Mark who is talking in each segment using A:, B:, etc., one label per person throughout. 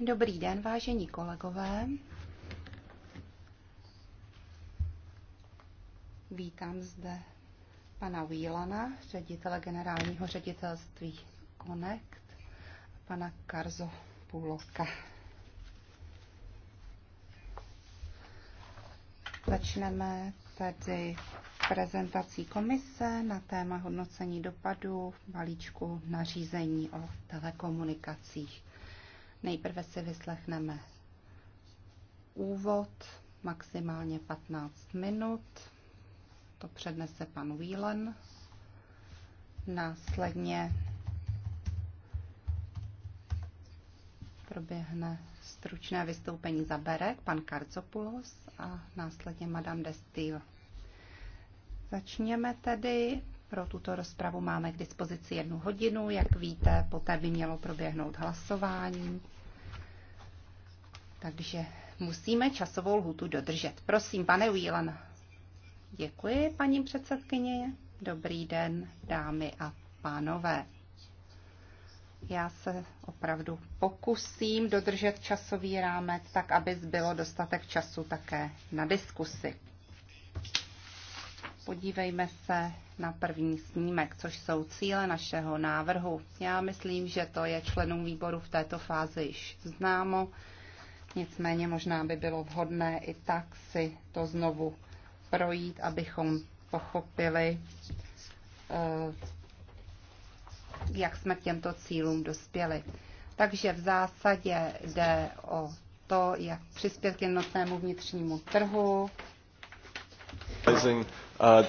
A: Dobrý den, vážení kolegové. Vítám zde pana Vílana, ředitele generálního ředitelství Connect, a pana Karzo Půloka. Začneme tedy prezentací komise na téma hodnocení dopadů v balíčku nařízení o telekomunikacích. Nejprve si vyslechneme úvod, maximálně 15 minut. To přednese pan Vílen. Následně proběhne stručné vystoupení za Berek, pan Karcopoulos a následně Madame Destil. Začněme tedy. Pro tuto rozpravu máme k dispozici jednu hodinu. Jak víte, poté by mělo proběhnout hlasování. Takže musíme časovou lhutu dodržet. Prosím, pane Ujílan. Děkuji, paní předsedkyně. Dobrý den, dámy a pánové. Já se opravdu pokusím dodržet časový rámec, tak aby zbylo dostatek času také na diskusi. Podívejme se na první snímek, což jsou cíle našeho návrhu. Já myslím, že to je členům výboru v této fázi již známo, nicméně možná by bylo vhodné i tak si to znovu projít, abychom pochopili, eh, jak jsme k těmto cílům dospěli. Takže v zásadě jde o to, jak přispět k jednotnému vnitřnímu trhu,
B: Uh, uh,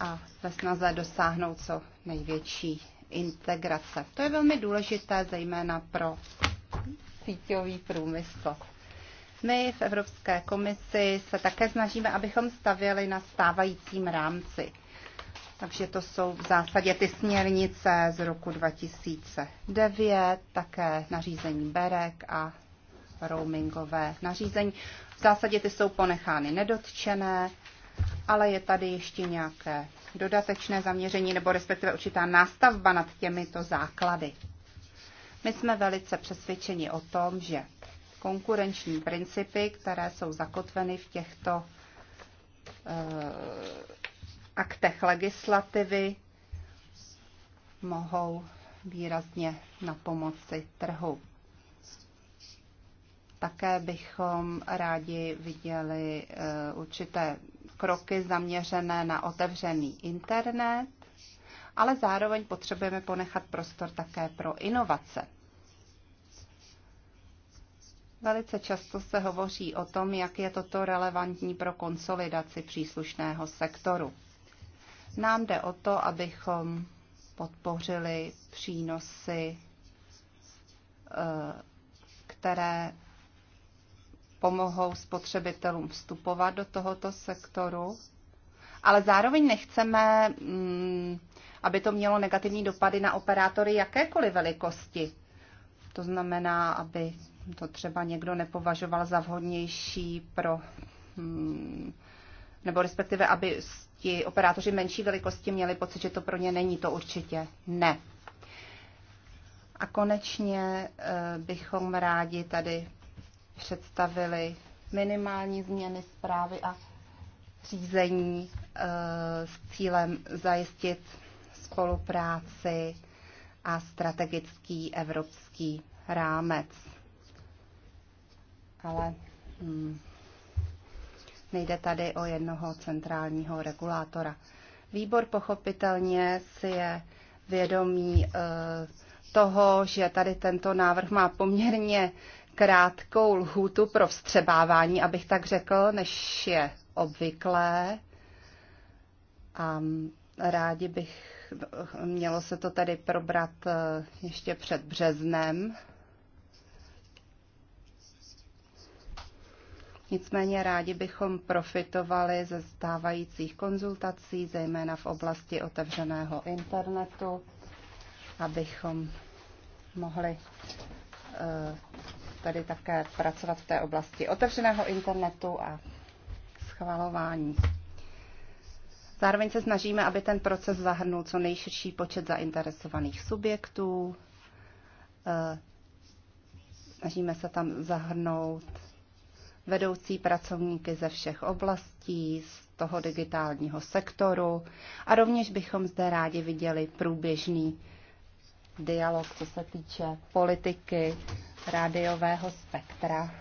A: a ve snaze dosáhnout co největší integrace. To je velmi důležité, zejména pro síťový průmysl. My v Evropské komisi se také snažíme, abychom stavěli na stávajícím rámci. Takže to jsou v zásadě ty směrnice z roku 2009, také nařízení BEREK a roamingové nařízení. V zásadě ty jsou ponechány nedotčené, ale je tady ještě nějaké dodatečné zaměření nebo respektive určitá nástavba nad těmito základy. My jsme velice přesvědčeni o tom, že konkurenční principy, které jsou zakotveny v těchto e, aktech legislativy, mohou výrazně na pomoci trhu. Také bychom rádi viděli eh, určité kroky zaměřené na otevřený internet, ale zároveň potřebujeme ponechat prostor také pro inovace. Velice často se hovoří o tom, jak je toto relevantní pro konsolidaci příslušného sektoru. Nám jde o to, abychom podpořili přínosy, eh, které pomohou spotřebitelům vstupovat do tohoto sektoru, ale zároveň nechceme, mm, aby to mělo negativní dopady na operátory jakékoliv velikosti. To znamená, aby to třeba někdo nepovažoval za vhodnější pro, mm, nebo respektive, aby ti operátoři menší velikosti měli pocit, že to pro ně není, to určitě ne. A konečně eh, bychom rádi tady představili minimální změny zprávy a řízení eh, s cílem zajistit spolupráci a strategický evropský rámec. Ale hmm, nejde tady o jednoho centrálního regulátora. Výbor pochopitelně si je vědomí e, toho, že tady tento návrh má poměrně krátkou lhůtu pro vstřebávání, abych tak řekl, než je obvyklé. A rádi bych, mělo se to tady probrat eh, ještě před březnem. Nicméně rádi bychom profitovali ze stávajících konzultací, zejména v oblasti otevřeného internetu, abychom mohli eh, tady také pracovat v té oblasti otevřeného internetu a schvalování. Zároveň se snažíme, aby ten proces zahrnul co nejširší počet zainteresovaných subjektů. Eh, snažíme se tam zahrnout vedoucí pracovníky ze všech oblastí, z toho digitálního sektoru a rovněž bychom zde rádi viděli průběžný dialog, co se týče politiky rádiového spektra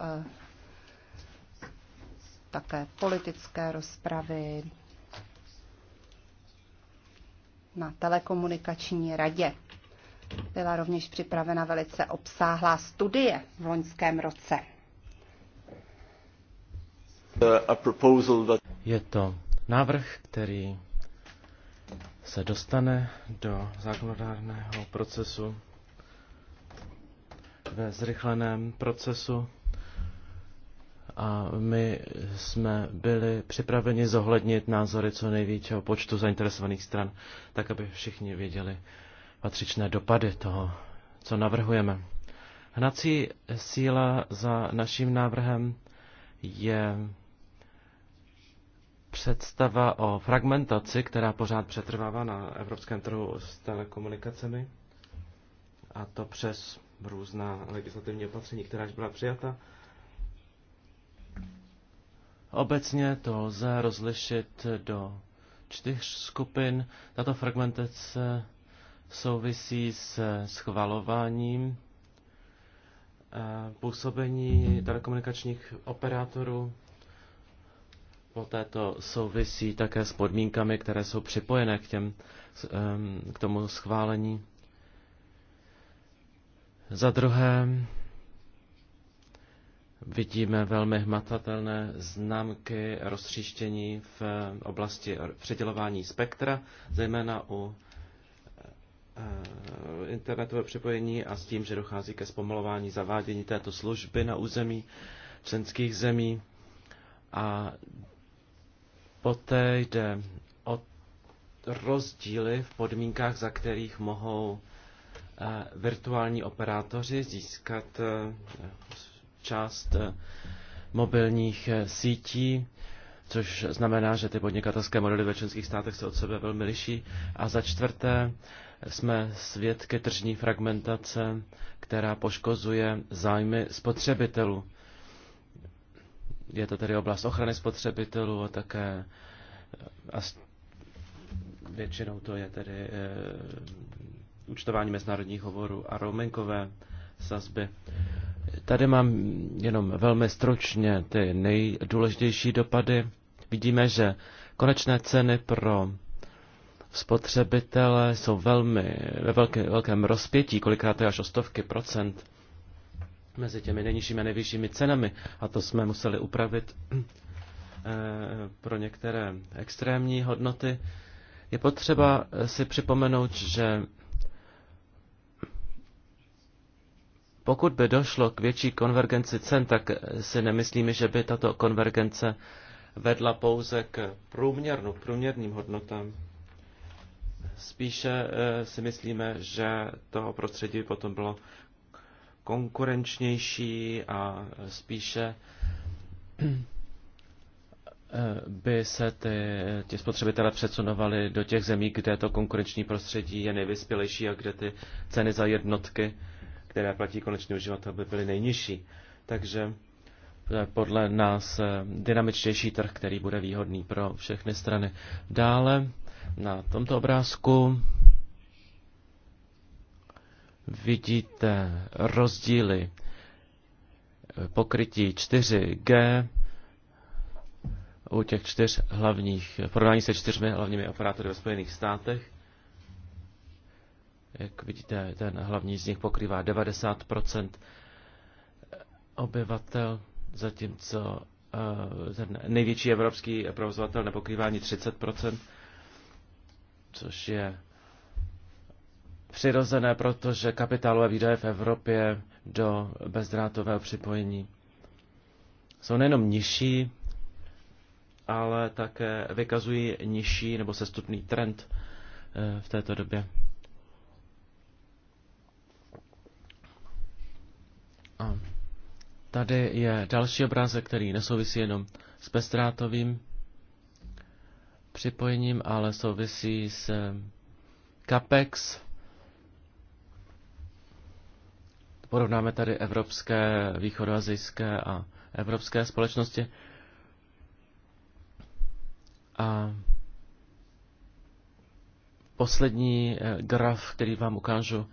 A: eh, také politické rozpravy na telekomunikační radě. Byla rovněž připravena velice obsáhlá studie v loňském roce.
C: Je to návrh, který se dostane do zákonodárného procesu ve zrychleném procesu a my jsme byli připraveni zohlednit názory co největšího počtu zainteresovaných stran, tak aby všichni věděli patřičné dopady toho, co navrhujeme. Hnací síla za naším návrhem je představa o fragmentaci, která pořád přetrvává na evropském trhu s telekomunikacemi, a to přes různá legislativní opatření, která už byla přijata. Obecně to lze rozlišit do čtyř skupin. Tato fragmentace souvisí s schvalováním eh, působení telekomunikačních operátorů. Poté to souvisí také s podmínkami, které jsou připojené k, těm, ehm, k tomu schválení. Za druhé, vidíme velmi hmatatelné známky roztříštění v oblasti předělování spektra, zejména u eh, internetové připojení a s tím, že dochází ke zpomalování zavádění této služby na území členských zemí. A poté jde o rozdíly v podmínkách, za kterých mohou virtuální operátoři získat eh, část eh, mobilních eh, sítí, což znamená, že ty podnikatelské modely ve členských státech se od sebe velmi liší. A za čtvrté jsme svědky tržní fragmentace, která poškozuje zájmy spotřebitelů. Je to tedy oblast ochrany spotřebitelů a také a většinou to je tedy účtování mezinárodních hovorů a roamingové sazby. Tady mám jenom velmi stručně ty nejdůležitější dopady. Vidíme, že konečné ceny pro spotřebitele jsou velmi, ve velké, velkém rozpětí, kolikrát to je až o stovky procent mezi těmi nejnižšími a nejvyššími cenami. A to jsme museli upravit e, pro některé extrémní hodnoty. Je potřeba si připomenout, že Pokud by došlo k větší konvergenci cen, tak eh, si nemyslíme, že by tato konvergence vedla pouze k průměrnu, k průměrným hodnotám. Spíše eh, si myslíme, že to prostředí by potom bylo konkurenčnější a spíše eh, by se ty, ty spotřebitelé přesunovali do těch zemí, kde to konkurenční prostředí je nejvyspělejší a kde ty ceny za jednotky které platí konečný uživatel, by byly nejnižší. Takže eh, podle nás eh, dynamičtější trh, který bude výhodný pro všechny strany. Dále na tomto obrázku vidíte rozdíly eh, pokrytí 4G u těch čtyř hlavních, v porovnání se čtyřmi hlavními operátory ve Spojených státech. Jak vidíte, ten hlavní z nich pokrývá 90 obyvatel, zatímco eh, ten největší evropský provozovatel nepokrývá ani 30 což je přirozené, protože kapitálové výdaje v Evropě do bezdrátového připojení jsou nejenom nižší, ale také vykazují nižší nebo sestupný trend eh, v této době. A tady je další obrázek, který nesouvisí jenom s bezstrátovým připojením, ale souvisí s CAPEX. Porovnáme tady evropské, východoazijské a evropské společnosti. A poslední eh, graf, který vám ukážu,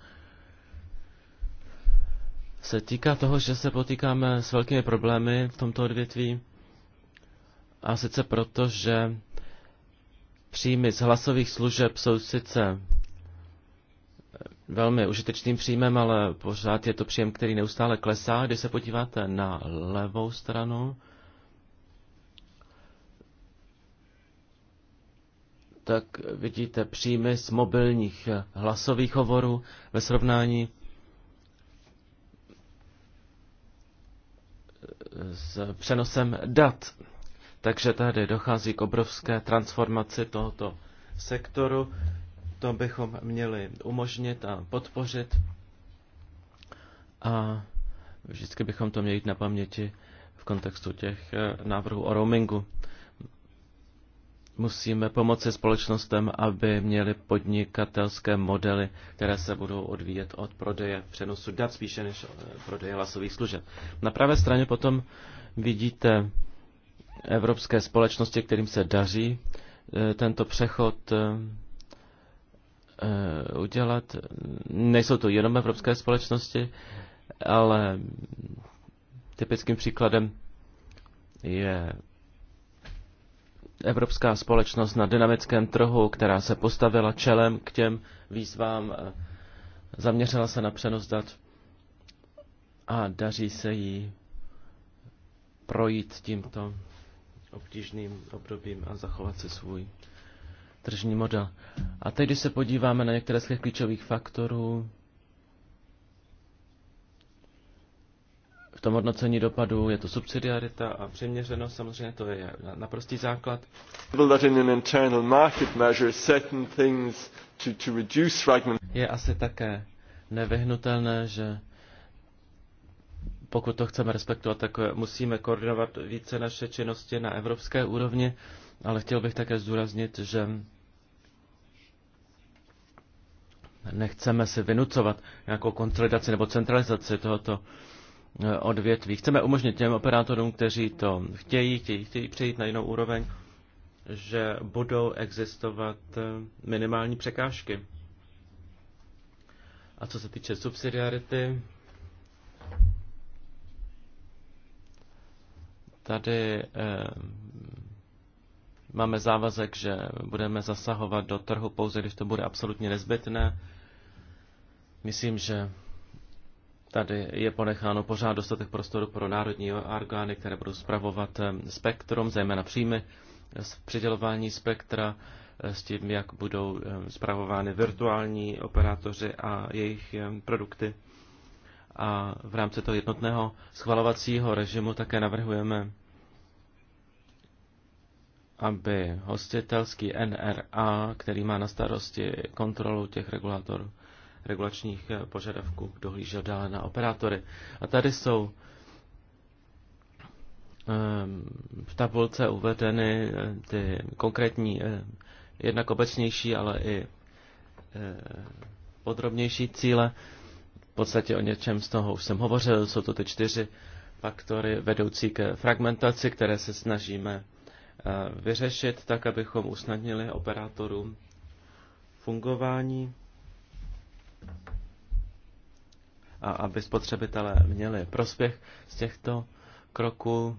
C: se týká toho, že se potýkáme s velkými problémy v tomto odvětví. A sice proto, že příjmy z hlasových služeb jsou sice velmi užitečným příjmem, ale pořád je to příjem, který neustále klesá. Když se podíváte na levou stranu, tak vidíte příjmy z mobilních hlasových hovorů ve srovnání s přenosem dat. Takže tady dochází k obrovské transformaci tohoto sektoru. To bychom měli umožnit a podpořit. A vždycky bychom to měli na paměti v kontextu těch eh, návrhů o roamingu. Musíme pomoci společnostem, aby měli podnikatelské modely, které se budou odvíjet od prodeje přenosu dat spíše než eh, prodeje hlasových služeb. Na pravé straně potom vidíte evropské společnosti, kterým se daří eh, tento přechod eh, udělat. Nejsou to jenom evropské společnosti, ale typickým příkladem je evropská společnost na dynamickém trhu, která se postavila čelem k těm výzvám, eh, zaměřila se na přenos dat a daří se jí projít tímto obtížným obdobím a zachovat si svůj tržní model. A teď, když se podíváme na některé z těch klíčových faktorů, tom hodnocení dopadu Je to subsidiarita a přiměřenost, samozřejmě to je naprostý základ. Je asi také nevyhnutelné, že pokud to chceme respektovat, tak eh, musíme koordinovat více naše činnosti na evropské úrovni, ale chtěl bych také zdůraznit, že nechceme si vynucovat nějakou konsolidaci nebo centralizaci tohoto uh, Eh, odvětví. Chceme umožnit těm operátorům, kteří to chtějí, chtějí, chtějí přejít na jinou úroveň, že budou existovat eh, minimální překážky. A co se týče subsidiarity, tady eh, máme závazek, že budeme zasahovat do trhu pouze, když to bude absolutně nezbytné. Myslím, že Tady je ponecháno pořád dostatek prostoru pro národní orgány, které budou zpravovat eh, spektrum, zejména příjmy z přidělování spektra, eh, s tím, jak budou zpravovány eh, virtuální operátoři a jejich produkty. A v rámci toho jednotného schvalovacího režimu také navrhujeme, aby hostitelský NRA, který má na starosti kontrolu těch regulatorů, regulačních eh, požadavků dohlížel dále na operátory. A tady jsou ehm, v tabulce uvedeny eh, ty konkrétní, eh, jednak obecnější, ale i podrobnější cíle. V podstatě o něčem z toho už jsem hovořil, jsou to ty čtyři faktory vedoucí k fragmentaci, které se snažíme vyřešit tak, abychom usnadnili operátorům fungování a aby spotřebitelé měli prospěch z těchto kroků.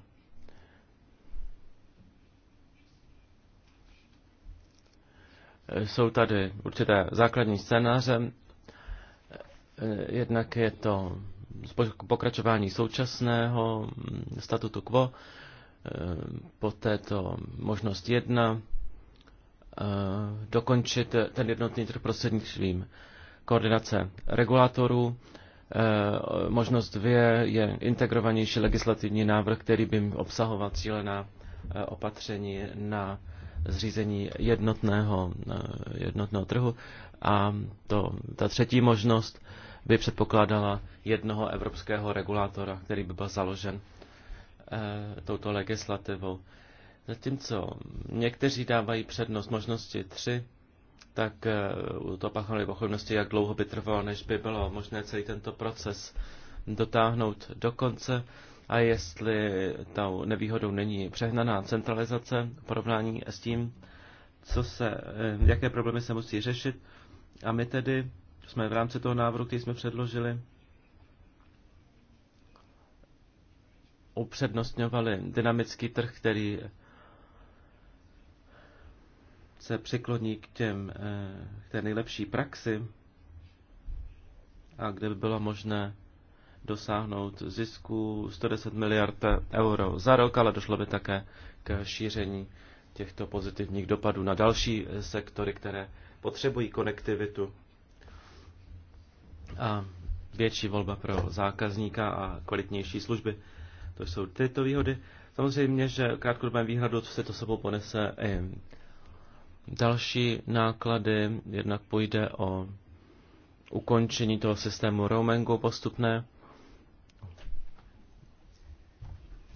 C: Jsou tady určité základní scénáře. Jednak je to pokračování současného statutu quo, poté to možnost jedna, dokončit ten jednotný trh prostřednictvím svým koordinace regulatorů. Eh, možnost dvě je integrovanější legislativní návrh, který by obsahoval cílená eh, opatření na zřízení jednotného, eh, jednotného trhu. A to, ta třetí možnost by předpokládala jednoho evropského regulátora, který by byl založen touto legislativou. Zatímco někteří dávají přednost možnosti tři tak eh, to páchaly pochybnosti, jak dlouho by trvalo, než by bylo možné celý tento proces dotáhnout do konce a jestli tou nevýhodou není přehnaná centralizace v porovnání s tím, co se, eh, jaké problémy se musí řešit. A my tedy jsme v rámci toho návrhu, který jsme předložili, upřednostňovali dynamický trh, který se přikloní k, těm, eh, k té nejlepší praxi a kde by bylo možné dosáhnout zisku 110 miliard euro za rok, ale došlo by také k šíření těchto pozitivních dopadů na další eh, sektory, které potřebují konektivitu a větší volba pro zákazníka a kvalitnější služby. To jsou tyto výhody. Samozřejmě, že v krátkodobém výhledu se to sebou ponese i Další náklady jednak půjde o ukončení toho systému roamingu postupné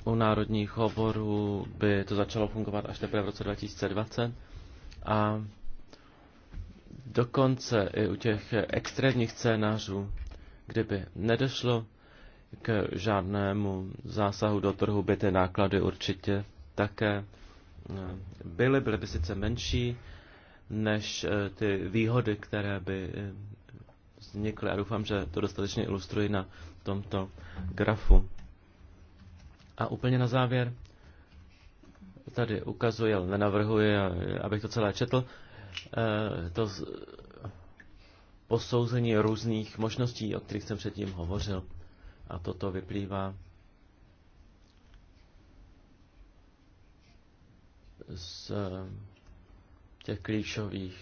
C: u národních hovorů by to začalo fungovat až teprve v roce 2020 a dokonce i u těch extrémních scénářů, kdyby nedošlo k žádnému zásahu do trhu, by ty náklady určitě také Eh, byly, byly by sice menší než eh, ty výhody, které by eh, vznikly. A doufám, že to dostatečně ilustruji na tomto grafu. A úplně na závěr tady ukazuje, ale nenavrhuji, abych to celé četl, to posouzení různých možností, o kterých jsem předtím hovořil. A toto vyplývá z eh, těch klíčových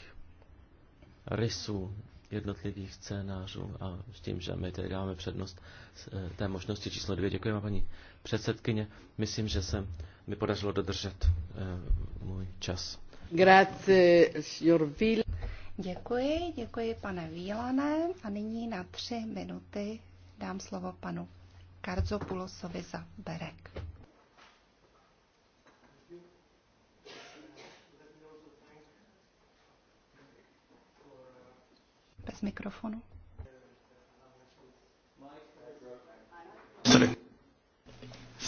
C: rysů jednotlivých scénářů a s tím, že my tady dáme přednost eh, té možnosti číslo dvě. Děkuji vám, paní předsedkyně. Myslím, že se mi podařilo dodržet eh, můj čas.
A: Grazie,
D: signor Vil.
A: Děkuji, děkuji pane Vílané a nyní na tři minuty dám slovo panu Karzopulosovi za Berek. bez mikrofonu.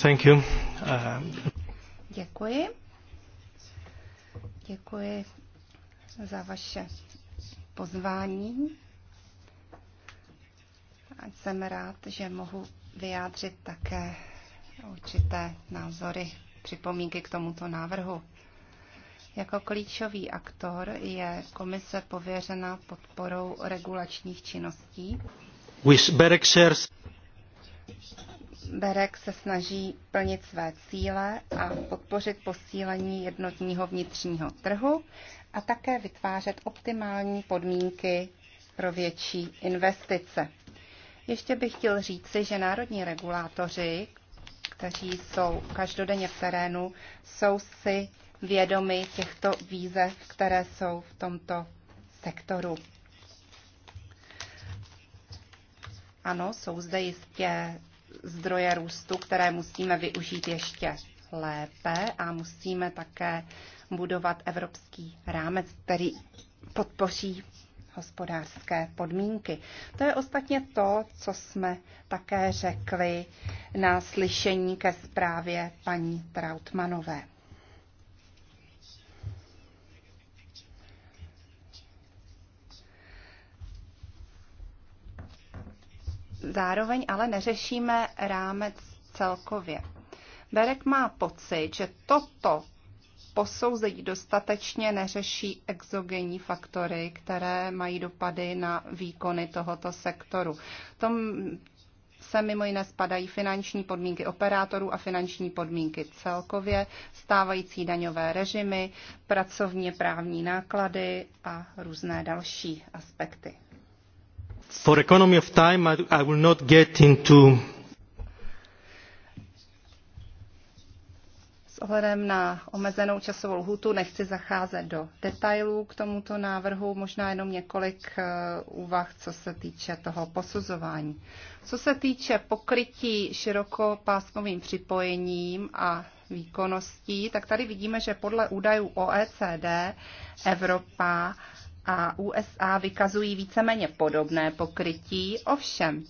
E: Thank you. Uh...
A: Děkuji. Děkuji za vaše pozvání. A jsem rád, že mohu vyjádřit také určité názory, připomínky k tomuto návrhu. Jako klíčový aktor je komise pověřena podporou regulačních činností. Berek se snaží plnit své cíle a podpořit posílení jednotního vnitřního trhu a také vytvářet optimální podmínky pro větší investice. Ještě bych chtěl říci, že národní regulátoři, kteří jsou každodenně v terénu, jsou si vědomi těchto výzev, které jsou v tomto sektoru. Ano, jsou zde jistě zdroje růstu, které musíme využít ještě lépe a musíme také budovat evropský rámec, který podpoří hospodářské podmínky. To je ostatně to, co jsme také řekli na slyšení ke zprávě paní Trautmanové. zároveň ale neřešíme rámec celkově. Berek má pocit, že toto posouzení dostatečně neřeší exogenní faktory, které mají dopady na výkony tohoto sektoru. Tom se mimo jiné spadají finanční podmínky operátorů a finanční podmínky celkově, stávající daňové režimy, pracovně právní náklady a různé další aspekty
C: for economy of time I, I will not get into
A: S ohledem na omezenou časovou lhutu nechci zacházet do detailů k tomuto návrhu, možná jenom několik eh, úvah, co se týče toho posuzování. Co se týče pokrytí širokopásmovým připojením a výkonností, tak tady vidíme, že podle údajů OECD Evropa a USA vykazují víceméně podobné pokrytí, ovšem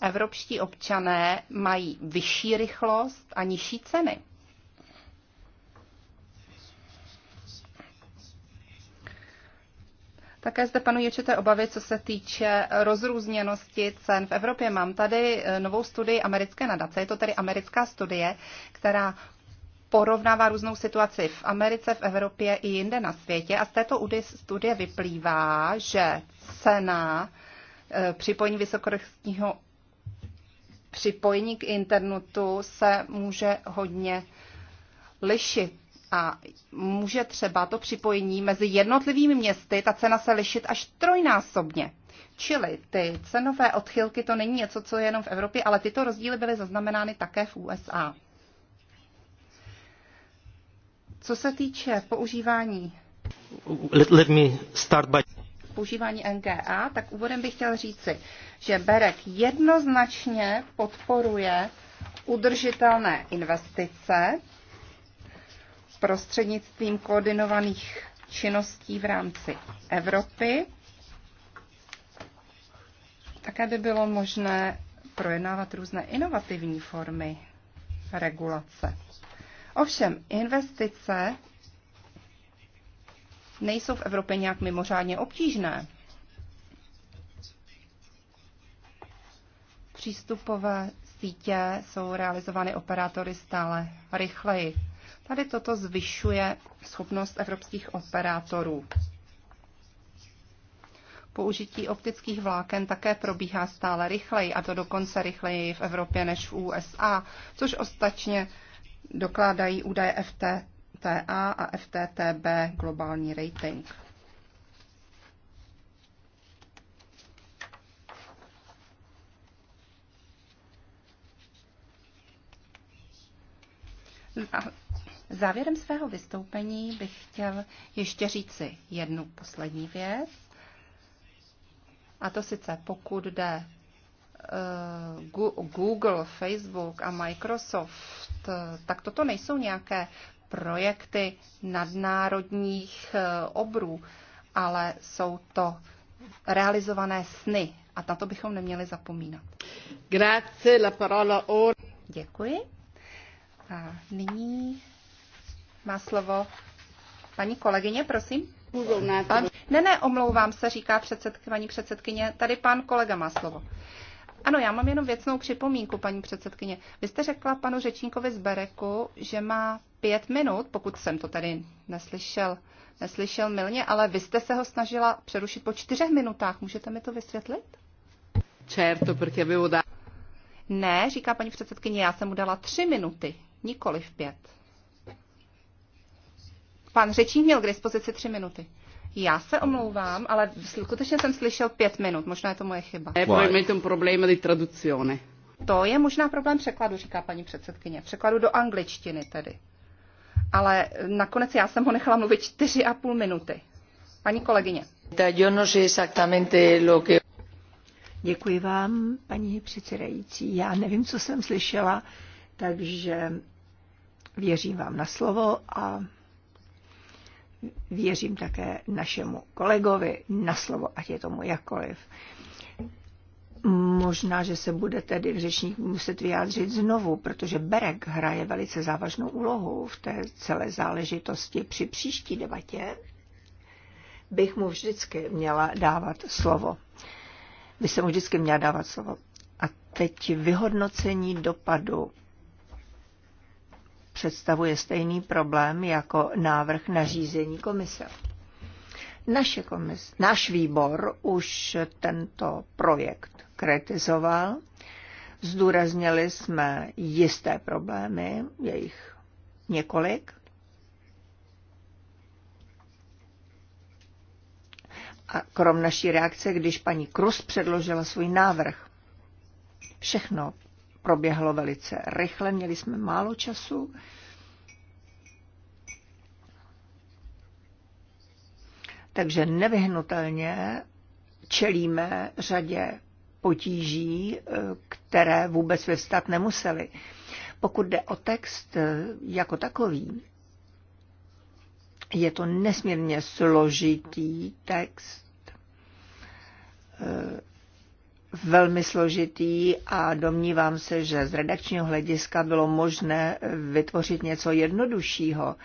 A: evropští občané mají vyšší rychlost a nižší ceny. Také zde panují určité obavy, co se týče rozrůzněnosti cen v Evropě. Mám tady novou studii americké nadace, je to tedy americká studie, která porovnává různou situaci v Americe, v Evropě i jinde na světě a z této studie vyplývá, že cena e, připojení vysokorychlostního připojení k internetu se může hodně lišit. A může třeba to připojení mezi jednotlivými městy, ta cena se lišit až trojnásobně. Čili ty cenové odchylky, to není něco, co je jenom v Evropě, ale tyto rozdíly byly zaznamenány také v USA. Co se týče používání
B: let, let me
C: start by...
A: používání NGA, tak úvodem bych chtěl říci, že Berek jednoznačně podporuje udržitelné investice prostřednictvím koordinovaných činností v rámci Evropy. Také by bylo možné projednávat různé inovativní formy regulace. Ovšem, investice nejsou v Evropě nějak mimořádně obtížné. Přístupové sítě jsou realizovány operátory stále rychleji. Tady toto zvyšuje schopnost evropských operátorů. Použití optických vláken také probíhá stále rychleji, a to dokonce rychleji v Evropě než v USA, což ostatně dokládají údaje FTTA a FTTB globální rating. A závěrem svého vystoupení bych chtěl ještě říci jednu poslední věc. A to sice pokud jde Google, Facebook a Microsoft, tak toto nejsou nějaké projekty nadnárodních eh, obrů, ale jsou to realizované sny a na to bychom neměli zapomínat. Grazie, la parola or... Děkuji. A nyní má slovo paní kolegyně, prosím. Pan... Ne, ne, omlouvám se, říká předsedky, paní předsedkyně. Tady pan kolega má slovo. Ano, já mám jenom věcnou připomínku, paní předsedkyně. Vy jste řekla panu řečníkovi z Bereku, že má pět minut, pokud jsem to tady neslyšel, neslyšel milně, ale vy jste se ho snažila přerušit po čtyřech minutách. Můžete mi to vysvětlit?
D: Čerto, protože by udá...
A: Ne, říká paní předsedkyně, já jsem mu dala tři minuty, nikoli v pět. Pan řečník měl k dispozici tři minuty. Já se omlouvám, ale skutečně jsem slyšel pět minut, možná je to moje chyba. To je možná problém překladu, říká paní předsedkyně. Překladu do angličtiny tedy. Ale nakonec já jsem ho nechala mluvit čtyři a půl minuty. Paní kolegyně.
D: No
F: Děkuji vám, paní předsedající. Já nevím, co jsem slyšela, takže věřím vám na slovo a věřím také našemu kolegovi na slovo, ať je tomu jakkoliv. Možná, že se bude tedy řečník muset vyjádřit znovu, protože Berek hraje velice závažnou úlohu v té celé záležitosti. Při příští debatě bych mu vždycky měla dávat slovo. By se mu vždycky měla dávat slovo. A teď vyhodnocení dopadu představuje stejný problém jako návrh na řízení komise. Naše komis, náš výbor už tento projekt kritizoval. Zdůraznili jsme jisté problémy, jejich několik. A krom naší reakce, když paní Krus předložila svůj návrh. Všechno proběhlo velice rychle, měli jsme málo času. Takže nevyhnutelně čelíme řadě potíží, které vůbec vyvstat nemuseli. Pokud jde o text jako takový, je to nesmírně složitý text, velmi složitý a domnívám se, že z redakčního hlediska bylo možné vytvořit něco jednoduššího,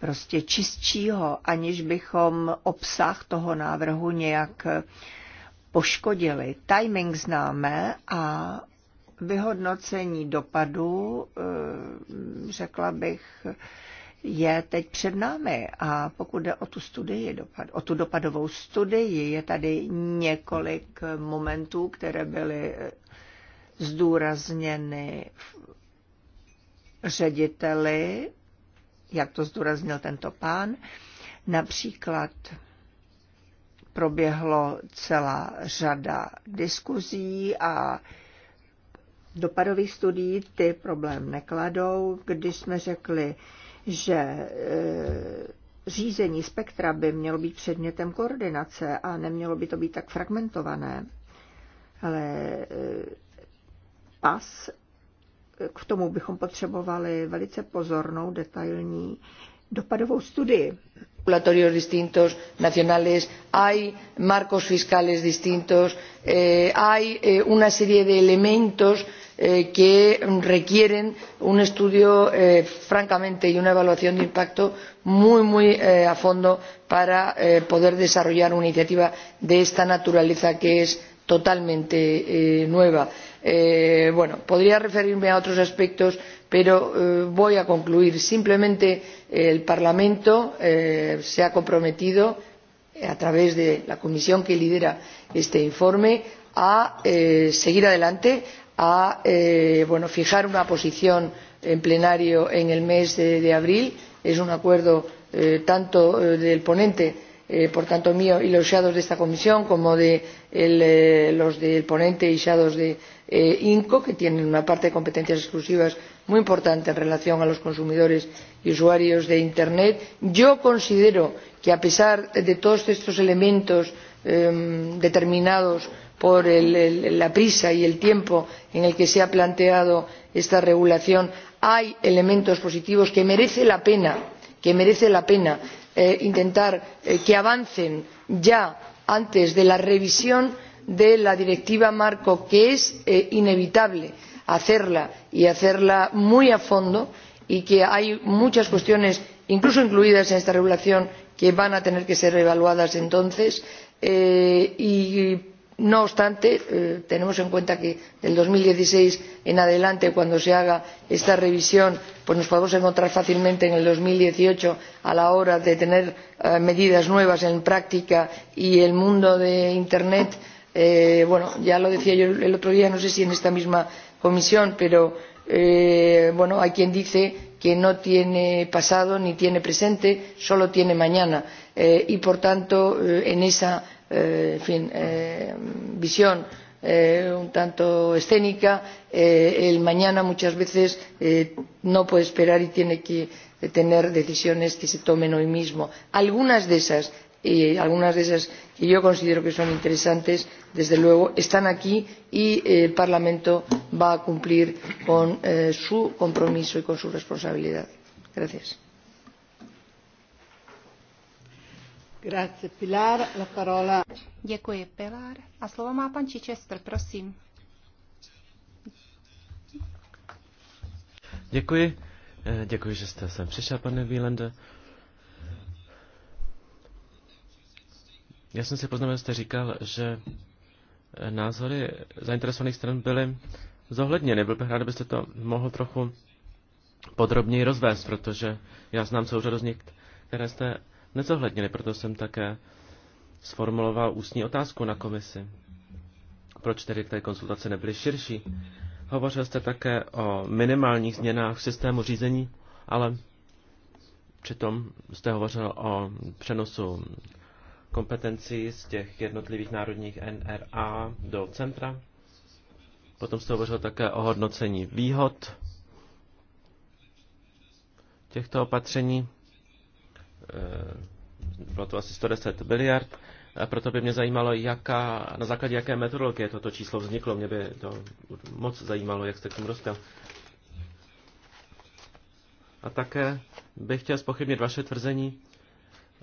F: prostě čistšího, aniž bychom obsah toho návrhu nějak poškodili. Timing známe a vyhodnocení dopadu, eh, řekla bych, je teď před námi. A pokud jde o tu studii, o tu dopadovou studii, je tady několik momentů, které byly eh, zdůrazněny řediteli, jak to zdůraznil tento pán. Například proběhlo celá řada diskuzí a dopadových studií ty problém nekladou. Když jsme řekli, že eh, řízení spektra by mělo být předmětem koordinace a nemělo by to být tak fragmentované. Ale eh, pas, k tomu
D: bychom potřebovali velice pozornou, detailní dopadovou studii. regulatorios distintos nacionales, hay marcos fiscales distintos, eh, hay eh, una serie de elementos Eh, que requieren un estudio eh, francamente y una evaluación de impacto muy muy eh, a fondo para poder desarrollar una iniciativa de esta naturaleza que es totalmente nueva. podría referirme a otros aspectos pero voy a concluir simplemente diciendo que el parlamento se ha comprometido a través de la comisión que lidera este informe a seguir adelante a eh, fijar una posición en plenario en el mes de, abril. Es un acuerdo eh, tanto eh, del ponente, por tanto mío, y los shadows de esta comisión, como de los del ponente y shadows de imco que tienen una parte de competencias exclusivas muy importante en relación con los consumidores y usuarios de Internet. Yo considero que, a pesar de todos estos elementos determinados, por la prisa y el tiempo en el que se ha planteado esta regulación hay elementos positivos que merece la pena, que merece la pena eh, intentar eh, que avancen ya antes de la revisión de la directiva marco que es eh, inevitable hacerla y hacerla muy a fondo y que hay muchas cuestiones incluso incluidas en esta regulación que van a tener que ser evaluadas entonces y no obstante eh, tenemos en cuenta que de dos mil dieciseis en adelante cuando se haga esta revisión nos podemos encontrar fácilmente en dos mil dieciocho a la hora de tener eh, medidas nuevas en práctica y el mundo de internet eh, ya lo decía yo el otro día no sé si en esta misma comisión eh, hay quien dice que no tiene pasado ni tiene presente solo tiene mañana y por tanto en esa Eh, en fin eh, visión eh, un tanto escénica el mañana muchas veces no puede esperar y tiene que tener decisiones que se tomen hoy mismo. algunas de esas y algunas de esas que yo considero que son interesantes desde luego están aquí y el parlamento va a cumplir con su compromiso y con su responsabilidad. gracias.
A: Grazie, Pilar. La parola. Děkuji, Pilar. A slovo má pan Čičestr, prosím.
C: Děkuji. Eh, děkuji, že jste sem přišel, pane Wielende. Já jsem si poznamenal, jste říkal, že eh, názory zainteresovaných stran byly zohledněny. Byl bych rád, abyste to mohl trochu podrobněji rozvést, protože já znám celou řadu z nich, které jste nezohlednili, proto jsem také sformuloval ústní otázku na komisi. Proč tedy té konsultace nebyly širší? Hovořil jste také o minimálních změnách v systému řízení, ale přitom jste hovořil o přenosu kompetencí z těch jednotlivých národních NRA do centra. Potom jste hovořil také o hodnocení výhod těchto opatření. Eh, bylo to asi 110 miliard, a proto by mě zajímalo, jaká, na základě jaké metodologie toto číslo vzniklo. Mě by to moc zajímalo, jak jste k tomu dostal. A také bych chtěl spochybnit vaše tvrzení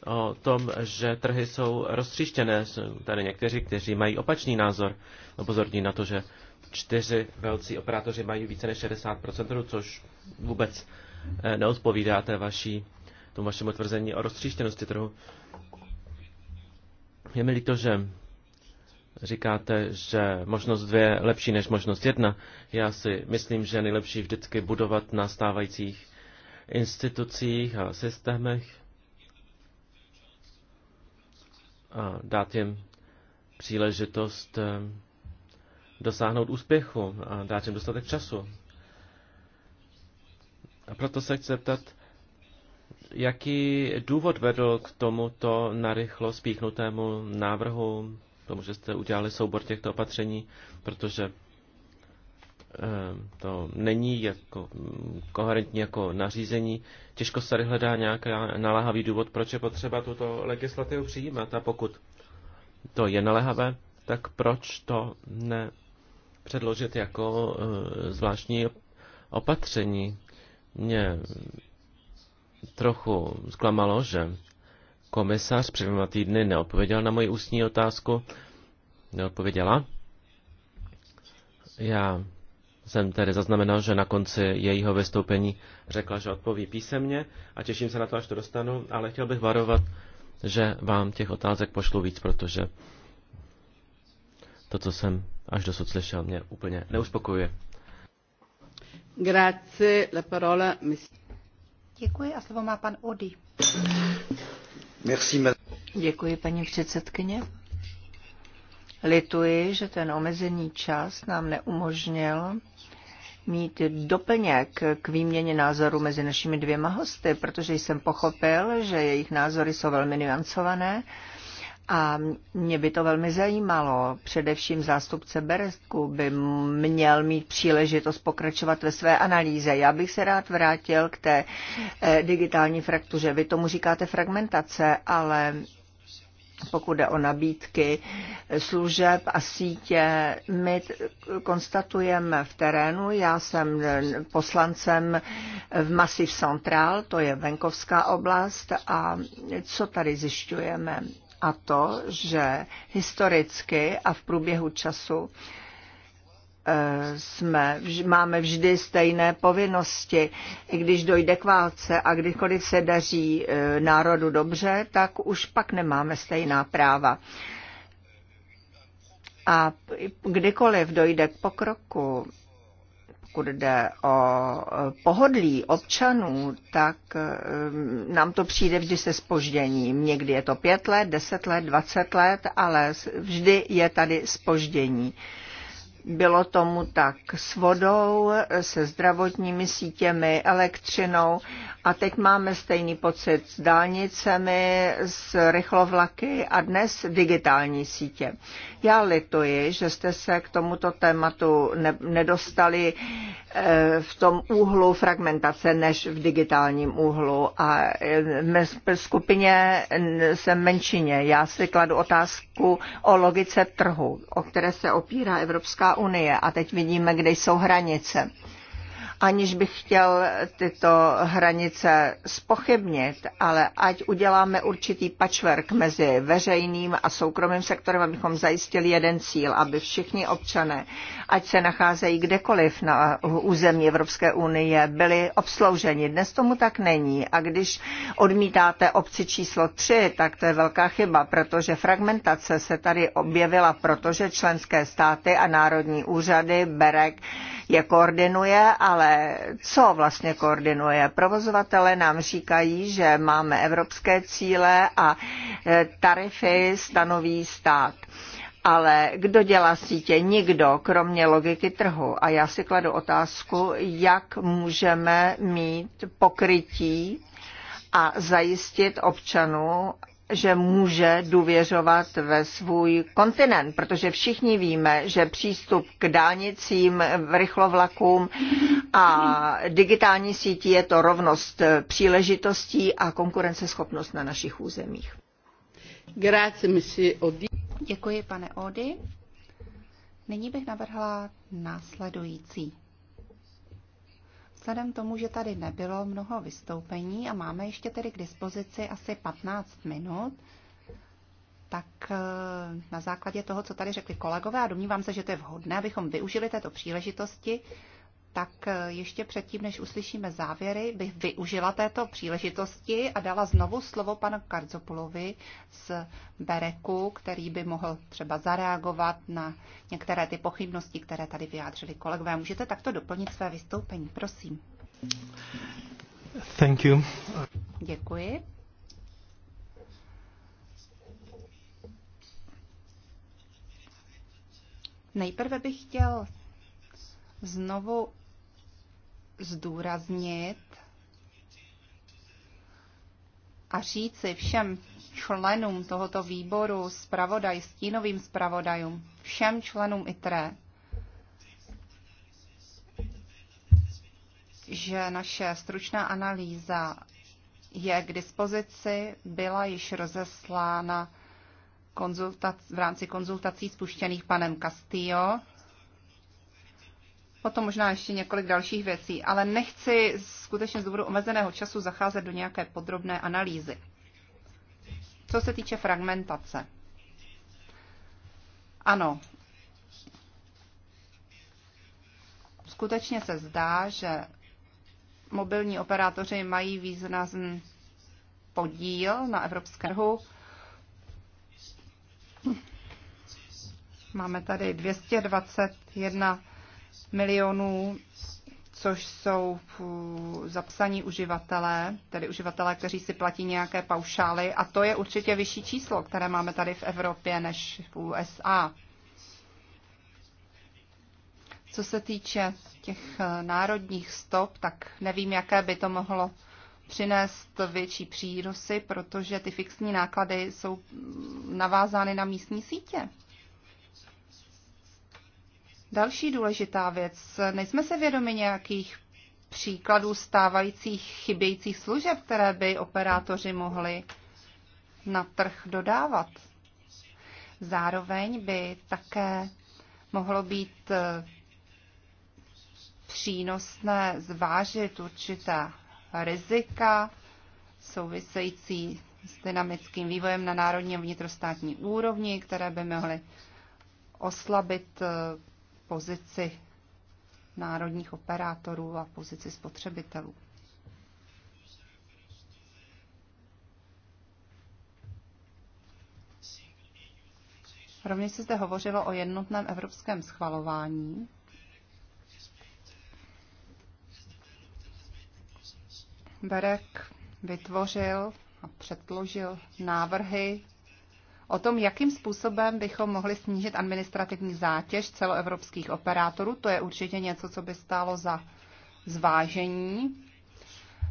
C: o tom, že trhy jsou roztříštěné. tady někteří, kteří mají opačný názor, upozorní na to, že čtyři velcí operátoři mají více než 60%, což vůbec eh, neodpovídá té vaší tomu vašemu tvrzení o roztříštěnosti trhu. Je mi líto, že říkáte, že možnost dvě je lepší než možnost jedna. Já si myslím, že je nejlepší vždycky budovat na stávajících institucích a systémech a dát jim příležitost eh, dosáhnout úspěchu a dát jim dostatek času. A proto se chci zeptat, Jaký důvod vedl k tomuto narychlo spíchnutému návrhu, tomu, že jste udělali soubor těchto opatření, protože eh, to není jako mm, koherentní jako nařízení. Těžko se tady hledá nějaký naléhavý důvod, proč je potřeba tuto legislativu přijímat. A pokud to je naléhavé, tak proč to ne předložit jako eh, zvláštní opatření? Mě trochu zklamalo, že komisař před dvěma týdny neodpověděl na moji ústní otázku. Neodpověděla. Já jsem tedy zaznamenal, že na konci jejího vystoupení řekla, že odpoví písemně a těším se na to, až to dostanu, ale chtěl bych varovat, že vám těch otázek pošlu víc, protože to, co jsem až dosud slyšel, mě úplně neuspokojuje.
D: Grazie, la parola,
A: Děkuji a slovo má pan Ody.
B: Merci,
F: Děkuji, paní předsedkyně. Lituji, že ten omezený čas nám neumožnil mít doplněk k výměně názoru mezi našimi dvěma hosty, protože jsem pochopil, že jejich názory jsou velmi nuancované a mě by to velmi zajímalo. Především zástupce Berestku by měl mít příležitost pokračovat ve své analýze. Já bych se rád vrátil k té eh, digitální fraktuře. Vy tomu říkáte fragmentace, ale pokud jde o nabídky služeb a sítě. My konstatujeme v terénu, já jsem eh, poslancem v Masiv Central, to je venkovská oblast, a co tady zjišťujeme? a to, že historicky a v průběhu času eh, jsme, máme vždy stejné povinnosti. I když dojde k válce a kdykoliv se daří eh, národu dobře, tak už pak nemáme stejná práva. A kdykoliv dojde k pokroku pokud jde o e, pohodlí občanů, tak e, nám to přijde vždy se spožděním. Někdy je to pět let, deset let, dvacet let, ale vždy je tady spoždění. Bylo tomu tak s vodou, se zdravotními sítěmi, elektřinou a teď máme stejný pocit s dálnicemi, s rychlovlaky a dnes digitální sítě. Já lituji, že jste se k tomuto tématu ne- nedostali eh, v tom úhlu fragmentace než v digitálním úhlu a eh, v skupině jsem menšině. Já si kladu otázku o logice trhu, o které se opírá Evropská unie. A teď vidíme, kde jsou hranice aniž bych chtěl tyto hranice spochybnit, ale ať uděláme určitý patchwork mezi veřejným a soukromým sektorem, abychom zajistili jeden cíl, aby všichni občané, ať se nacházejí kdekoliv na území Evropské unie, byli obslouženi. Dnes tomu tak není. A když odmítáte obci číslo 3, tak to je velká chyba, protože fragmentace se tady objevila, protože členské státy a národní úřady, BEREK je koordinuje, ale ale co vlastně koordinuje? Provozovatele nám říkají, že máme evropské cíle a e, tarify stanoví stát. Ale kdo dělá sítě? Nikdo, kromě logiky trhu. A já si kladu otázku, jak můžeme mít pokrytí a zajistit občanů, že může důvěřovat ve svůj kontinent, protože všichni víme, že přístup k dálnicím, rychlovlakům a digitální síti je to rovnost příležitostí a konkurenceschopnost na našich
A: územích. Děkuji, pane Ody. Nyní bych navrhla následující. Vzhledem tomu, že tady nebylo mnoho vystoupení a máme ještě tedy k dispozici asi 15 minut, tak eh, na základě toho, co tady řekli kolegové, a domnívám se, že to je vhodné, abychom využili této příležitosti, tak eh, ještě předtím, než uslyšíme závěry, bych využila této příležitosti a dala znovu slovo panu Karzopulovi z Bereku, který by mohl třeba zareagovat na některé ty pochybnosti, které tady vyjádřili kolegové. Můžete takto doplnit své vystoupení, prosím. Thank you. Děkuji. Nejprve bych chtěl znovu zdůraznit a říci všem členům tohoto výboru, zpravodaj, stínovým zpravodajům, všem členům ITRE, že naše stručná analýza je k dispozici, byla již rozeslána v rámci konzultací spuštěných panem Castillo potom možná ještě několik dalších věcí, ale nechci skutečně z důvodu omezeného času zacházet do nějaké podrobné analýzy. Co se týče fragmentace. Ano, skutečně se zdá, že mobilní operátoři mají významný podíl na evropském trhu. Máme tady 221 milionů, což jsou hm, zapsaní uživatelé, tedy uživatelé, kteří si platí nějaké paušály. A to je určitě vyšší číslo, které máme tady v Evropě než v USA. Co se týče těch hm, národních stop, tak nevím, jaké by to mohlo přinést větší přírosy, protože ty fixní náklady jsou hm, navázány na místní sítě. Další důležitá věc. Nejsme se vědomi nějakých příkladů stávajících chybějících služeb, které by operátoři mohli na trh dodávat. Zároveň by také mohlo být eh, přínosné zvážit určitá rizika související s dynamickým vývojem na národní a vnitrostátní úrovni, které by mohly oslabit eh, pozici národních operátorů a pozici spotřebitelů. Rovněž se zde hovořilo o jednotném evropském schvalování. Berek vytvořil a předložil návrhy o tom, jakým způsobem bychom mohli snížit administrativní zátěž celoevropských operátorů. To je určitě něco, co by stálo za zvážení.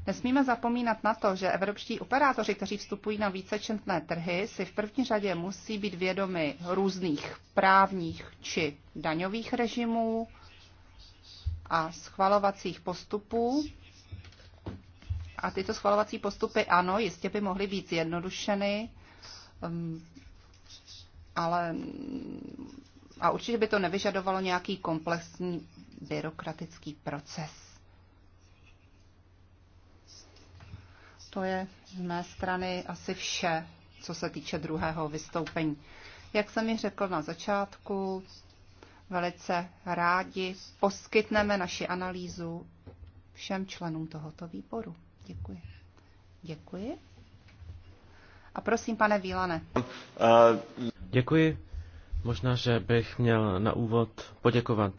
A: Nesmíme zapomínat na to, že evropští operátoři, kteří vstupují na vícečentné trhy, si v první řadě musí být vědomi různých právních či daňových režimů a schvalovacích postupů. A tyto schvalovací postupy, ano, jistě by mohly být zjednodušeny um, ale a určitě by to nevyžadovalo nějaký komplexní byrokratický proces. To je z mé strany asi vše, co se týče druhého vystoupení. Jak jsem ji řekl na začátku, velice rádi poskytneme naši analýzu všem členům tohoto výboru. Děkuji. Děkuji. A prosím, pane Vílane.
C: Uh, Děkuji. Možná, že bych měl na úvod poděkovat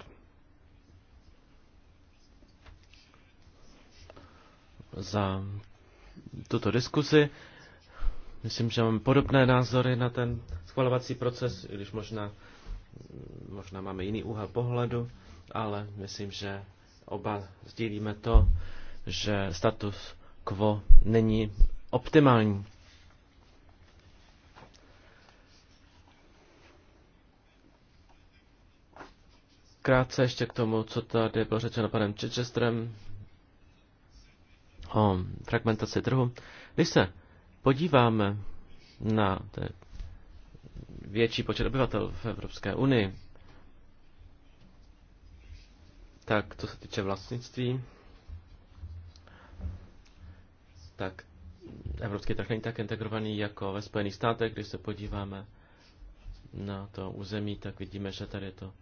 C: za tuto diskusi. Myslím, že mám podobné názory na ten schvalovací proces, i když možná, možná máme jiný úhel pohledu, ale myslím, že oba sdílíme to, že status quo není optimální. Krátce ještě k tomu, co tady bylo řečeno panem Chichesterem o fragmentaci trhu. Když se podíváme na větší počet obyvatel v Evropské unii, tak co se týče vlastnictví, tak evropský trh není tak integrovaný jako ve Spojených státech. Když se podíváme na to území, tak vidíme, že tady je to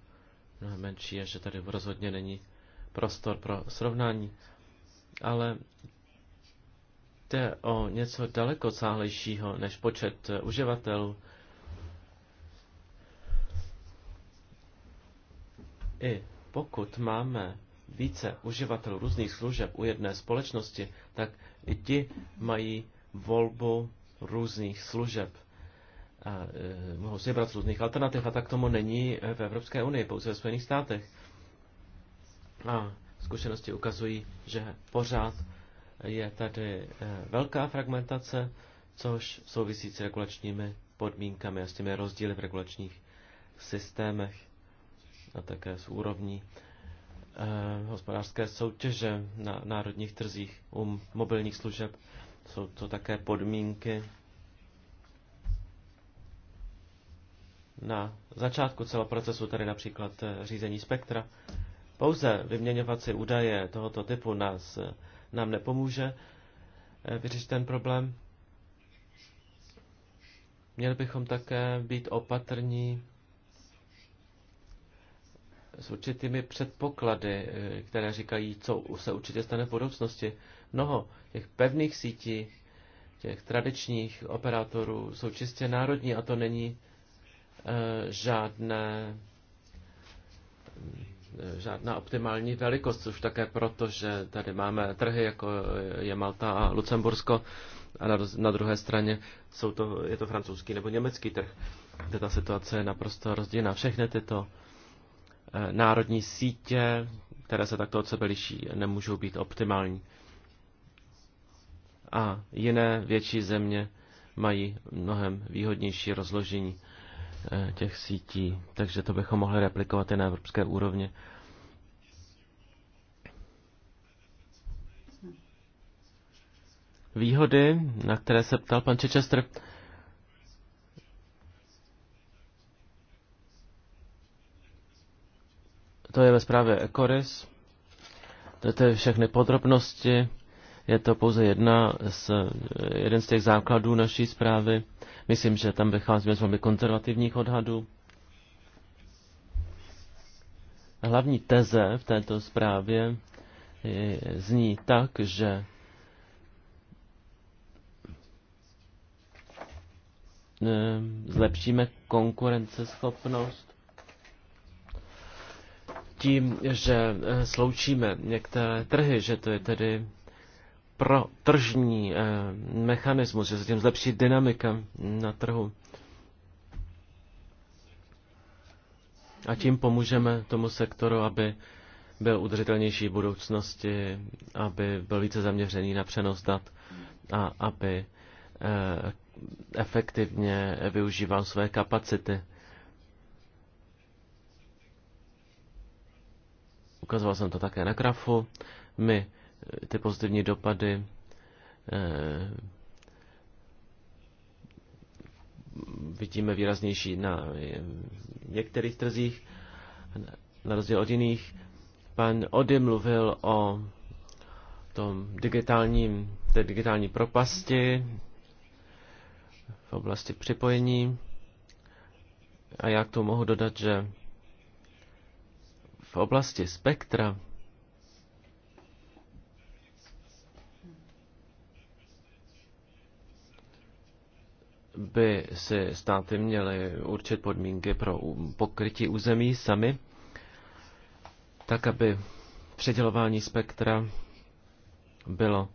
C: mnohem menší a že tady rozhodně není prostor pro srovnání. Ale jde o něco daleko cáhlejšího než počet eh, uživatelů. I pokud máme více uživatelů různých služeb u jedné společnosti, tak i ti mají volbu různých služeb a e, mohou si brát z různých alternativ a tak tomu není v Evropské unii, pouze ve Spojených státech. A zkušenosti ukazují, že pořád je tady e, velká fragmentace, což souvisí s regulačními podmínkami a s těmi rozdíly v regulačních systémech a také s úrovní e, hospodářské soutěže na národních trzích u mobilních služeb. Jsou to také podmínky na začátku celého procesu, tedy například eh, řízení spektra. Pouze vyměňovat si údaje tohoto typu nás, eh, nám nepomůže eh, vyřešit ten problém. Měli bychom také být opatrní s určitými předpoklady, které říkají, co se určitě stane v budoucnosti. Mnoho těch pevných sítí, těch tradičních operátorů jsou čistě národní a to není Eh, žádné eh, žádná optimální velikost, což také proto, že tady máme trhy, jako je Malta a Lucembursko, a na, druhé straně jsou to, je to francouzský nebo německý trh, kde ta situace je naprosto rozdílná. Všechny tyto eh, národní sítě, které se takto od sebe liší, nemůžou být optimální. A jiné větší země mají mnohem výhodnější rozložení Eh, těch sítí, takže to bychom mohli replikovat i na evropské úrovni. Výhody, na které se ptal pan Čečestr, to je ve zprávě Ecoris. To je všechny podrobnosti. Je to pouze jedna z, eh, jeden z těch základů naší zprávy. Myslím, že tam vycházíme z velmi konzervativních odhadů. Hlavní teze v této zprávě zní tak, že e, zlepšíme konkurenceschopnost tím, že e, sloučíme některé trhy, že to je tedy pro tržní eh, mechanismus, že se tím zlepší dynamika na trhu. A tím pomůžeme tomu sektoru, aby byl udržitelnější v budoucnosti, aby byl více zaměřený na přenos dat a aby eh, efektivně využíval své kapacity. Ukazoval jsem to také na grafu. My ty pozitivní dopady eh, vidíme výraznější na některých trzích, na rozdíl od jiných. Pan Ody mluvil o tom digitálním, té digitální propasti v oblasti připojení. A já k tomu mohu dodat, že v oblasti spektra by si státy měly určit podmínky pro pokrytí území sami, tak aby předělování spektra bylo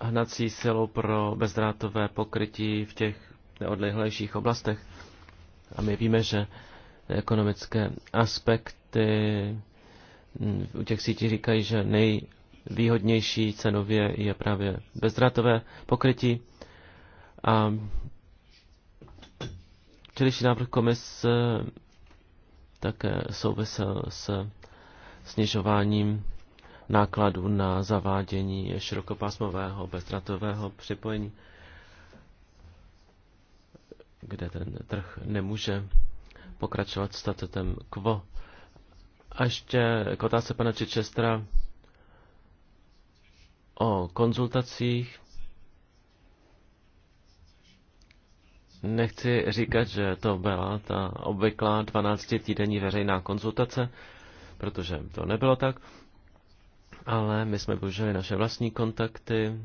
C: hnací silou pro bezdrátové pokrytí v těch neodlehlejších oblastech. A my víme, že ekonomické aspekty u těch sítí říkají, že nejvýhodnější cenově je právě bezdrátové pokrytí. A včerejší návrh komise také souvisel s snižováním nákladů na zavádění širokopásmového bezdratového připojení, kde ten trh nemůže pokračovat statutem quo. A ještě k otázce pana Čičestra o konzultacích. Nechci říkat, že to byla ta obvyklá 12-týdenní veřejná konzultace, protože to nebylo tak, ale my jsme použili naše vlastní kontakty,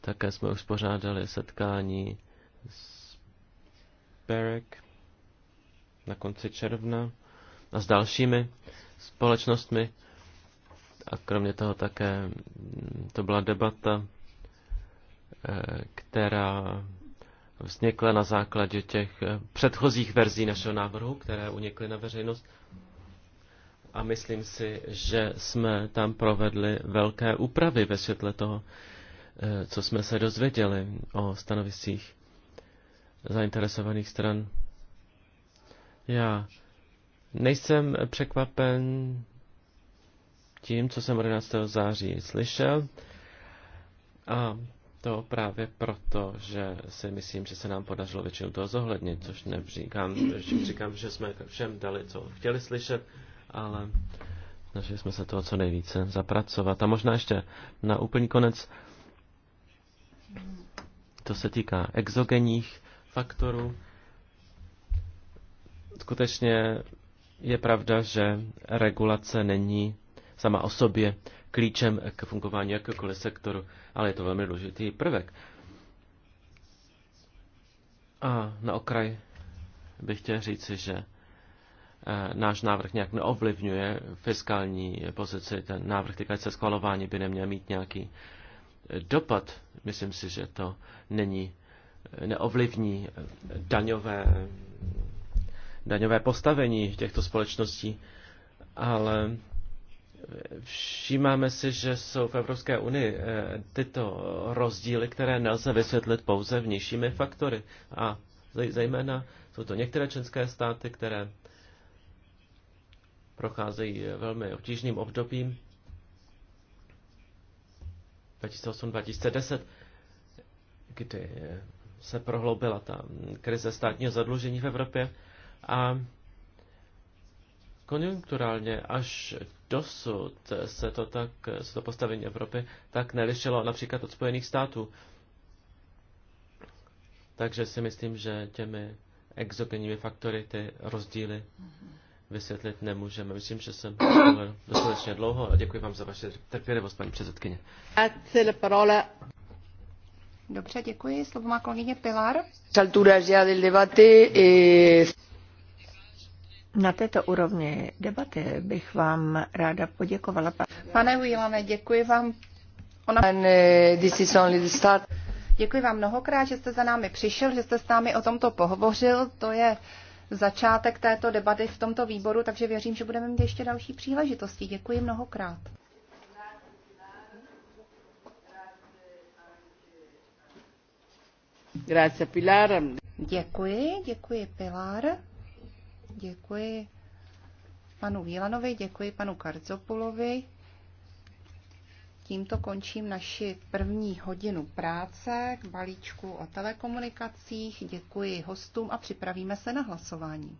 C: také jsme uspořádali setkání s Berek na konci června a s dalšími společnostmi. A kromě toho také to byla debata která vznikla na základě těch předchozích verzí našeho návrhu, které unikly na veřejnost. A myslím si, že jsme tam provedli velké úpravy ve světle toho, co jsme se dozvěděli o stanoviscích zainteresovaných stran. Já nejsem překvapen tím, co jsem 11. září slyšel. A to právě proto, že si myslím, že se nám podařilo většinu toho zohlednit, což neříkám, že říkám, že jsme všem dali, co chtěli slyšet, ale snažili jsme se toho co nejvíce zapracovat. A možná ještě na úplný konec, to se týká exogenních faktorů. Skutečně je pravda, že regulace není sama o sobě klíčem k fungování jakéhokoliv sektoru, ale je to velmi důležitý prvek. A na okraj bych chtěl říci, že eh, náš návrh nějak neovlivňuje fiskální pozici. Ten návrh týkající se schvalování by neměl mít nějaký eh, dopad. Myslím si, že to není, eh, neovlivní daňové, daňové postavení těchto společností, ale Všímáme si, že jsou v Evropské unii eh, tyto rozdíly, které nelze vysvětlit pouze vnějšími faktory. A zejména jsou to některé členské státy, které procházejí eh, velmi obtížným obdobím 2008-2010, kdy eh, se prohloubila ta mm, krize státního zadlužení v Evropě a Konjunkturálně až dosud se to, tak, se to postavení Evropy tak nelišilo například od Spojených států. Takže si myslím, že těmi exogenními faktory ty rozdíly vysvětlit nemůžeme. Myslím, že jsem mluvil dostatečně dlouho a děkuji vám za vaše trpělivost, paní předsedkyně.
D: Dobře, děkuji. Slovo má kolegyně Pilar.
F: Na této úrovni debaty bych vám ráda poděkovala.
A: Pane Vílane, děkuji vám. Ona... Uh, děkuji vám mnohokrát, že jste za námi přišel, že jste s námi o tomto pohovořil. To je začátek této debaty v tomto výboru, takže věřím, že budeme mít ještě další příležitosti. Děkuji mnohokrát. Pilar. Děkuji, děkuji Pilar. Děkuji panu Vílanovi, děkuji panu Karzopulovi. Tímto končím naši první hodinu práce k balíčku o telekomunikacích. Děkuji hostům a připravíme se na hlasování.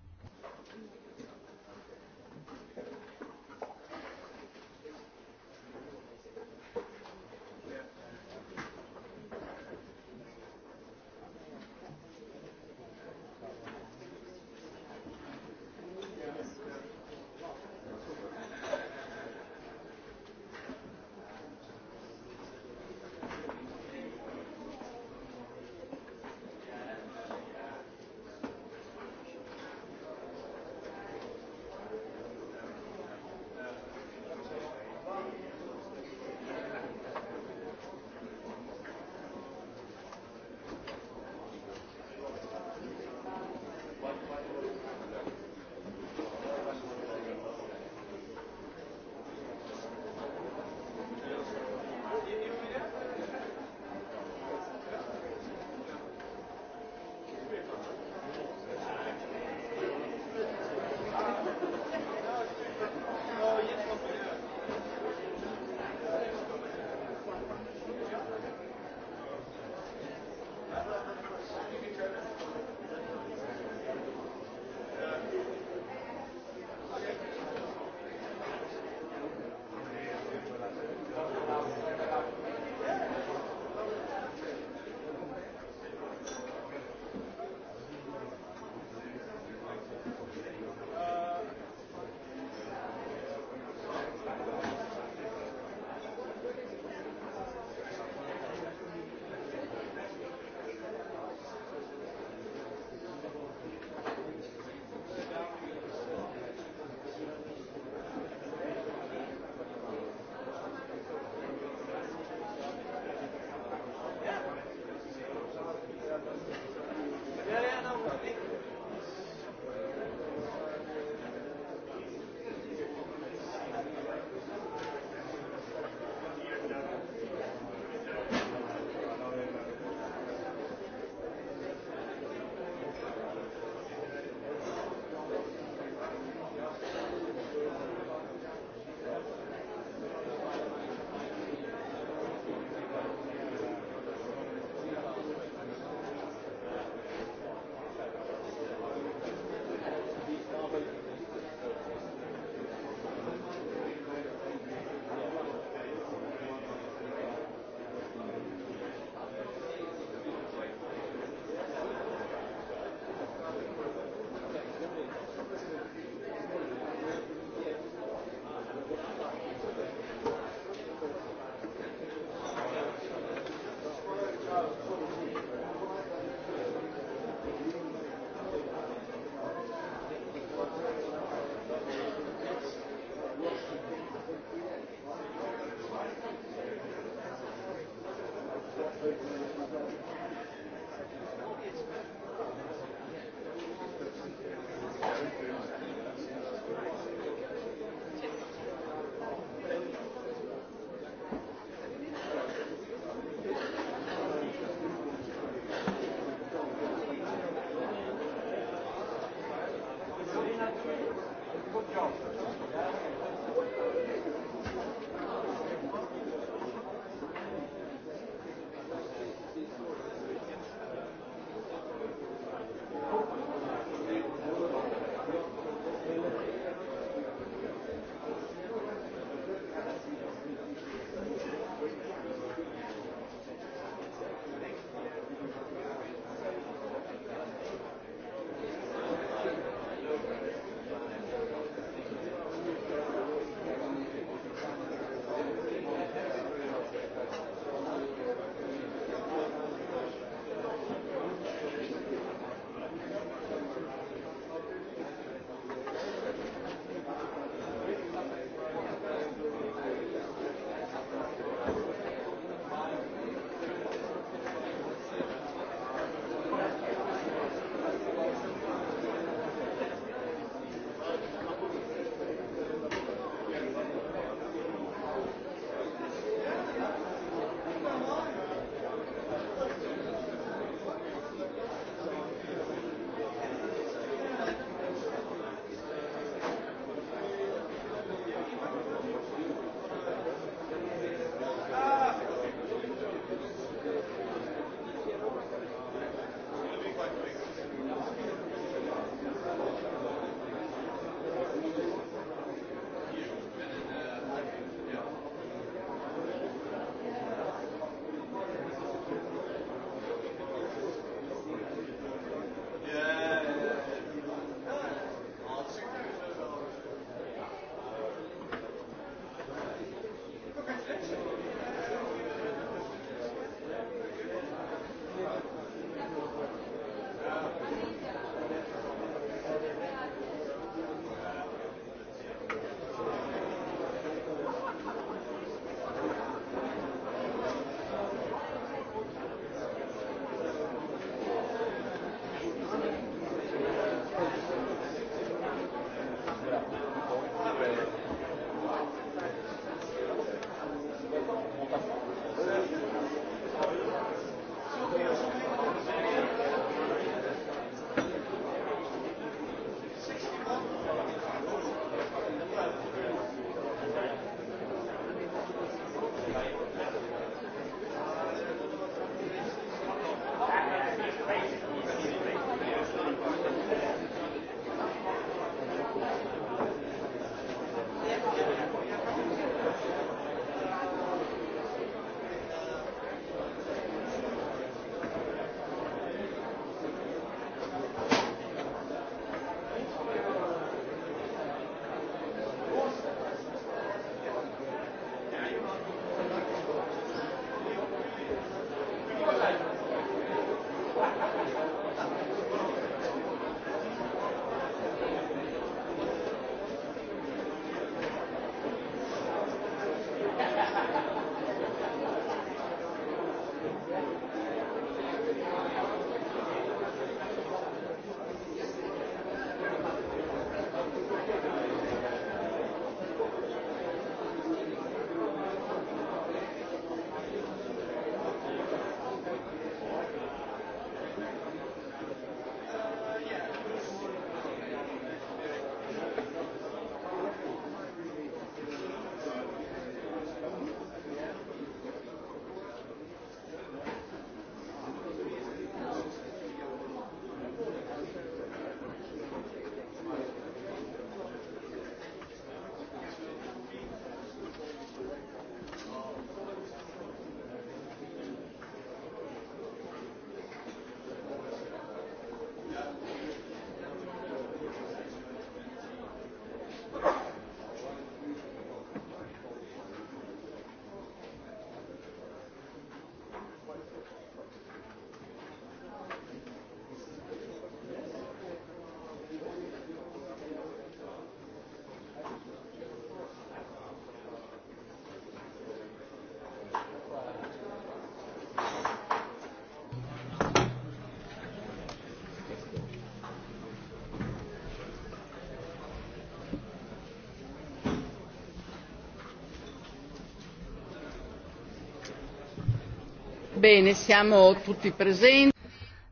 D: Bene, siamo tutti presenti.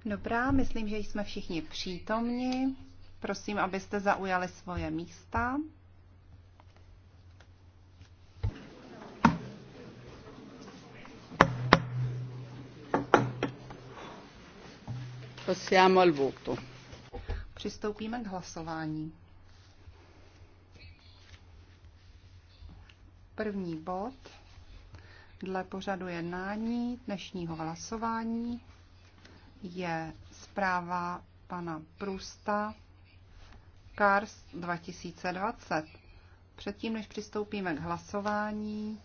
A: Dobrá, myslím, že jsme všichni přítomni. Prosím, abyste zaujali svoje místa.
D: Passiamo al voto.
A: Přistoupíme k hlasování. První bod Dle pořadu jednání dnešního hlasování je zpráva pana Prusta CARS 2020. Předtím, než přistoupíme k hlasování,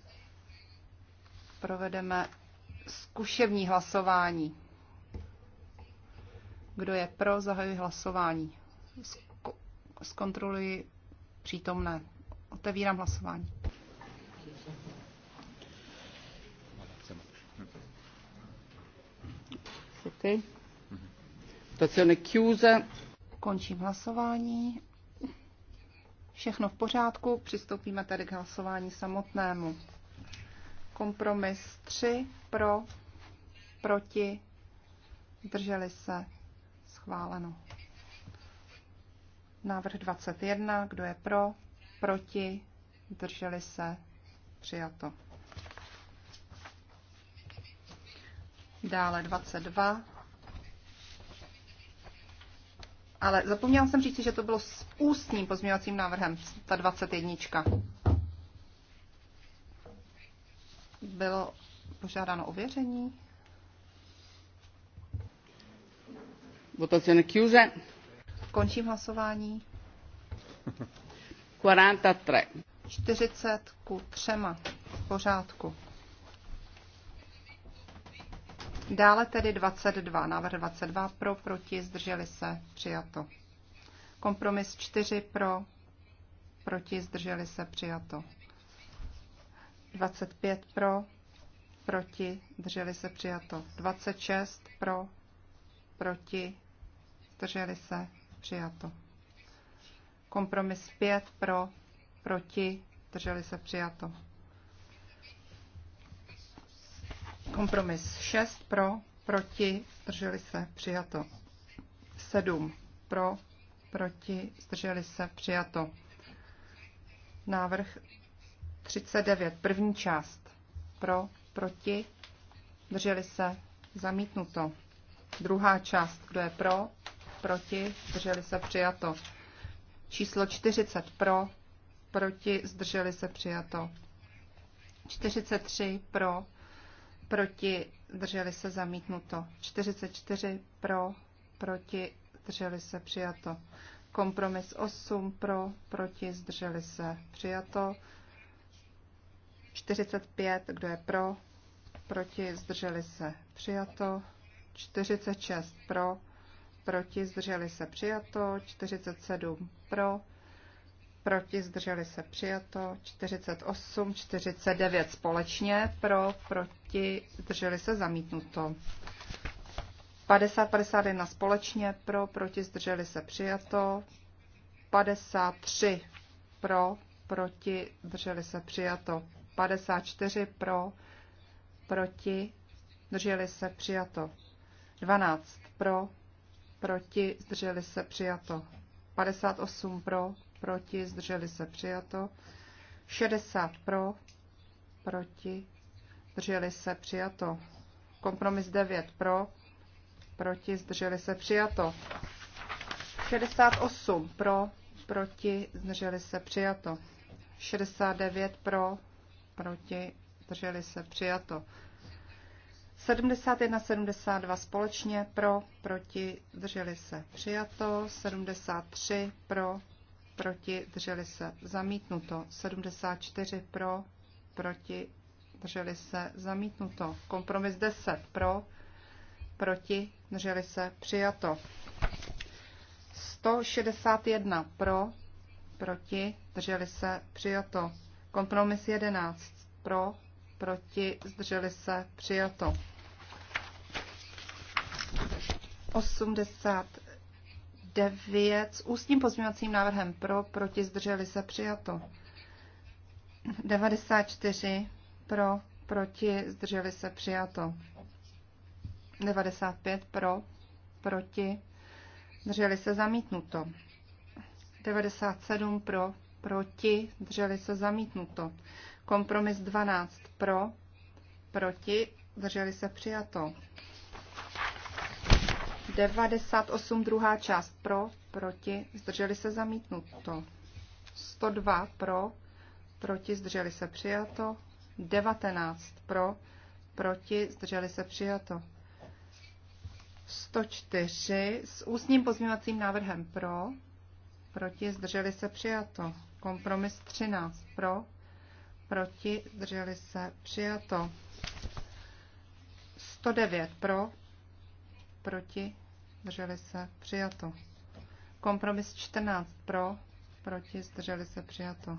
A: provedeme zkušební hlasování. Kdo je pro, zahajuji hlasování. Zkontroluji přítomné. Otevírám hlasování. Ok? Stazione chiusa. Končím hlasování. Všechno v pořádku, přistoupíme tedy k hlasování samotnému. Kompromis 3 pro, proti, Drželi se, schváleno. Návrh 21, kdo je pro, proti, Drželi se, přijato. dále 22. Ale zapomněla jsem říct, že to bylo s ústním pozměňovacím návrhem, ta 21. Bylo požádáno ověření.
D: Votazione chiusa.
A: Končím hlasování.
D: 43.
A: 40 ku 3. V pořádku. Dále tedy 22, návrh 22 pro, proti, zdrželi se, přijato. Kompromis 4 pro, proti, zdrželi se, přijato. 25 pro, proti, zdrželi se, přijato. 26 pro, proti, zdrželi se, přijato. Kompromis 5 pro, proti, zdrželi se, přijato. Kompromis 6 pro, proti, zdrželi se, přijato. 7 pro, proti, zdrželi se, přijato. Návrh 39, první část. Pro, proti, zdrželi se, zamítnuto. Druhá část, kdo je pro, proti, zdrželi se, přijato. Číslo 40 pro, proti, zdrželi se, přijato. 43 pro, proti, drželi se zamítnuto. 44 pro, proti, zdrželi se přijato. Kompromis 8 pro, proti, zdrželi se přijato. 45, kdo je pro, proti, zdrželi se přijato. 46 pro, proti, zdrželi se přijato. 47 pro, proti, zdrželi se přijato, 48, 49 společně, pro, proti, zdrželi se zamítnuto. 50, 51 společně, pro, proti, zdrželi se přijato, 53 pro, proti, zdrželi se přijato, 54 pro, proti, zdrželi se přijato, 12 pro, proti, zdrželi se přijato, 58 pro, proti, zdrželi se přijato. 60 pro, proti, zdrželi se přijato. Kompromis 9 pro, proti, zdrželi se přijato. 68 pro, proti, zdrželi se přijato. 69 pro, proti, zdrželi se přijato. 71, 72 společně pro, proti, zdrželi se přijato. 73 pro, proti, drželi se, zamítnuto. 74 pro, proti, drželi se, zamítnuto. Kompromis 10 pro, proti, drželi se, přijato. 161 pro, proti, drželi se, přijato. Kompromis 11 pro, proti, zdrželi se, přijato. 80 9 s ústním pozměňovacím návrhem pro, proti zdrželi se přijato. 94 pro, proti zdrželi se přijato. 95 pro, proti zdrželi se zamítnuto. 97 pro, proti zdrželi se zamítnuto. Kompromis 12 pro, proti zdrželi se přijato. 98 druhá část pro, proti, zdrželi se zamítnuto. 102 pro, proti, zdrželi se přijato. 19 pro, proti, zdrželi se přijato. 104 s ústním pozměňovacím návrhem pro, proti, zdrželi se přijato. Kompromis 13 pro, proti, zdrželi se přijato. 109 pro, proti, zdrželi se, přijato. Kompromis 14 pro, proti, zdrželi se, přijato.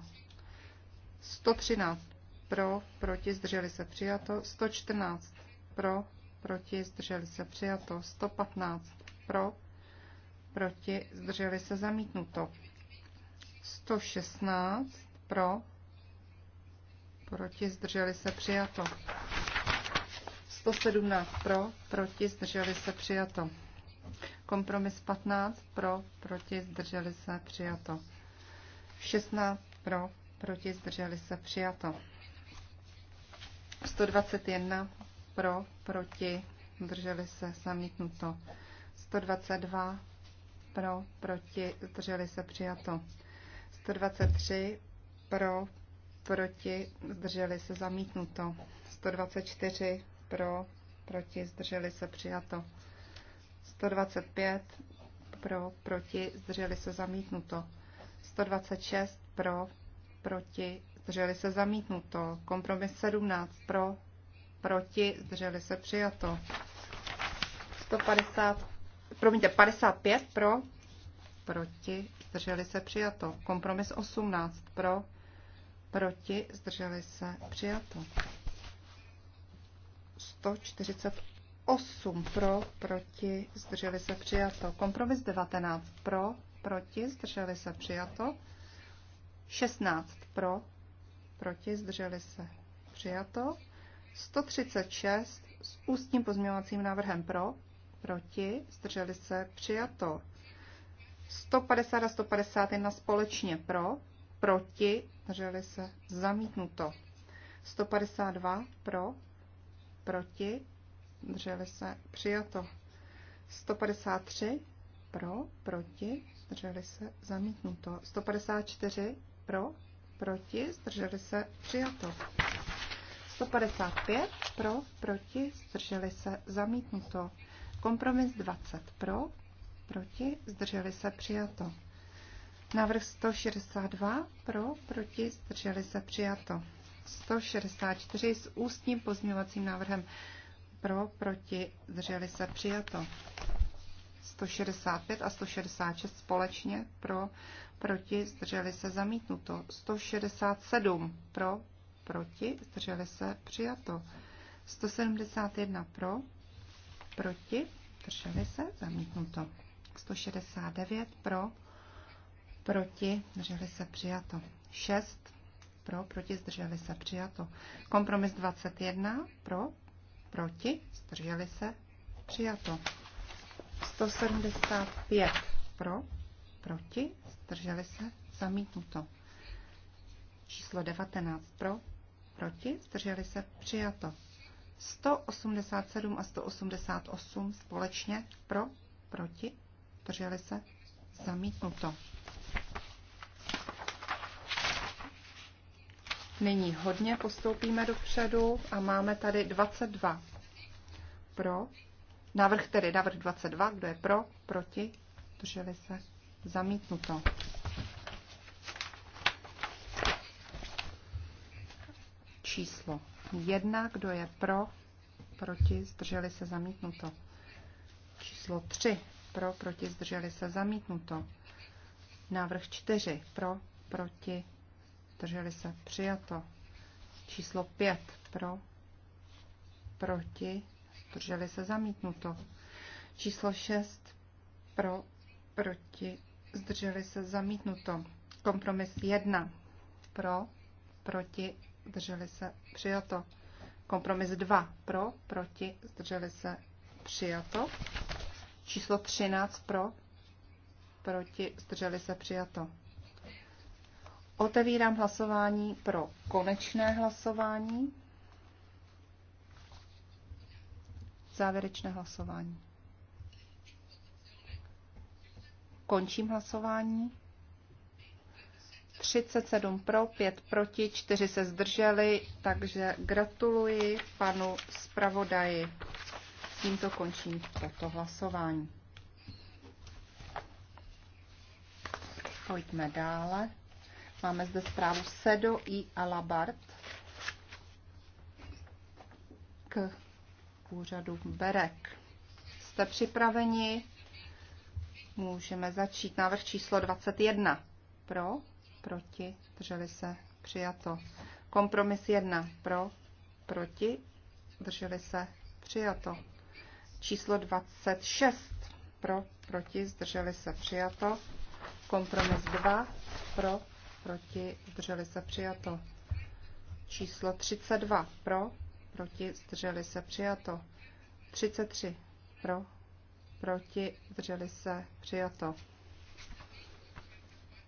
A: 113 pro, proti, zdrželi se, přijato. 114 pro, proti, zdrželi se, přijato. 115 pro, proti, zdrželi se, zamítnuto. 116 pro, proti, zdrželi se, přijato. 117 pro, proti, zdrželi se, přijato. Kompromis 15 pro, proti, zdrželi se, přijato. 16 pro, proti, zdrželi se, přijato. 121 pro, proti, zdrželi se, zamítnuto. 122 pro, proti, zdrželi se, přijato. 123 pro, proti, zdrželi se, zamítnuto. 124 pro, proti, zdrželi se, přijato. 125 pro, proti, zdrželi se zamítnuto. 126 pro, proti, zdrželi se zamítnuto. Kompromis 17 pro, proti, zdrželi se přijato. 150, promiňte, 55 pro, proti, zdrželi se přijato. Kompromis 18 pro, proti, zdrželi se přijato. 140 8 pro, proti, zdrželi se přijato. Kompromis 19 pro, proti, zdrželi se přijato. 16 pro, proti, zdrželi se přijato. 136 s ústním pozměňovacím návrhem pro, proti, zdrželi se přijato. 150 a 151 společně pro, proti, zdrželi se zamítnuto. 152 pro, proti, zdrželi se, přijato. 153 pro, proti, zdrželi se, zamítnuto. 154 pro, proti, zdrželi se, přijato. 155 pro, proti, zdrželi se, zamítnuto. Kompromis 20 pro, proti, zdrželi se, přijato. Návrh 162 pro, proti, zdrželi se, přijato. 164 s ústním pozměňovacím návrhem pro, proti, zdrželi se přijato. 165 a 166 společně pro, proti, zdrželi se zamítnuto. 167 pro, proti, zdrželi se přijato. 171 pro, proti, zdrželi se zamítnuto. 169 pro, proti, zdrželi se přijato. 6 pro, proti, zdrželi se přijato. Kompromis 21 pro, proti, zdrželi se, přijato. 175 pro, proti, zdrželi se, zamítnuto. Číslo 19 pro, proti, zdrželi se, přijato. 187 a 188 společně pro, proti, zdrželi se, zamítnuto. Nyní hodně postoupíme dopředu a máme tady 22 pro. Návrh tedy, návrh 22, kdo je pro, proti, drželi se, zamítnuto. Číslo 1, kdo je pro, proti, zdrželi se, zamítnuto. Číslo 3, pro, proti, zdrželi se, zamítnuto. Návrh 4, pro, proti, zdrželi se, přijato. Číslo 5 pro, proti, zdrželi se, zamítnuto. Číslo 6 pro, proti, zdrželi se, zamítnuto. Kompromis 1 pro, proti, zdrželi se, přijato. Kompromis 2 pro, proti, zdrželi se, přijato. Číslo 13 pro, proti, zdrželi se, přijato. Otevírám hlasování pro konečné hlasování. Závěrečné hlasování. Končím hlasování. 37 pro, 5 proti, 4 se zdrželi, takže gratuluji panu zpravodaji. Tímto končím toto hlasování. Pojďme dále. Máme zde zprávu Sedo i Alabart k úřadu Berek. Jste připraveni? Můžeme začít. Návrh číslo 21. Pro, proti, drželi se, přijato. Kompromis 1. Pro, proti, drželi se, přijato. Číslo 26. Pro, proti, zdrželi se, přijato. Kompromis 2. Pro, proti, zdrželi se přijato. Číslo 32 pro, proti, zdrželi se přijato. 33 pro, proti, zdrželi se přijato.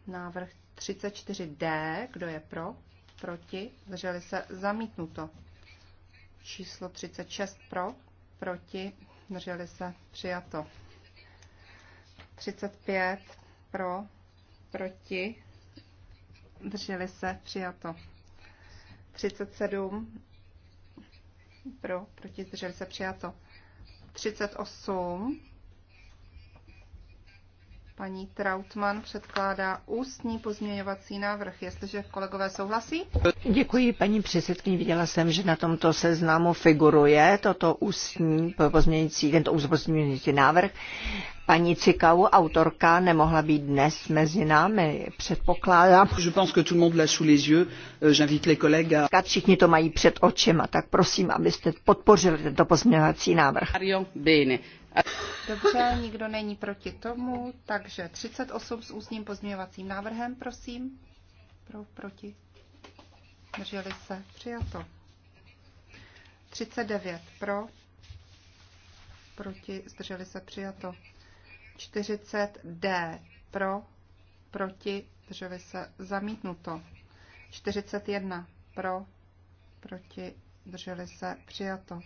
A: Návrh 34D, kdo je pro, proti, zdrželi se zamítnuto. Číslo 36 pro, proti, zdrželi se přijato. 35 pro, proti, Drželi se. Přijato. 37. Pro. Proti. drželi se. Přijato. 38 Paní Trautmann předkládá ústní pozměňovací návrh, jestliže kolegové souhlasí.
F: Děkuji, paní předsedkyně. Viděla jsem, že na tomto seznamu figuruje toto ústní pozměňující, tento ústní pozměňující návrh. Paní Cikau, autorka, nemohla být dnes mezi námi, předpokládám. Je pense que tout le monde l'a sous les yeux. Euh, j'invite les collègues à... Všichni to mají před očima, tak prosím, abyste podpořili tento pozměňovací návrh.
D: Bene.
A: Dobře, nikdo není proti tomu, takže 38 s ústním pozměňovacím návrhem, prosím. Pro, proti. Drželi se. Přijato. 39 pro. Proti. Zdrželi se. Přijato. 40 D pro. Proti. Zdrželi se. Zamítnuto. 41 pro. Proti. Zdrželi se. Přijato.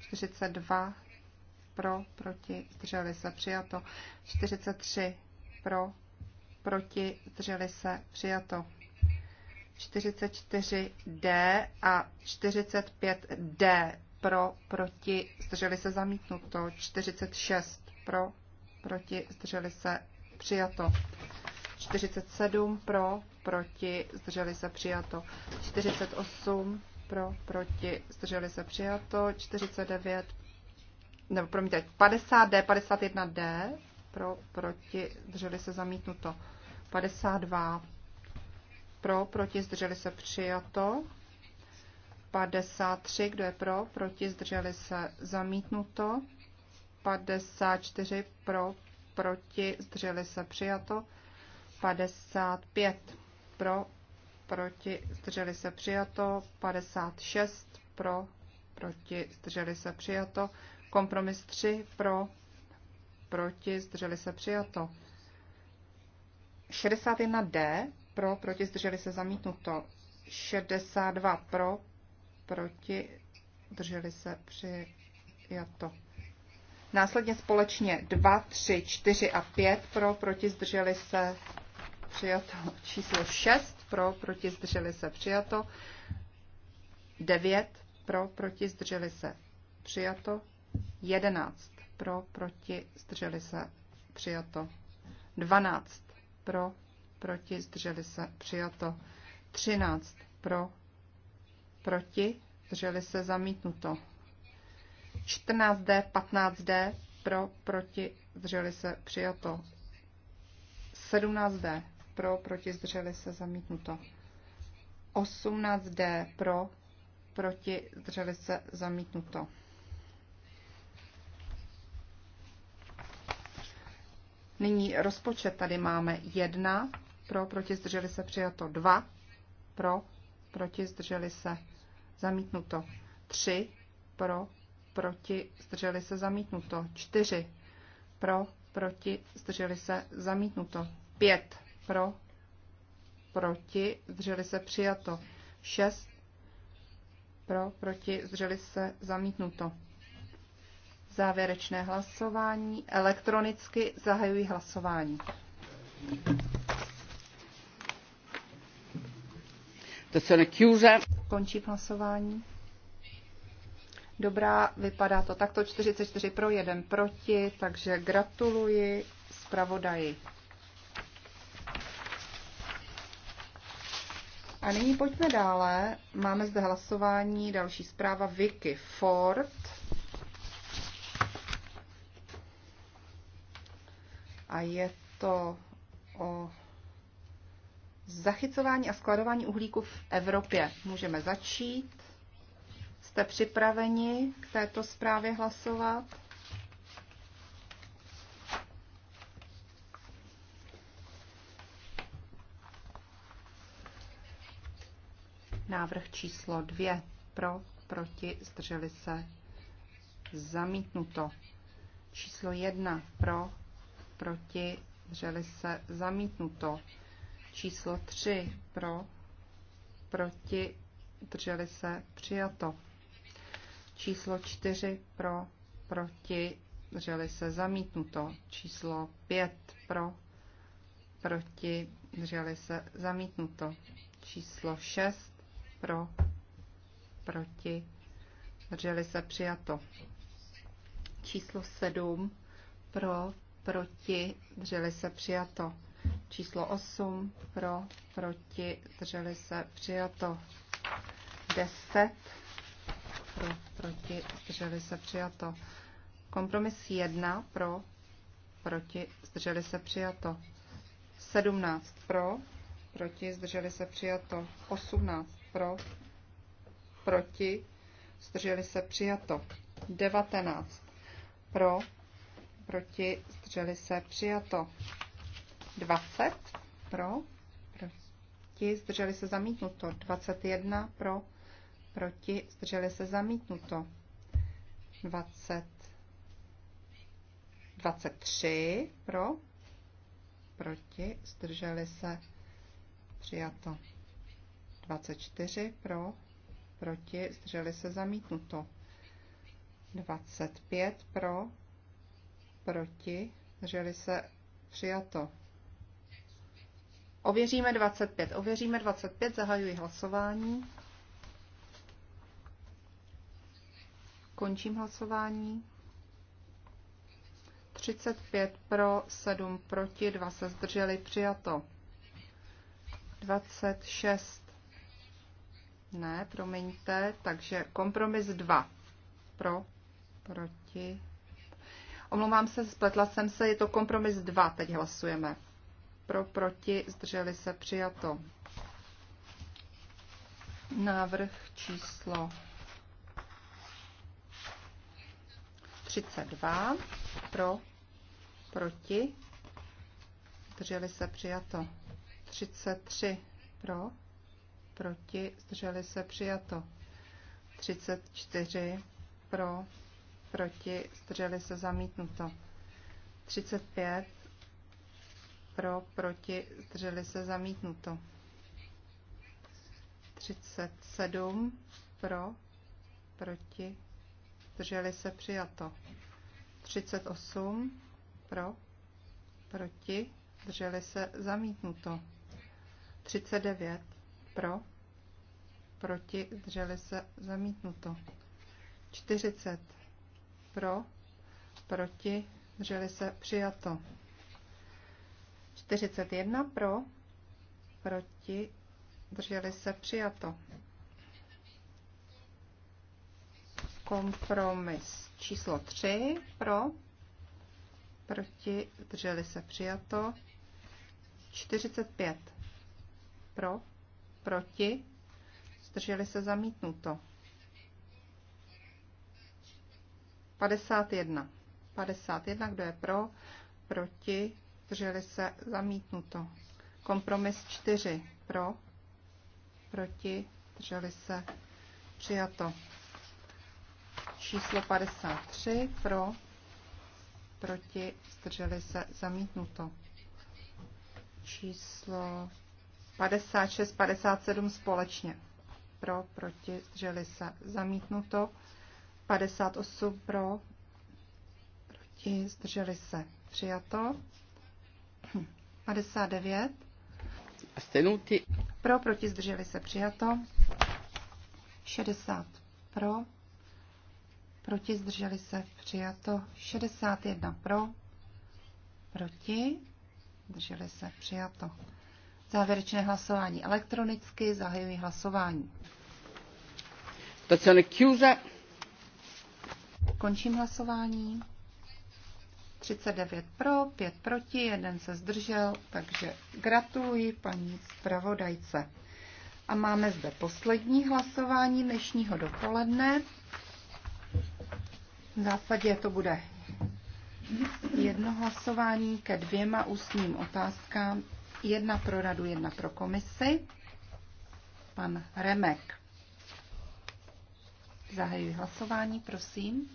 A: 42 pro, proti, zdrželi se, přijato. 43 pro, proti, zdrželi se, přijato. 44D a 45D pro, proti, zdrželi se, zamítnuto. 46 pro, proti, zdrželi se, přijato. 47 pro, proti, zdrželi se, přijato. 48 pro, proti, zdrželi se přijato, 49 nebo promiňte, 50D, 51D, pro, proti, zdrželi se zamítnuto. 52 pro, proti, zdrželi se přijato. 53, kdo je pro, proti, zdrželi se zamítnuto. 54 pro, proti, zdrželi se přijato. 55 pro, proti, zdrželi se přijato. 56 pro, proti, zdrželi se přijato. Kompromis 3 pro, proti, zdrželi se přijato. 61D pro, proti, zdrželi se zamítnuto. 62 pro, proti, zdrželi se přijato. Následně společně 2, 3, 4 a 5 pro, proti, zdrželi se přijato. Číslo 6 pro, proti, zdrželi se přijato. 9 pro, proti, zdrželi se přijato. 11 pro, proti, zdrželi se, přijato. 12 pro, proti, zdrželi se, přijato. 13 pro, proti, zdrželi se, zamítnuto. 14D, 15D, pro, proti, zdrželi se, přijato. 17D, pro, proti, zdrželi se, zamítnuto. 18D, pro, proti, zdrželi se, zamítnuto. Nyní rozpočet. Tady máme 1 pro, proti zdrželi se přijato 2 pro, proti zdrželi se zamítnuto 3 pro, proti zdrželi se zamítnuto 4 pro, proti zdrželi se zamítnuto 5 pro, proti zdrželi se přijato 6 pro, proti zdrželi se zamítnuto Závěrečné hlasování. Elektronicky zahajuji hlasování.
B: To se nekýže.
A: Končím hlasování. Dobrá, vypadá to takto 44 pro, 1 proti, takže gratuluji zpravodaji. A nyní pojďme dále. Máme zde hlasování, další zpráva Vicky Ford. a je to o zachycování a skladování uhlíku v Evropě. Můžeme začít. Jste připraveni k této zprávě hlasovat? Návrh číslo dvě Pro, proti, zdrželi se. Zamítnuto. Číslo jedna Pro, proti, zdrželi se, zamítnuto. Číslo 3 pro, proti, drželi se, přijato. Číslo 4 pro, proti, drželi se, zamítnuto. Číslo 5 pro, proti, drželi se, zamítnuto. Číslo 6 pro, proti, drželi se, přijato. Číslo 7 pro, proti, drželi se přijato. Číslo 8 pro, proti, drželi se přijato. 10 pro, proti, drželi se přijato. Kompromis 1 pro, proti, zdrželi se přijato. 17 pro, proti, zdrželi se přijato. 18 pro, proti, zdrželi se přijato. 19 pro, proti, zdrželi se, přijato. 20 pro, proti, zdrželi se, zamítnuto. 21 pro, proti, zdrželi se, zamítnuto. 20, 23 pro, proti, zdrželi se, přijato. 24 pro, proti, zdrželi se, zamítnuto. 25 pro, proti, zdrželi se, přijato. Ověříme 25. Ověříme 25, zahajuji hlasování. Končím hlasování. 35 pro, 7 proti, 2 se zdrželi, přijato. 26. Ne, promiňte, takže kompromis 2. Pro, proti, Omlouvám se, spletla jsem se, je to kompromis 2, teď hlasujeme. Pro, proti, zdrželi se, přijato. Návrh číslo 32, pro, proti, zdrželi se, přijato. 33, pro, proti, zdrželi se, přijato. 34, pro, proti, zdrželi se zamítnuto. 35 pro, proti, zdrželi se zamítnuto. 37 pro, proti, zdrželi se přijato. 38 pro, proti, zdrželi se zamítnuto. 39 pro, proti, zdrželi se zamítnuto. 40 pro, proti, drželi se přijato. 41 pro, proti, drželi se přijato. Kompromis číslo 3 pro, proti, drželi se přijato. 45 pro, proti, zdrželi se zamítnuto. 51. 51, kdo je pro, proti, zdrželi se, zamítnuto. Kompromis 4, pro, proti, zdrželi se, přijato. Číslo 53, pro, proti, zdrželi se, zamítnuto. Číslo 56, 57 společně. Pro, proti, zdrželi se, zamítnuto. 58 pro, proti, zdrželi se. Přijato. 59.
D: Astenuti.
A: Pro, proti, zdrželi se. Přijato. 60 pro, proti, zdrželi se. Přijato. 61 pro, proti, zdrželi se. Přijato. Závěrečné hlasování elektronicky. zahajují hlasování.
B: Stazione chiusa.
A: Končím hlasování. 39 pro, 5 proti, 1 se zdržel, takže gratuluji paní zpravodajce. A máme zde poslední hlasování dnešního dopoledne. V zásadě to bude jedno hlasování ke dvěma ústním otázkám. Jedna pro radu, jedna pro komisi. Pan Remek. Zahajuji hlasování, prosím.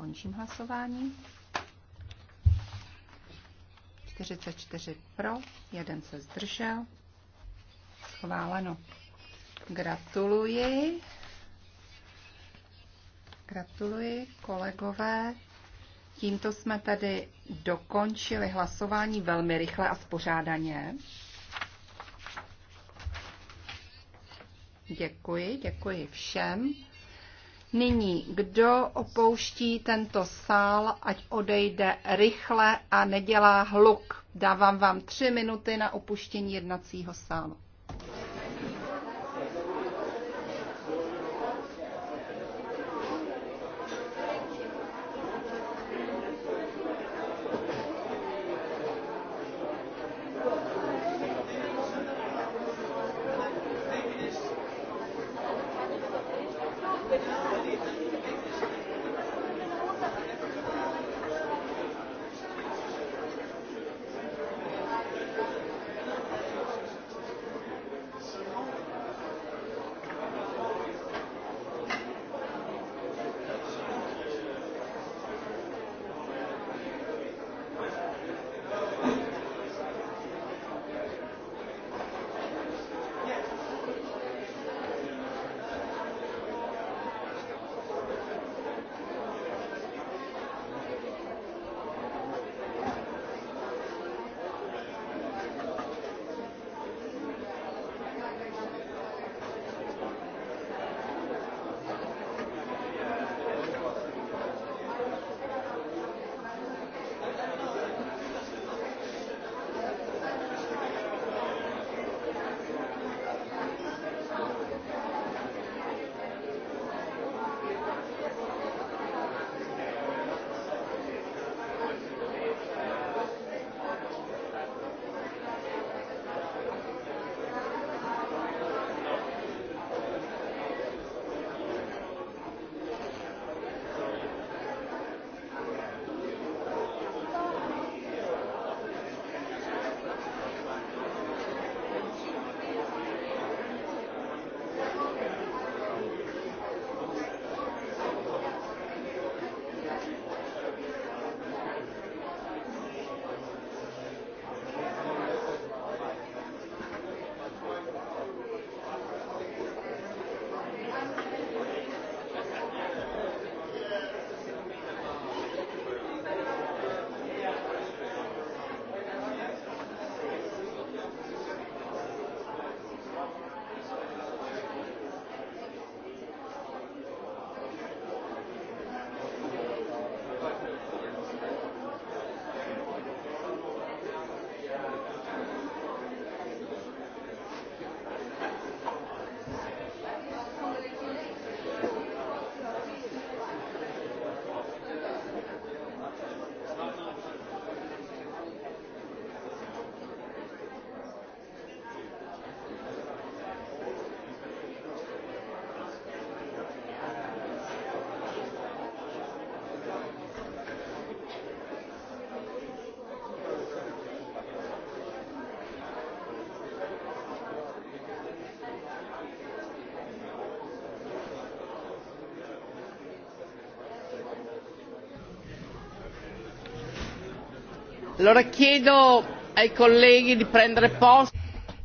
A: Končím hlasování. 44 pro, jeden se zdržel. Schváleno. Gratuluji. Gratuluji, kolegové. Tímto jsme tedy dokončili hlasování velmi rychle a spořádaně. Děkuji, děkuji všem. Nyní, kdo opouští tento sál, ať odejde rychle a nedělá hluk. Dávám vám tři minuty na opuštění jednacího sálu.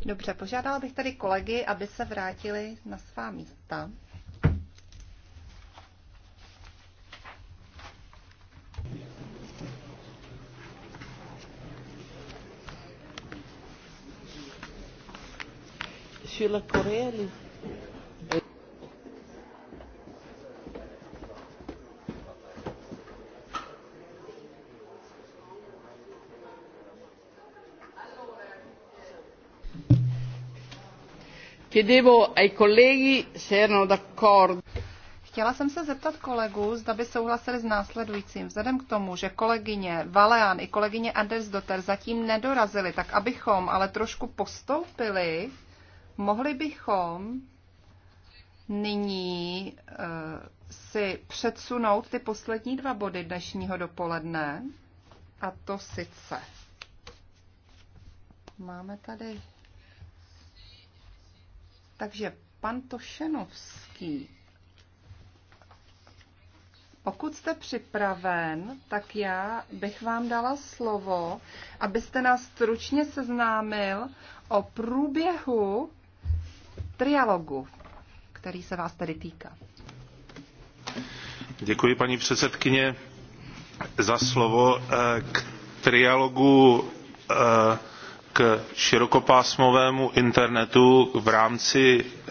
A: Dobře, požádala bych tady kolegy, aby se vrátili na svá místa.
B: Sur la Corée,
A: Chtěla jsem se zeptat kolegů, zda by souhlasili s následujícím. Vzhledem k tomu, že kolegyně Valean i kolegyně Andersdotter zatím nedorazily, tak abychom ale trošku postoupili, mohli bychom nyní uh, si předsunout ty poslední dva body dnešního dopoledne. A to sice. Máme tady takže pan Tošenovský, pokud jste připraven, tak já bych vám dala slovo, abyste nás stručně seznámil o průběhu trialogu, který se vás tady týká.
E: Děkuji, paní předsedkyně, za slovo eh, k trialogu eh, k širokopásmovému internetu v rámci eh,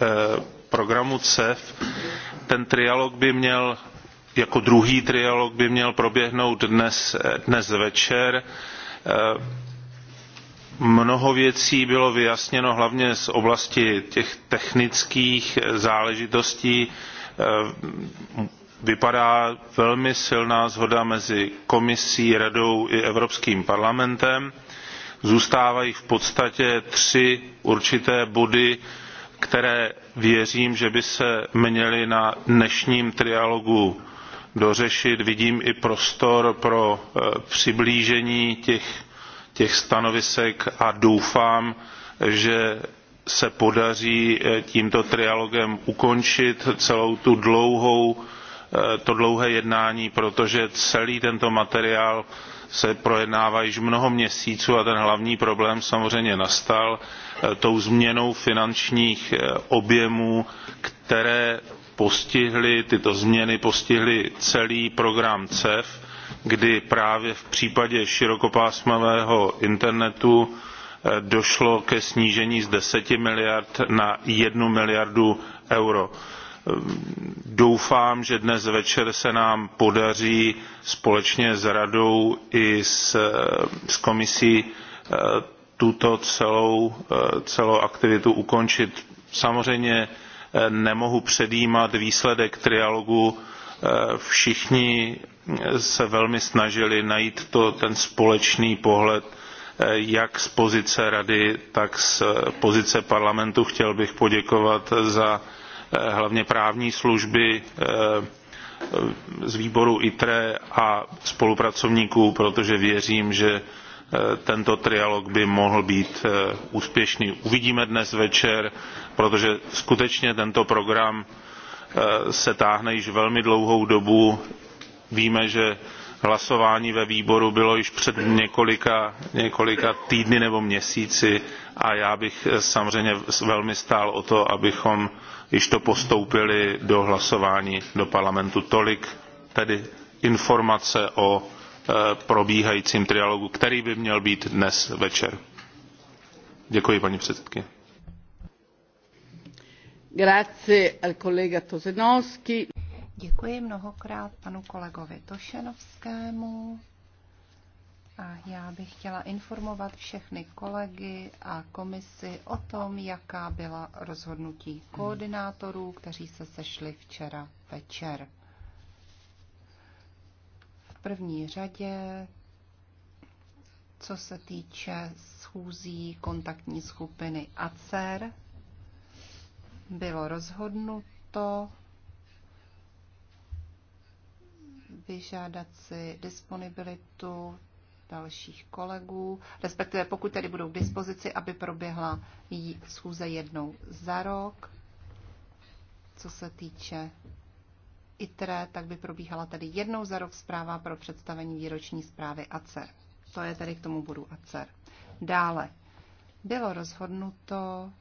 E: programu CEF. Ten trialog by měl, jako druhý trialog by měl proběhnout dnes, eh, dnes večer. Eh, mnoho věcí bylo vyjasněno hlavně z oblasti těch technických záležitostí. Vypadá velmi silná zhoda mezi komisí, radou i Evropským parlamentem zůstávají v podstatě tři určité body, které věřím, že by se měly na dnešním trialogu dořešit. Vidím i prostor pro eh, přiblížení těch, těch stanovisek a doufám, že se podaří eh, tímto trialogem ukončit celou tu dlouhou, eh, to dlouhé jednání, protože celý tento materiál se projednává již mnoho měsíců a ten hlavní problém samozřejmě nastal eh, tou změnou finančních eh, objemů, které postihly, tyto změny postihly celý program CEF, kdy právě v případě širokopásmového internetu eh, došlo ke snížení z 10 miliard na 1 miliardu euro doufám že dnes večer se nám podaří společně s radou i s, s komisí eh, tuto celou, eh, celou aktivitu ukončit. samozřejmě eh, nemohu předjímat výsledek trialogu všichni se velmi snažili najít to, ten společný pohled jak z pozice rady tak z pozice parlamentu. chtěl bych poděkovat za Eh, hlavně právní služby eh, z výboru ITRE a spolupracovníků, protože věřím, že eh, tento trialog by mohl být úspěšný. Uvidíme dnes večer, protože skutečně tento program se táhne již velmi dlouhou dobu. Víme, že hlasování ve výboru bylo již před několika, několika týdny nebo měsíci a já bych samozřejmě velmi stál o to, abychom již to postoupili do hlasování do parlamentu. Tolik tedy informace o e, probíhajícím trialogu, který by měl být dnes večer. Děkuji, paní předsedkyně.
D: Děkuji
A: mnohokrát panu kolegovi Tošenovskému a já bych chtěla informovat všechny kolegy a komisi o tom, jaká byla rozhodnutí koordinátorů, kteří se sešli včera večer. V první řadě, co se týče schůzí kontaktní skupiny ACER, bylo rozhodnuto vyžádat si disponibilitu dalších kolegů, respektive pokud tedy budou k dispozici, aby proběhla schůze jednou za rok. Co se týče ITRE, tak by probíhala tedy jednou za rok zpráva pro představení výroční zprávy ACER. To je tedy k tomu bodu ACER. Dále bylo rozhodnuto,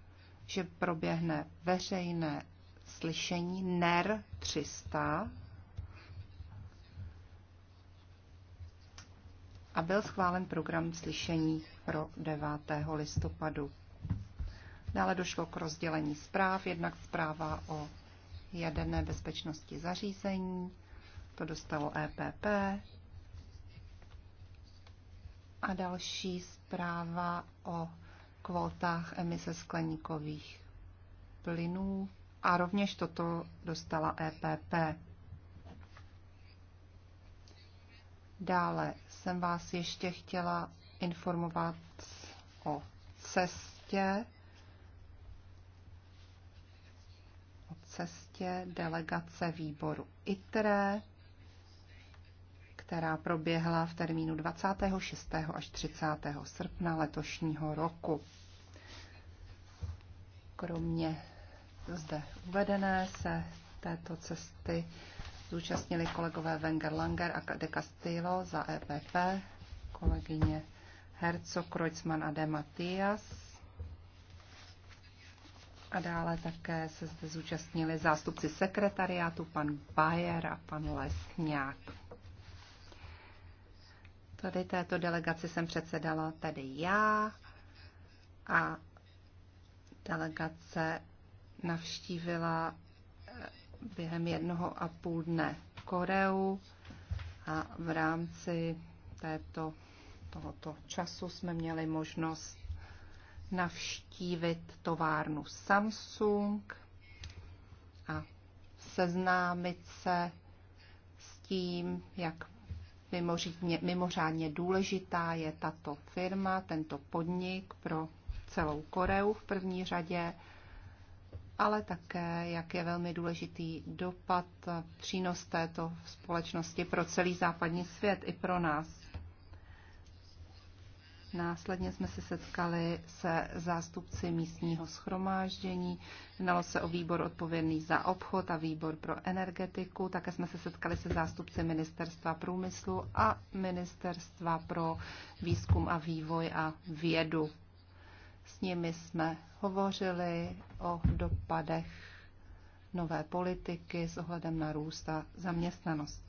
A: že proběhne veřejné slyšení NER 300 a byl schválen program slyšení pro 9. listopadu. Dále došlo k rozdělení zpráv, jednak zpráva o jaderné bezpečnosti zařízení, to dostalo EPP, a další zpráva o kvótách emise skleníkových plynů a rovněž toto dostala EPP. Dále jsem vás ještě chtěla informovat o cestě, o cestě delegace výboru ITRE, která proběhla v termínu 26. až 30. srpna letošního roku. Kromě zde uvedené se této cesty zúčastnili kolegové Wenger Langer a De Castillo za EPP, kolegyně Herco, Kreuzmann a De Matias. A dále také se zde zúčastnili zástupci sekretariátu, pan Bayer a pan Lesňák. Tady této delegaci jsem předsedala tady já a delegace navštívila během jednoho a půl dne Koreu a v rámci této, tohoto času jsme měli možnost navštívit továrnu Samsung a seznámit se s tím, jak mimořádně, mimořádně důležitá je tato firma, tento podnik pro celou Koreu v první řadě ale také, jak je velmi důležitý dopad a přínos této společnosti pro celý západní svět i pro nás. Následně jsme se setkali se zástupci místního schromáždění, jednalo se o výbor odpovědný za obchod a výbor pro energetiku, také jsme se setkali se zástupci ministerstva průmyslu a ministerstva pro výzkum a vývoj a vědu. S nimi jsme hovořili o dopadech nové politiky s ohledem na růst a zaměstnanost.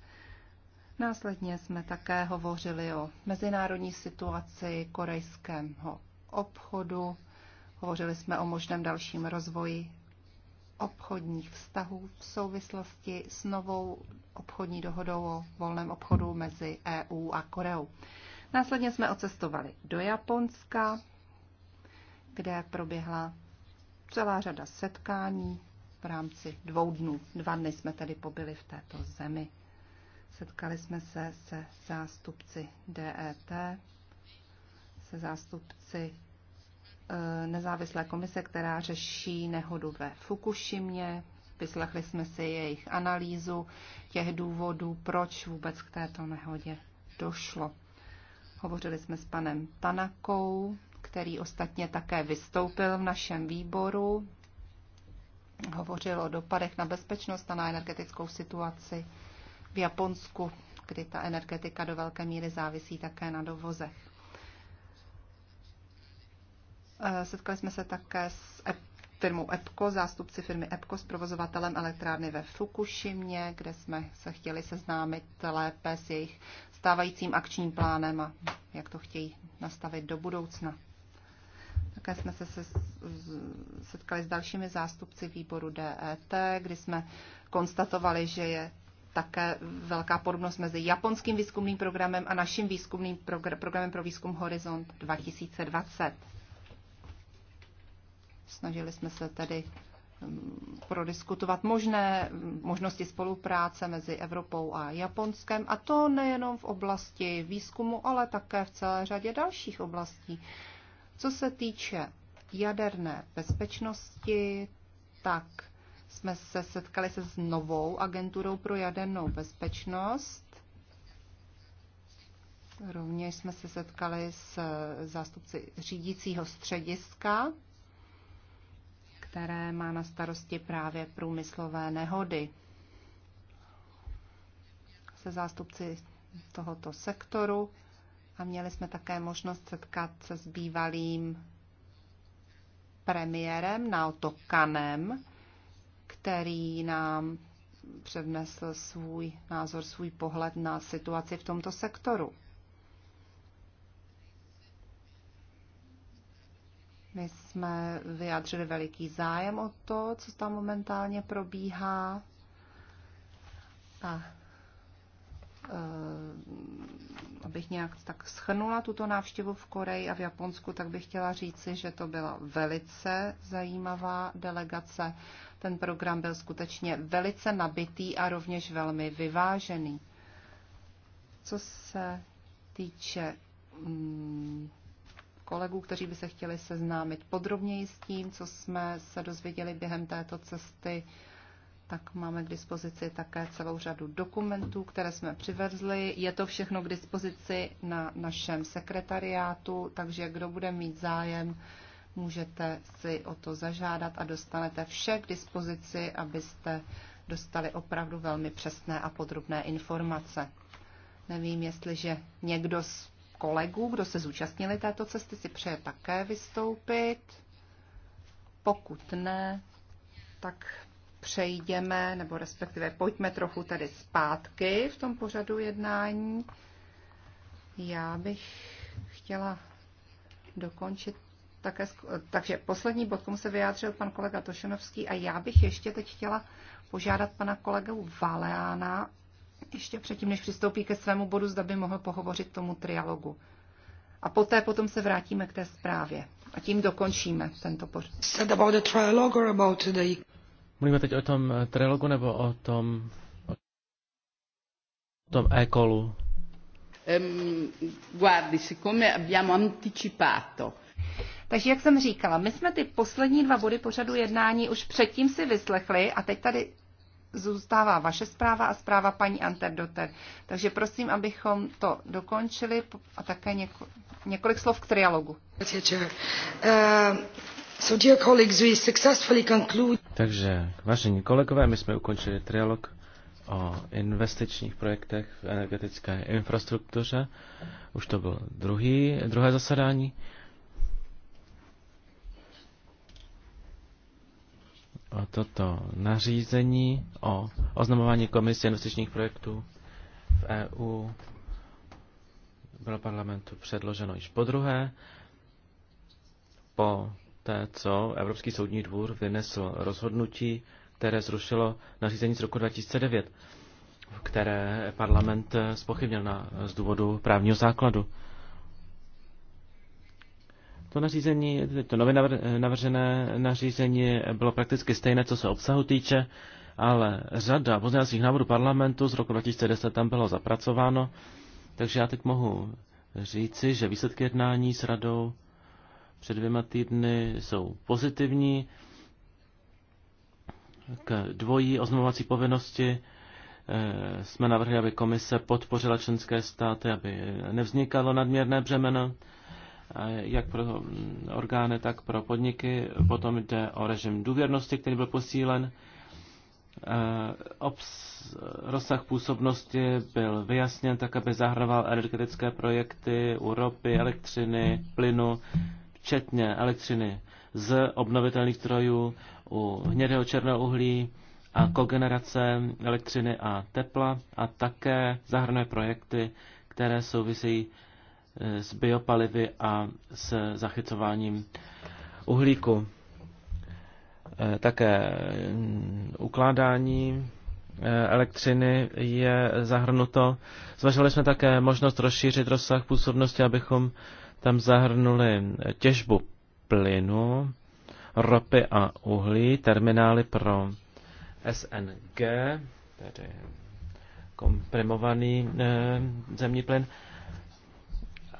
A: Následně jsme také hovořili o mezinárodní situaci korejského obchodu, hovořili jsme o možném dalším rozvoji obchodních vztahů v souvislosti s novou obchodní dohodou o volném obchodu mezi EU a Koreou. Následně jsme ocestovali do Japonska, kde proběhla celá řada setkání v rámci dvou dnů. Dva dny jsme tedy pobyli v této zemi. Setkali jsme se se zástupci DET, se zástupci e, nezávislé komise, která řeší nehodu ve Fukušimě. Vyslechli jsme si jejich analýzu těch důvodů, proč vůbec k této nehodě došlo. Hovořili jsme s panem Tanakou, který ostatně také vystoupil v našem výboru. Hovořil o dopadech na bezpečnost a na energetickou situaci v Japonsku, kdy ta energetika do velké míry závisí také na dovozech. Eh, setkali jsme se také s firmou EPCO, zástupci firmy EPCO s provozovatelem elektrárny ve Fukushimě, kde jsme se chtěli seznámit lépe s jejich stávajícím akčním plánem a jak to chtějí nastavit do budoucna. Také jsme se setkali s dalšími zástupci výboru DET, kdy jsme konstatovali, že je také velká podobnost mezi japonským výzkumným programem a naším výzkumným progr- programem pro výzkum Horizont 2020. Snažili jsme se tedy hm, prodiskutovat možné hm, možnosti spolupráce mezi Evropou a Japonskem, a to nejenom v oblasti výzkumu, ale také v celé řadě dalších oblastí. Co se týče jaderné bezpečnosti, tak jsme se setkali se s novou agenturou pro jadernou bezpečnost. Rovněž jsme se setkali s zástupci řídícího střediska, které má na starosti právě průmyslové nehody. Se zástupci tohoto sektoru a měli jsme také možnost setkat se s bývalým premiérem Naoto Kanem, který nám přednesl svůj názor, svůj pohled na situaci v tomto sektoru. My jsme vyjádřili veliký zájem o to, co tam momentálně probíhá. A Eh, abych nějak tak schrnula tuto návštěvu v Koreji a v Japonsku, tak bych chtěla říci, že to byla velice zajímavá delegace. Ten program byl skutečně velice nabitý a rovněž velmi vyvážený. Co se týče mm, kolegů, kteří by se chtěli seznámit podrobněji s tím, co jsme se dozvěděli během této cesty, tak máme k dispozici také celou řadu dokumentů, které jsme přivezli. Je to všechno k dispozici na našem sekretariátu, takže kdo bude mít zájem, můžete si o to zažádat a dostanete vše k dispozici, abyste dostali opravdu velmi přesné a podrobné informace. Nevím, jestliže někdo z kolegů, kdo se zúčastnili této cesty, si přeje také vystoupit. Pokud ne, tak přejdeme, nebo respektive pojďme trochu tady zpátky v tom pořadu jednání. Já bych chtěla dokončit také, takže poslední bod, komu se vyjádřil pan kolega Tošenovský a já bych ještě teď chtěla požádat pana kolegu Valeána, ještě předtím, než přistoupí ke svému bodu, zda by mohl pohovořit tomu trialogu. A poté potom se vrátíme k té zprávě. A tím dokončíme tento pořad.
C: Mluvíme teď o tom trilogu nebo o tom, o tom e-kolu? Um,
D: ehm, guardi, siccome abbiamo
A: anticipato. Takže jak jsem říkala, my jsme ty poslední dva body pořadu jednání už předtím si vyslechli a teď tady zůstává vaše zpráva a zpráva paní Anterdoter. Takže prosím, abychom to dokončili a také něko, několik slov k trialogu.
C: Takže, vážení kolegové, my jsme ukončili trialog o investičních projektech v energetické infrastruktuře. Už to bylo druhý, druhé zasedání. O toto nařízení o oznamování komisie investičních projektů v EU bylo parlamentu předloženo již po druhé. Po té, co Evropský soudní dvůr vynesl rozhodnutí, které zrušilo nařízení z roku 2009, které parlament spochybnil na, z důvodu právního základu. To nařízení, to nově navržené nařízení bylo prakticky stejné, co se obsahu týče, ale řada pozměňovacích návodů parlamentu z roku 2010 tam bylo zapracováno, takže já teď mohu říci, že výsledky jednání s radou před dvěma týdny jsou pozitivní k dvojí oznamovací povinnosti. E, jsme navrhli, aby komise podpořila členské státy, aby nevznikalo nadměrné břemeno, e, jak pro orgány, tak pro podniky. Potom jde o režim důvěrnosti, který byl posílen. E, rozsah působnosti byl vyjasněn tak, aby zahrnoval energetické projekty u ropy, elektřiny, plynu, včetně elektřiny z obnovitelných zdrojů u hnědého černého uhlí a kogenerace elektřiny a tepla a také zahrnuje projekty, které souvisí eh, s biopalivy a s zachycováním uhlíku. Eh, také mm, ukládání eh, elektřiny je zahrnuto. Zvažovali jsme také možnost rozšířit rozsah působnosti, abychom tam zahrnuli těžbu plynu, ropy a uhlí, terminály pro SNG, tedy komprimovaný eh, zemní plyn,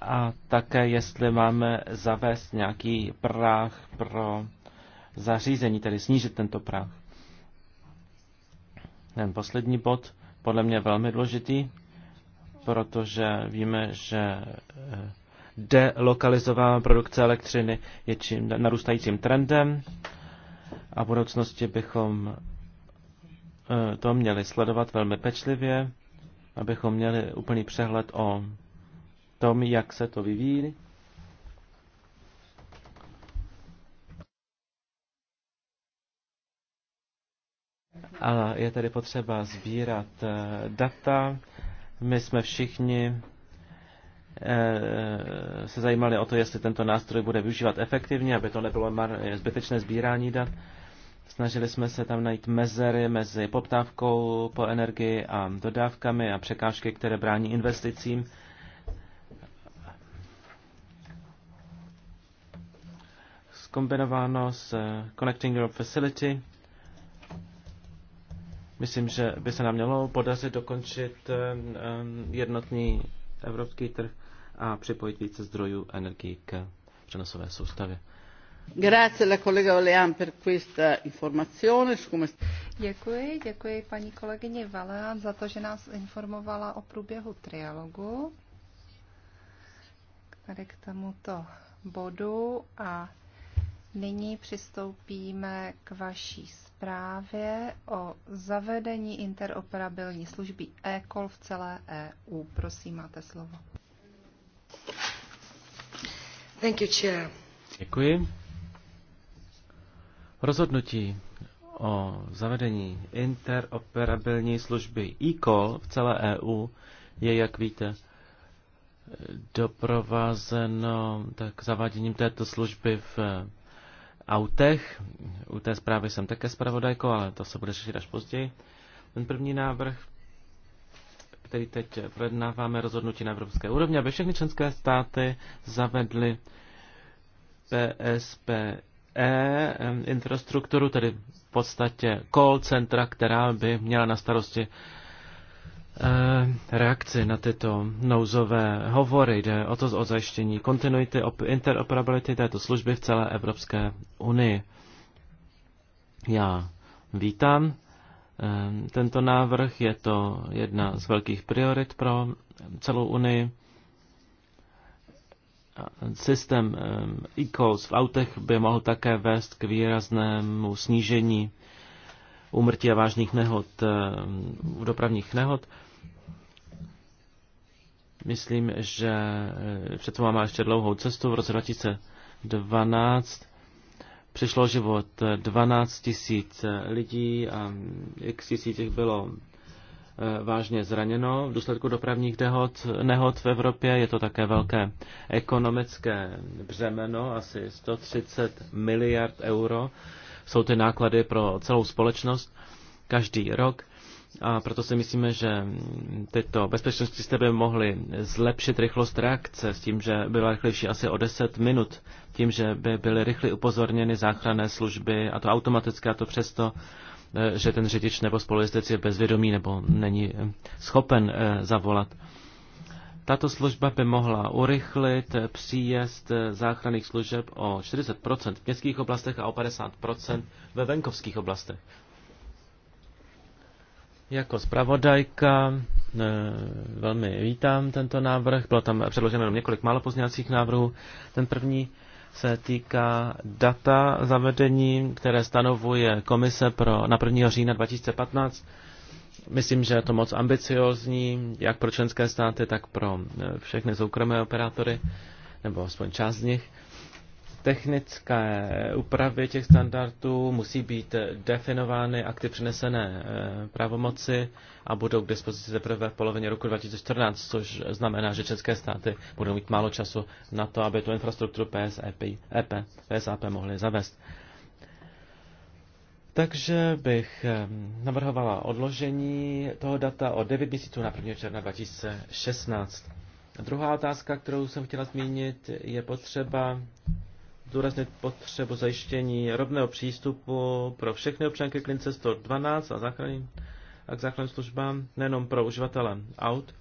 C: a také jestli máme zavést nějaký práh pro zařízení, tedy snížit tento práh. Ten poslední bod, podle mě velmi důležitý, protože víme, že eh, delokalizovaná produkce elektřiny je čím narůstajícím trendem a v budoucnosti bychom eh, to měli sledovat velmi pečlivě, abychom měli úplný přehled o tom, jak se to vyvíjí. A je tedy potřeba sbírat eh, data. My jsme všichni Eh, se zajímali o to, jestli tento nástroj bude využívat efektivně, aby to nebylo zbytečné sbírání dat. Snažili jsme se tam najít mezery mezi poptávkou po energii a dodávkami a překážky, které brání investicím. Skombinováno s eh, Connecting Europe Facility. Myslím, že by se nám mělo podařit dokončit eh, jednotný evropský trh a připojit více zdrojů energii k přenosové soustavě.
A: Děkuji, děkuji paní kolegyně Valean za to, že nás informovala o průběhu trialogu tady k tomuto bodu a nyní přistoupíme k vaší zprávě o zavedení interoperabilní služby e-call v celé EU. Prosím, máte slovo.
C: Děkuji. Rozhodnutí o zavedení interoperabilní služby e-call v celé EU je, jak víte, doprovázeno tak zaváděním této služby v autech. U té zprávy jsem také zpravodajkou, ale to se bude řešit až později. Ten první návrh který teď projednáváme, rozhodnutí na evropské úrovni, aby všechny členské státy zavedly PSPE infrastrukturu, tedy v podstatě call centra, která by měla na starosti e, reakci na tyto nouzové hovory. Jde o to o zajištění kontinuity, interoperability této služby v celé Evropské unii. Já vítám Ehm, tento návrh. Je to jedna z velkých priorit pro celou Unii. Systém ehm, e-calls v autech by mohl také vést k výraznému snížení úmrtí a vážných nehod, ehm, dopravních nehod. Myslím, že eh, před máme ještě dlouhou cestu. V roce 2012 přišlo život 12 tisíc lidí a x tisíc jich bylo eh, vážně zraněno v důsledku dopravních dehod, nehod v Evropě. Je to také velké ekonomické břemeno, asi 130 miliard euro. Jsou ty náklady pro celou společnost každý rok. A proto si myslíme, že tyto bezpečnostní by mohly zlepšit rychlost reakce s tím, že byla rychlejší asi o 10 minut, tím, že by byly rychle upozorněny záchranné služby, a to automaticky, a to přesto, eh, že ten řidič nebo spolujezdec je bezvědomý nebo není eh, schopen eh, zavolat. Tato služba by mohla urychlit příjezd záchranných služeb o 40% v městských oblastech a o 50% ve venkovských oblastech. Jako zpravodajka eh, velmi vítám tento návrh. Bylo tam předloženo několik málo pozměňovacích návrhů. Ten první se týká data zavedení, které stanovuje Komise pro, na 1. října 2015. Myslím, že je to moc ambiciozní, jak pro členské státy, tak pro eh, všechny soukromé operátory, nebo aspoň část z nich technické úpravy těch standardů musí být definovány akty přenesené eh, pravomoci a budou k dispozici teprve v polovině roku 2014, což znamená, že české státy budou mít málo času na to, aby tu infrastrukturu PSAP, e EP, PSAP mohly zavést. Takže bych eh, navrhovala odložení toho data o 9 měsíců na 1. června 2016. Druhá otázka, kterou jsem chtěla zmínit, je potřeba zdůraznit potřebu zajištění rovného přístupu pro všechny občanky klince 112 a, záchranný, a k záchranným službám, nejenom pro uživatele aut.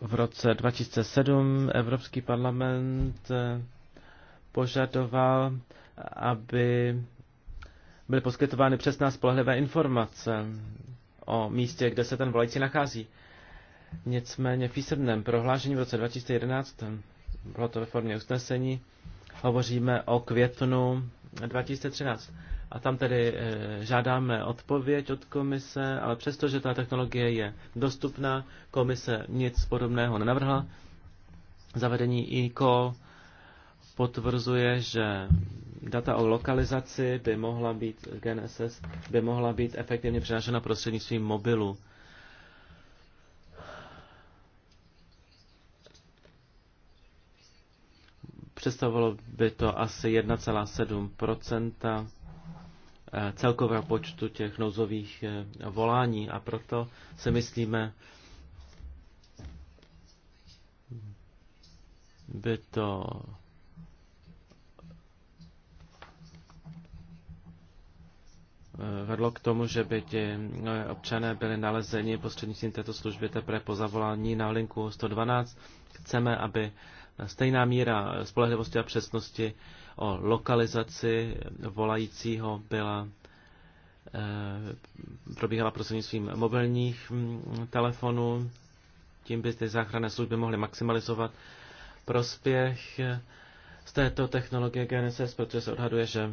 C: V roce 2007 Evropský parlament eh, požadoval, aby byly poskytovány přesná spolehlivé informace o místě, kde se ten volající nachází. Nicméně v písemném prohlášení v roce 2011 bylo to ve formě usnesení, hovoříme o květnu 2013. A tam tedy eh, žádáme odpověď od komise, ale přestože ta technologie je dostupná, komise nic podobného nenavrhla. Zavedení ICO potvrzuje, že data o lokalizaci by mohla být, GNSS by mohla být efektivně přenášena prostřednictvím mobilu. Představovalo by to asi 1,7 eh, celkového počtu těch nouzových eh, volání a proto si myslíme, by to vedlo k tomu, že by ti eh, občané byli nalezeni prostřednictvím této služby teprve po zavolání na linku 112. Chceme, aby stejná míra spolehlivosti a přesnosti o lokalizaci volajícího byla eh, probíhala prostřednictvím mobilních mm, telefonů. Tím by ty záchranné služby mohly maximalizovat prospěch eh, z této technologie GNSS, protože se odhaduje, že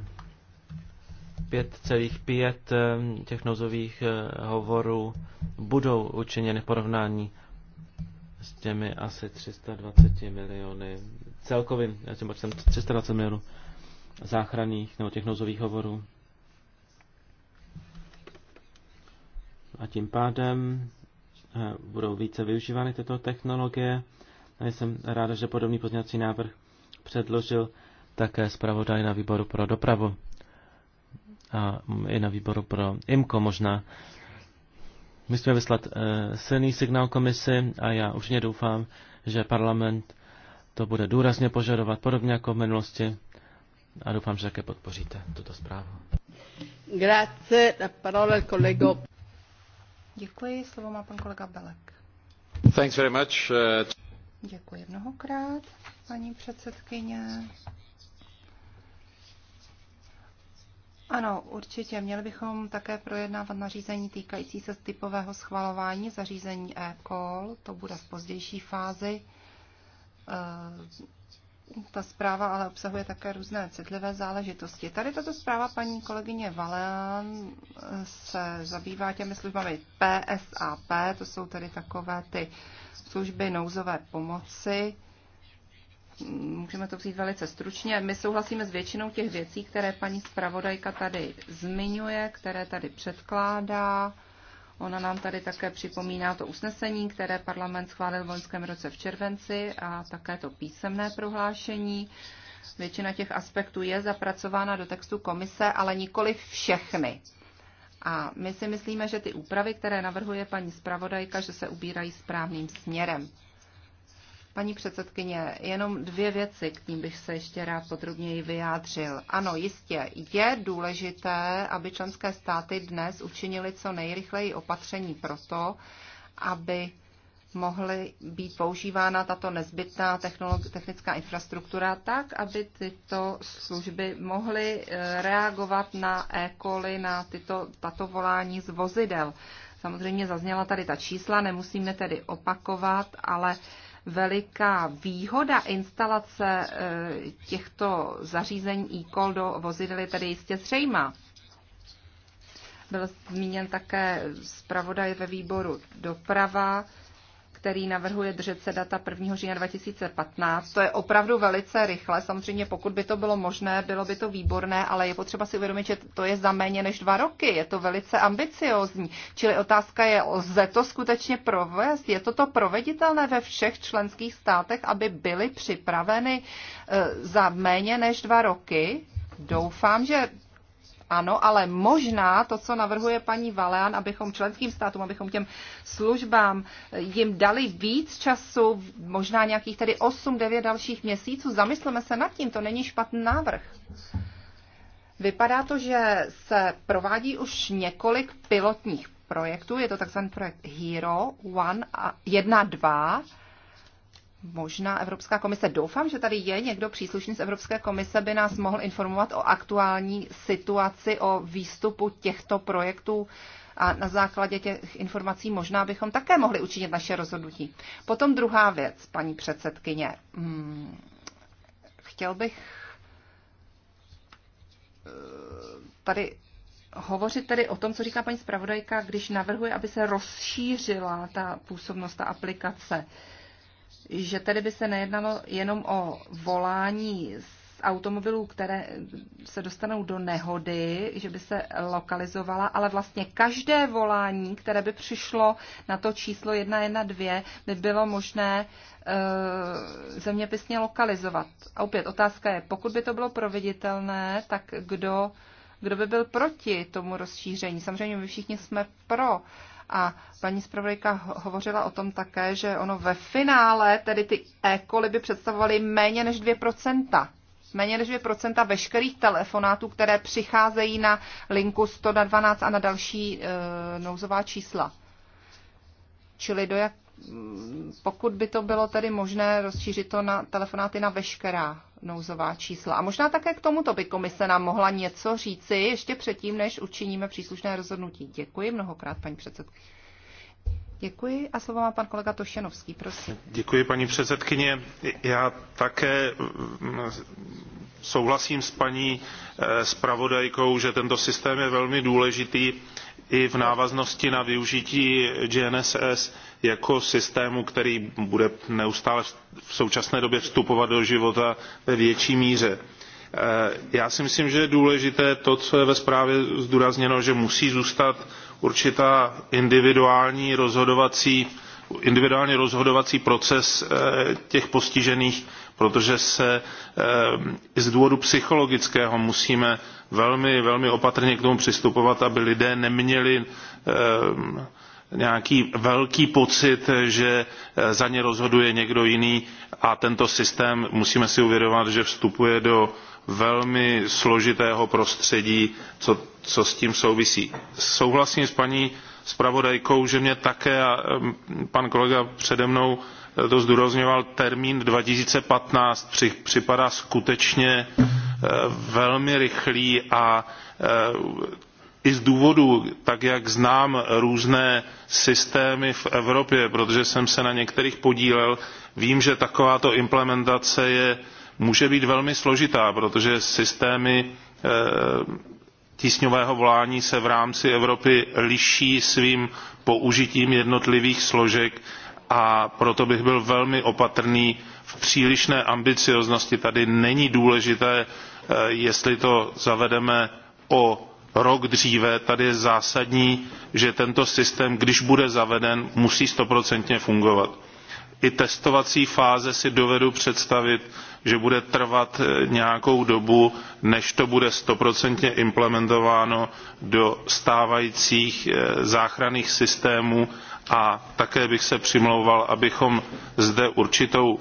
C: 5,5 eh, těch nouzových hovorů budou učiněny v porovnání s těmi asi 320 miliony, celkovým, já tím počítám 320 milionů záchranných nebo těch nouzových hovorů. A tím pádem eh, budou více využívány tyto technologie. A jsem ráda, že podobný pozměňovací návrh předložil také zpravodaj na výboru pro dopravu a i na výboru pro IMKO možná Musíme vyslat uh, silný signál komisi a já určitě doufám, že parlament to bude důrazně požadovat, podobně jako v minulosti. A doufám, že také podpoříte tuto zprávu.
D: Grazie, la parola al collego.
A: Děkuji, slovo má pan kolega Belek.
E: Thanks very much. Uh...
A: Děkuji mnohokrát, paní předsedkyně. Ano, určitě. Měli bychom také projednávat nařízení týkající se typového schvalování zařízení e-call. To bude v pozdější fázi. Eh, ta zpráva ale obsahuje také různé citlivé záležitosti. Tady tato zpráva paní kolegyně Valean eh, se zabývá těmi službami PSAP, to jsou tedy takové ty služby nouzové pomoci můžeme to vzít velice stručně. My souhlasíme s většinou těch věcí, které paní zpravodajka tady zmiňuje, které tady předkládá. Ona nám tady také připomíná to usnesení, které parlament schválil v loňském roce v červenci a také to písemné prohlášení. Většina těch aspektů je zapracována do textu komise, ale nikoli všechny. A my si myslíme, že ty úpravy, které navrhuje paní zpravodajka, že se ubírají správným směrem. Paní předsedkyně, jenom dvě věci, k ním bych se ještě rád podrobněji vyjádřil. Ano, jistě, je důležité, aby členské státy dnes učinili co nejrychleji opatření proto, aby mohly být používána tato nezbytná technická infrastruktura tak, aby tyto služby mohly eh, reagovat na e-koly, na tyto, tato volání z vozidel. Samozřejmě zazněla tady ta čísla, nemusíme tedy opakovat, ale veliká výhoda instalace eh, těchto zařízení e-call do vozidel je tedy jistě zřejmá. Byl zmíněn také zpravodaj ve výboru doprava, který navrhuje držet se data 1. října 2015. To je opravdu velice rychle. Samozřejmě, pokud by to bylo možné, bylo by to výborné, ale je potřeba si uvědomit, že to je za méně než dva roky. Je to velice ambiciozní. Čili otázka je, lze to skutečně provést? Je to to proveditelné ve všech členských státech, aby byly připraveny eh, za méně než dva roky? Doufám, že ano, ale možná to, co navrhuje paní Valean, abychom členským státům, abychom těm službám jim dali víc času, možná nějakých tedy 8-9 dalších měsíců. Zamysleme se nad tím, to není špatný návrh. Vypadá to, že se provádí už několik pilotních projektů. Je to takzvaný projekt Hero 1 a 1 2 možná Evropská komise. Doufám, že tady je někdo příslušný z Evropské komise, by nás mohl informovat o aktuální situaci, o výstupu těchto projektů a na základě těch informací možná bychom také mohli učinit naše rozhodnutí. Potom druhá věc, paní předsedkyně. Hmm, chtěl bych eh, tady hovořit tedy o tom, co říká paní zpravodajka, když navrhuje, aby se rozšířila ta působnost, ta aplikace. Uh, že tedy by se nejednalo jenom o volání z automobilů, které se dostanou do nehody, že by se lokalizovala, ale vlastně každé volání, které by přišlo na to číslo 112, by bylo možné e, zeměpisně lokalizovat. A opět otázka je, pokud by to bylo proveditelné, tak kdo, kdo by byl proti tomu rozšíření? Samozřejmě my všichni jsme pro, a paní zpravodajka hovořila o tom také, že ono ve finále tedy ty e-koly by představovaly méně než 2%. Méně než 2% veškerých telefonátů, které přicházejí na linku 112 a na další e, nouzová čísla. Čili do jak, pokud by to bylo tedy možné rozšířit to na telefonáty na veškerá nouzová čísla. A možná také k tomuto by komise nám mohla něco říci ještě předtím, než učiníme příslušné rozhodnutí. Děkuji mnohokrát, paní předsedkyně. Děkuji a slovo má pan kolega Tošenovský, prosím.
E: Děkuji, paní předsedkyně. Já také mm, souhlasím s paní eh, zpravodajkou, že tento systém je velmi důležitý i v návaznosti na využití GNSS jako systému, který bude neustále v současné době vstupovat do života ve větší míře. E, já si myslím, že je důležité to, co je ve zprávě zdůrazněno, že musí zůstat určitá individuální rozhodovací, rozhodovací proces e, těch postižených, protože se e, i z důvodu psychologického musíme velmi, velmi opatrně k tomu přistupovat, aby lidé neměli nějaký velký pocit, že eh, za ně rozhoduje někdo jiný a tento systém, musíme si uvědomovat, že vstupuje do velmi složitého prostředí, co, co s tím souvisí. Souhlasím s paní zpravodajkou, že mě také, a pan kolega přede mnou eh, to zdůrazňoval, termín 2015 při, připadá skutečně eh, velmi rychlý a i z důvodu tak jak znám různé systémy v evropě protože jsem se na některých podílel vím že takováto implementace je, může být velmi složitá protože systémy eh, tísňového volání se v rámci evropy liší svým použitím jednotlivých složek a proto bych byl velmi opatrný v přílišné ambicióznosti. tady není důležité eh, jestli to zavedeme o rok dříve tady je zásadní že tento systém když bude zaveden musí stoprocentně fungovat. i testovací fáze si dovedu představit že bude trvat eh, nějakou dobu než to bude stoprocentně implementováno do stávajících eh, záchranných systémů a také bych se přimlouval abychom zde určitou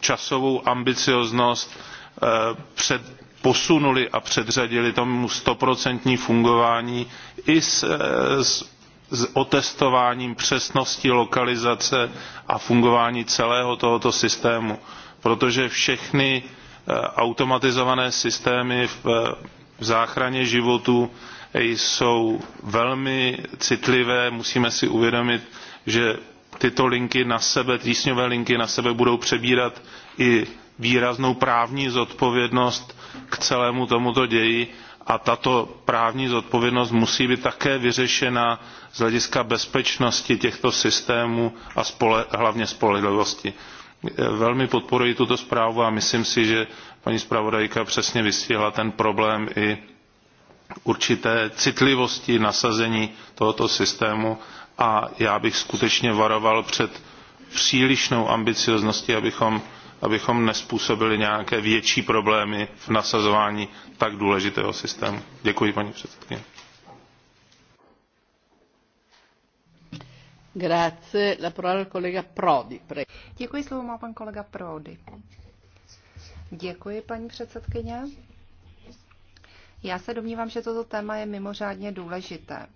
E: časovou ambicióznost eh, před posunuli a předřadili tomu stoprocentní fungování i s, eh, s, s otestováním přesnosti lokalizace a fungování celého tohoto systému. Protože všechny eh, automatizované systémy v, eh, v záchraně životu jsou velmi citlivé, musíme si uvědomit, že tyto linky na sebe, tísňové linky na sebe budou přebírat i výraznou právní zodpovědnost k celému tomuto ději a tato právní zodpovědnost musí být také vyřešena z hlediska bezpečnosti těchto systémů a spole, hlavně spolehlivosti. Velmi podporuji tuto zprávu a myslím si, že paní zpravodajka přesně vystihla ten problém i určité citlivosti nasazení tohoto systému a já bych skutečně varoval před přílišnou ambiciozností, abychom abychom nespůsobili nějaké větší problémy v nasazování tak důležitého systému. Děkuji, paní předsedkyně.
D: Grazie. La parola collega Prodi. Pre. Děkuji, slovo má pan kolega Prodi.
A: Děkuji, paní předsedkyně. Já se domnívám, že toto téma je mimořádně důležité.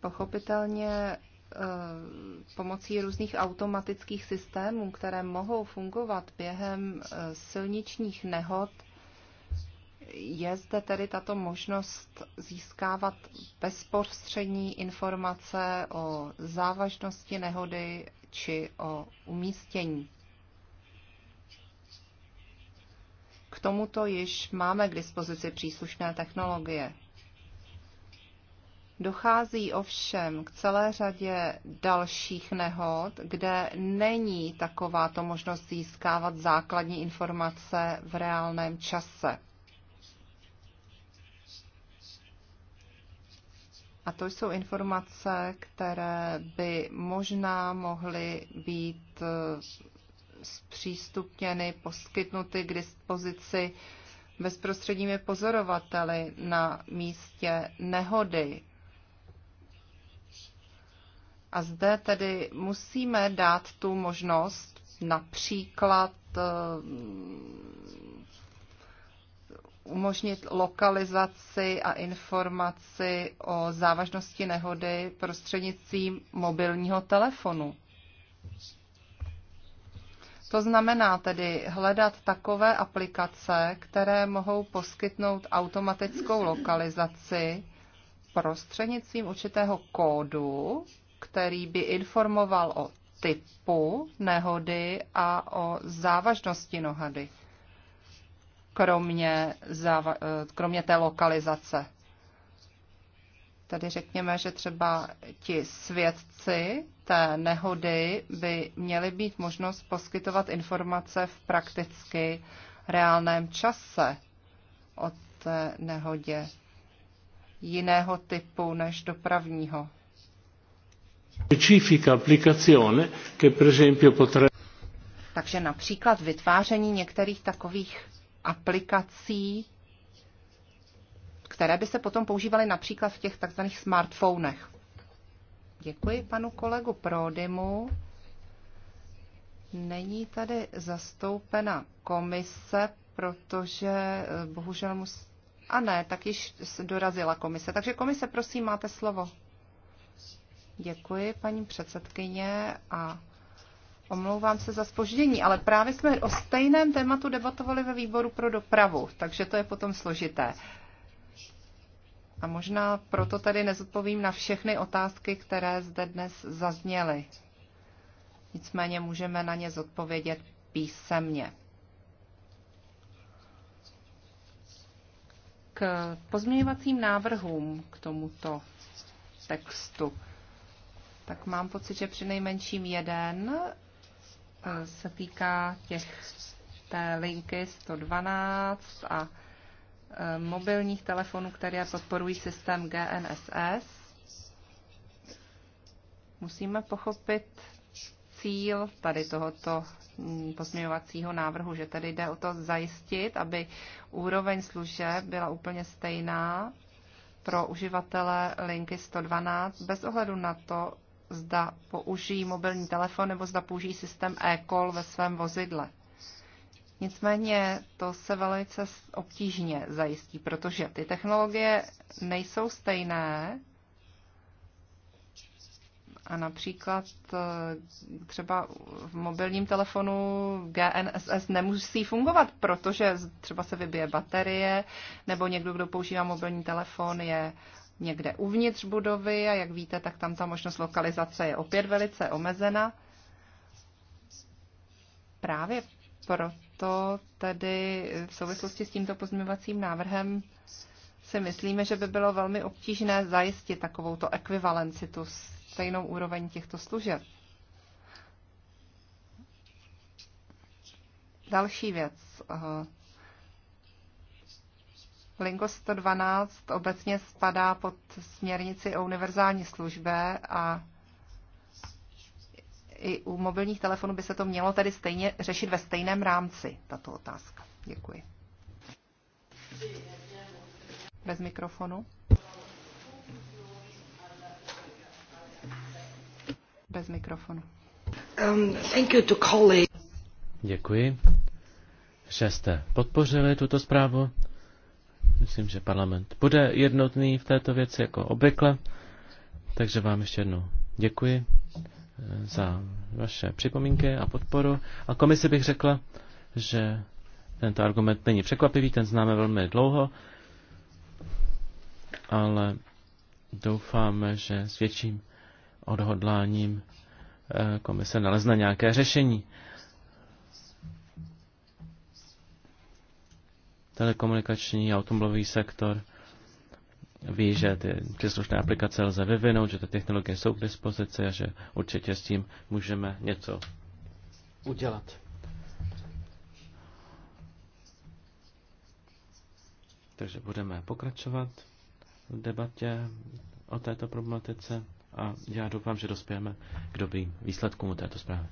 A: Pochopitelně Eh, pomocí různých automatických systémů, které mohou fungovat během eh, silničních nehod, je zde tedy tato možnost získávat bezprostřední informace o závažnosti nehody či o umístění. K tomuto již máme k dispozici příslušné technologie. Dochází ovšem k celé řadě dalších nehod, kde není takováto možnost získávat základní informace v reálném čase. A to jsou informace, které by možná mohly být eh, zpřístupněny, poskytnuty k dispozici bezprostředními pozorovateli na místě nehody, a zde tedy musíme dát tu možnost například eh, umožnit lokalizaci a informaci o závažnosti nehody prostřednictvím mobilního telefonu. To znamená tedy hledat takové aplikace, které mohou poskytnout automatickou lokalizaci prostřednictvím určitého kódu, který by informoval o typu nehody a o závažnosti nohady, kromě, záva, eh, kromě té lokalizace. Tady řekněme, že třeba ti svědci té nehody by měli být možnost poskytovat informace v prakticky reálném čase o té nehodě jiného typu než dopravního.
E: Specifica applicazione che per esempio potrebbe
A: takže například vytváření některých takových aplikací, které by se potom používaly například v těch takzvaných smartphonech. Děkuji panu kolegu Prodymu. Není tady zastoupena komise, protože eh, bohužel mus... A ne, tak již dorazila komise. Takže komise, prosím, máte slovo. Děkuji, paní předsedkyně, a omlouvám se za spoždění, ale právě jsme o stejném tématu debatovali ve výboru pro dopravu, takže to je potom složité. A možná proto tady nezodpovím na všechny otázky, které zde dnes zazněly. Nicméně můžeme na ně zodpovědět písemně. K pozměňovacím návrhům k tomuto textu tak mám pocit, že při nejmenším jeden eh, se týká těch té linky 112 a eh, mobilních telefonů, které podporují systém GNSS. Musíme pochopit cíl tady tohoto mm, pozměňovacího návrhu, že tady jde o to zajistit, aby úroveň služeb byla úplně stejná pro uživatele linky 112 bez ohledu na to, zda použijí mobilní telefon nebo zda použijí systém e-call ve svém vozidle. Nicméně to se velice obtížně zajistí, protože ty technologie nejsou stejné a například eh, třeba v mobilním telefonu GNSS nemusí fungovat, protože třeba se vybije baterie, nebo někdo, kdo používá mobilní telefon, je někde uvnitř budovy a jak víte, tak tam ta možnost lokalizace je opět velice omezena. Právě proto tedy v souvislosti s tímto pozměvacím návrhem si myslíme, že by bylo velmi obtížné zajistit takovouto ekvivalenci, tu stejnou úroveň těchto služeb. Další věc, Lingo 112 obecně spadá pod směrnici o univerzální službě a i u mobilních telefonů by se to mělo tedy stejně řešit ve stejném rámci, tato otázka. Děkuji. Bez mikrofonu. Bez mikrofonu. Um, thank you to colleague.
C: Děkuji, že jste podpořili tuto zprávu Myslím, že parlament bude jednotný v této věci jako obvykle, takže vám ještě jednou děkuji eh, za vaše připomínky a podporu. A komisi bych řekla, že tento argument není překvapivý, ten známe velmi dlouho, ale doufáme, že s větším odhodláním eh, komise nalezne nějaké řešení. telekomunikační automobilový sektor ví, že ty příslušné aplikace lze vyvinout, že ty technologie jsou k dispozici a že určitě s tím můžeme něco udělat. Takže budeme pokračovat v debatě o této problematice a já doufám, že dospějeme k dobrým výsledkům této zprávy.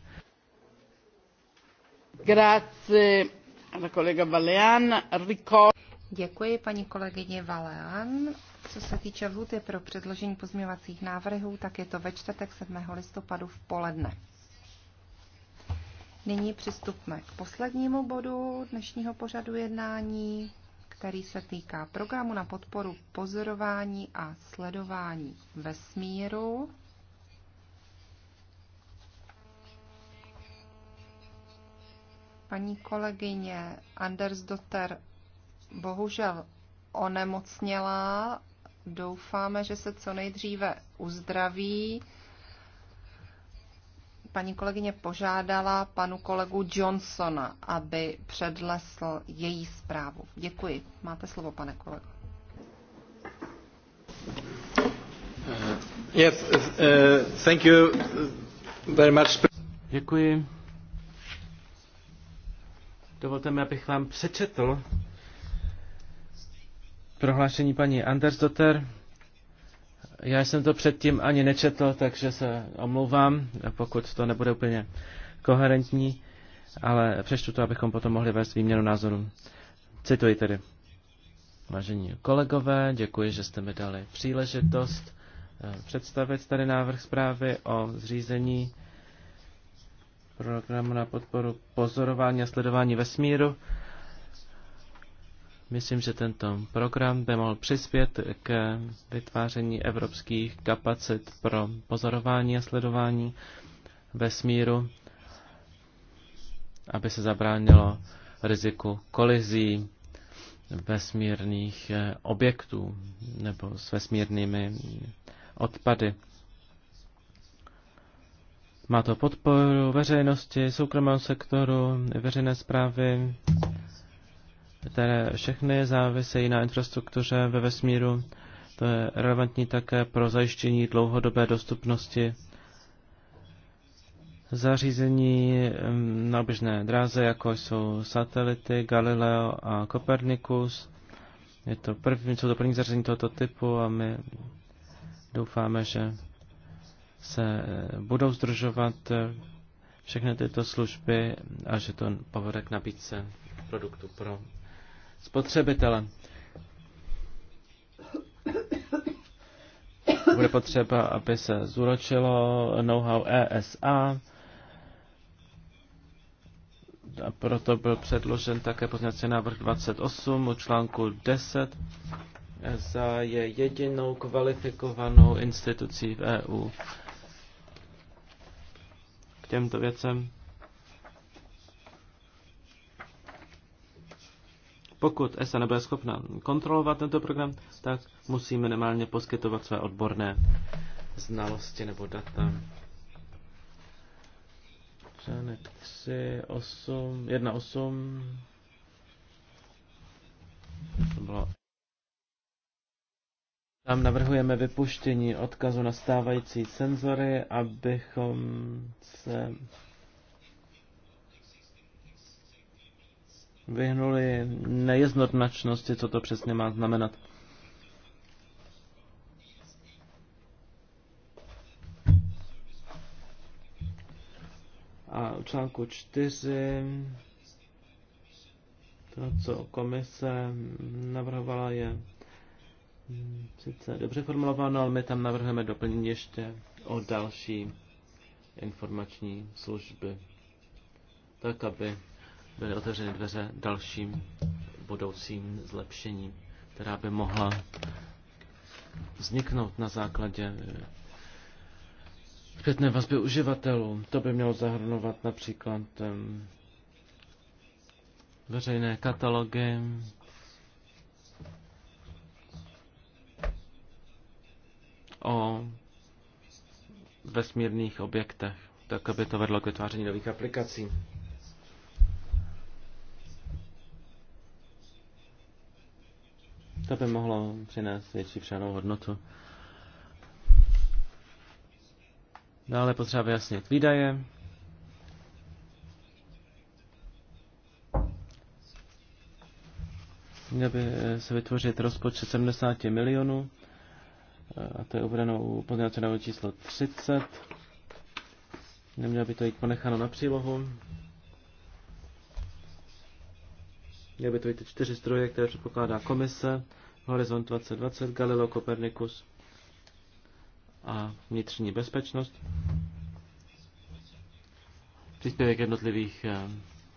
D: Grazie. Děkuji
A: paní kolegyně Valean. Co se týče lhuty pro předložení pozměňovacích návrhů, tak je to ve čtvrtek 7. listopadu v poledne. Nyní přistupme k poslednímu bodu dnešního pořadu jednání, který se týká programu na podporu pozorování a sledování vesmíru. Paní kolegyně Anders Dotter bohužel onemocněla. Doufáme, že se co nejdříve uzdraví. Paní kolegyně požádala panu kolegu Johnsona, aby předlesl její zprávu. Děkuji. Máte slovo, pane kolego.
B: Eh, yes,
C: uh, thank you very much. Děkuji. Dovolte mi, abych vám přečetl prohlášení paní Andersdotter. Já jsem to předtím ani nečetl, takže se omlouvám, pokud to nebude úplně koherentní, ale přečtu to, abychom potom mohli vést výměnu názorů. Cituji tedy. Vážení kolegové, děkuji, že jste mi dali příležitost eh, představit tady návrh zprávy o zřízení programu na podporu pozorování a sledování vesmíru. Myslím, že tento program by mohl přispět k vytváření evropských kapacit pro pozorování a sledování vesmíru, aby se zabránilo riziku kolizí vesmírných eh, objektů nebo s vesmírnými odpady. Má to podporu veřejnosti, soukromého sektoru, veřejné zprávy, které všechny závisejí na infrastruktuře ve vesmíru. To je relevantní také pro zajištění dlouhodobé dostupnosti zařízení na oběžné dráze, jako jsou satelity Galileo a Copernicus. Je to první, jsou to první zařízení tohoto typu a my doufáme, že se eh, budou združovat eh, všechny tyto služby a že to povede k nabídce produktu pro spotřebitele. Bude potřeba, aby se zúročilo know-how ESA, a proto byl předložen také pozměňovací návrh 28 u článku 10. ESA je jedinou kvalifikovanou institucí v EU, těmto věcem. Pokud ESA nebude schopna kontrolovat tento program, tak musí minimálně poskytovat své odborné znalosti nebo data. Článek 3, 8, 1, 8. To bylo tam navrhujeme vypuštění odkazu na stávající senzory, abychom se vyhnuli nejeznotnačnosti, co to přesně má znamenat. A u článku 4 to, co komise navrhovala, je sice dobře formulováno, ale my tam navrhujeme doplnění ještě o další informační služby, tak aby byly otevřeny dveře dalším budoucím zlepšením, která by mohla vzniknout na základě eh, zpětné vazby uživatelů. To by mělo zahrnovat například veřejné katalogy, o vesmírných objektech, tak aby to vedlo k vytváření nových aplikací. To by mohlo přinést větší přenou hodnotu. Dále potřeba vyjasnit výdaje. Měl by se vytvořit rozpočet 70 milionů a to je uvedeno u pozměňovacího číslo 30. Nemělo by to jít ponecháno na přílohu. Měly by to být čtyři zdroje, které předpokládá komise, Horizont 2020, Galileo, Copernicus a vnitřní bezpečnost. Příspěvek jednotlivých eh,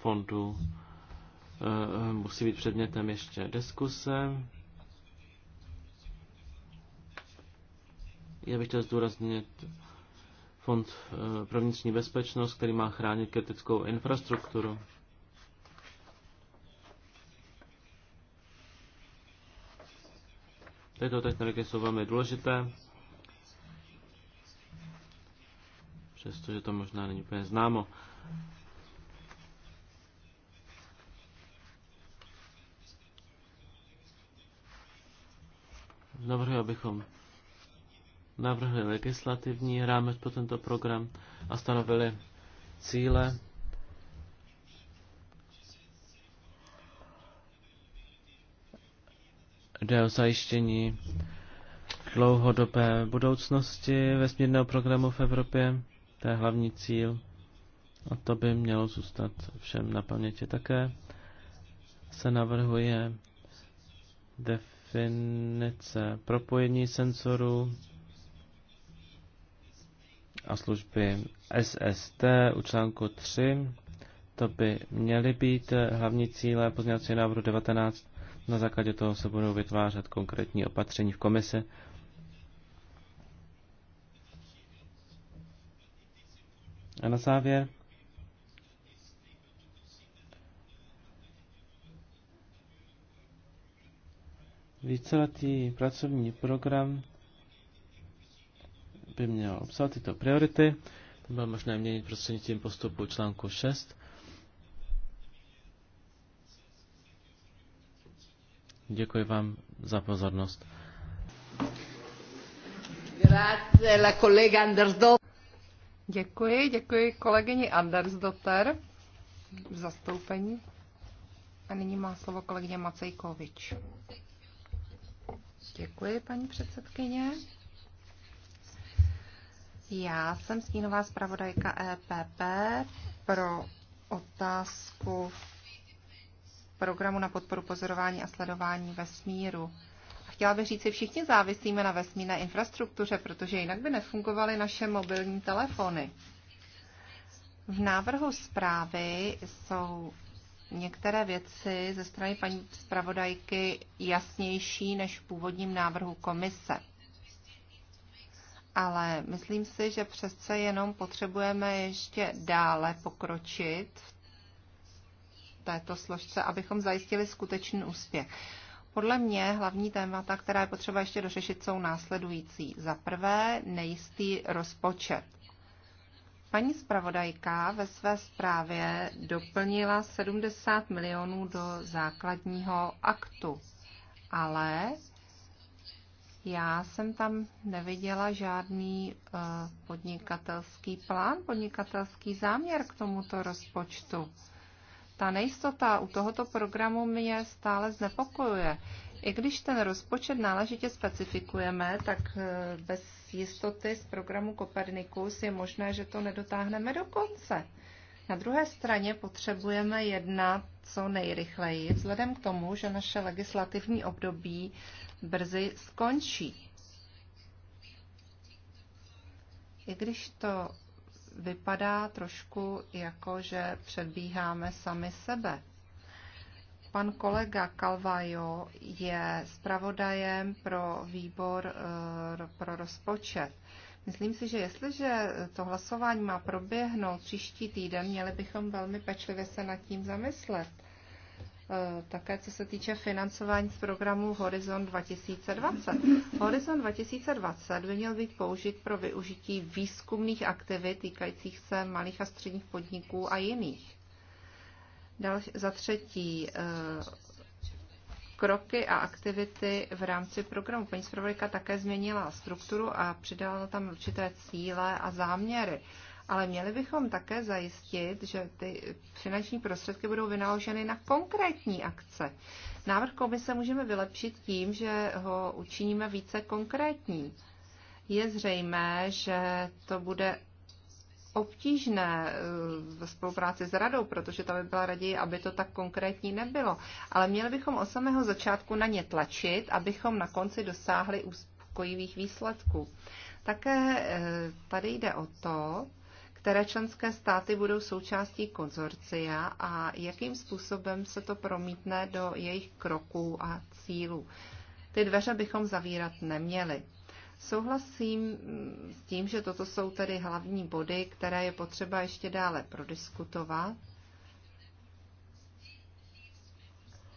C: fondů eh, musí být předmětem ještě diskuse. Já bych chtěl zdůraznit Fond eh, pro vnitřní bezpečnost, který má chránit kritickou infrastrukturu. Tyto technologie jsou velmi důležité, přestože to možná není úplně známo. Navrhuji, abychom navrhli legislativní rámec pro tento program a stanovili cíle. Jde o zajištění dlouhodobé budoucnosti vesmírného programu v Evropě. To je hlavní cíl. A to by mělo zůstat všem na paměti také. Se navrhuje definice propojení senzorů a služby SST u článku 3. To by měly být hlavní cíle pozměňovacího návrhu 19. Na základě toho se budou vytvářet konkrétní opatření v komise. A na závěr víceletý pracovní program by měl obsahovat tyto priority. To bylo možné měnit prostřednictvím postupu článku 6. Děkuji vám za pozornost.
A: Děkuji, děkuji kolegyni Andersdotter v zastoupení. A nyní má slovo kolegyně Macejkovič. Děkuji, paní předsedkyně. Já jsem stínová zpravodajka EPP pro otázku programu na podporu pozorování a sledování vesmíru. A chtěla bych říct, že všichni závisíme na vesmírné infrastruktuře, protože jinak by nefungovaly naše mobilní telefony. V návrhu zprávy jsou některé věci ze strany paní zpravodajky jasnější než v původním návrhu komise ale myslím si, že přece jenom potřebujeme ještě dále pokročit v této složce, abychom zajistili skutečný úspěch. Podle mě hlavní témata, která je potřeba ještě dořešit, jsou následující. Za prvé nejistý rozpočet. Paní zpravodajka ve své zprávě doplnila 70 milionů do základního aktu, ale já jsem tam neviděla žádný eh, podnikatelský plán, podnikatelský záměr k tomuto rozpočtu. Ta nejistota u tohoto programu mě stále znepokojuje. I když ten rozpočet náležitě specifikujeme, tak eh, bez jistoty z programu Kopernikus je možné, že to nedotáhneme do konce. Na druhé straně potřebujeme jednat co nejrychleji, vzhledem k tomu, že naše legislativní období brzy skončí. I když to vypadá trošku jako, že předbíháme sami sebe. Pan kolega Calvajo je zpravodajem pro výbor eh, pro rozpočet. Myslím si, že jestliže to hlasování má proběhnout příští týden, měli bychom velmi pečlivě se nad tím zamyslet. Eh, také co se týče financování z programu Horizon 2020. Horizon 2020 by měl být použit pro využití výzkumných aktivit týkajících se malých a středních podniků a jiných. Dal, za třetí, eh, kroky a aktivity v rámci programu. Paní zpravodajka také změnila strukturu a přidala tam určité cíle a záměry ale měli bychom také zajistit, že ty finanční prostředky budou vynaloženy na konkrétní akce. Návrh komise můžeme vylepšit tím, že ho učiníme více konkrétní. Je zřejmé, že to bude obtížné eh, ve spolupráci s radou, protože tam by byla raději, aby to tak konkrétní nebylo. Ale měli bychom od samého začátku na ně tlačit, abychom na konci dosáhli uspokojivých výsledků. Také eh, tady jde o to, které členské státy budou součástí konzorcia a jakým způsobem se to promítne do jejich kroků a cílů. Ty dveře bychom zavírat neměli. Souhlasím s tím, že toto jsou tedy hlavní body, které je potřeba ještě dále prodiskutovat.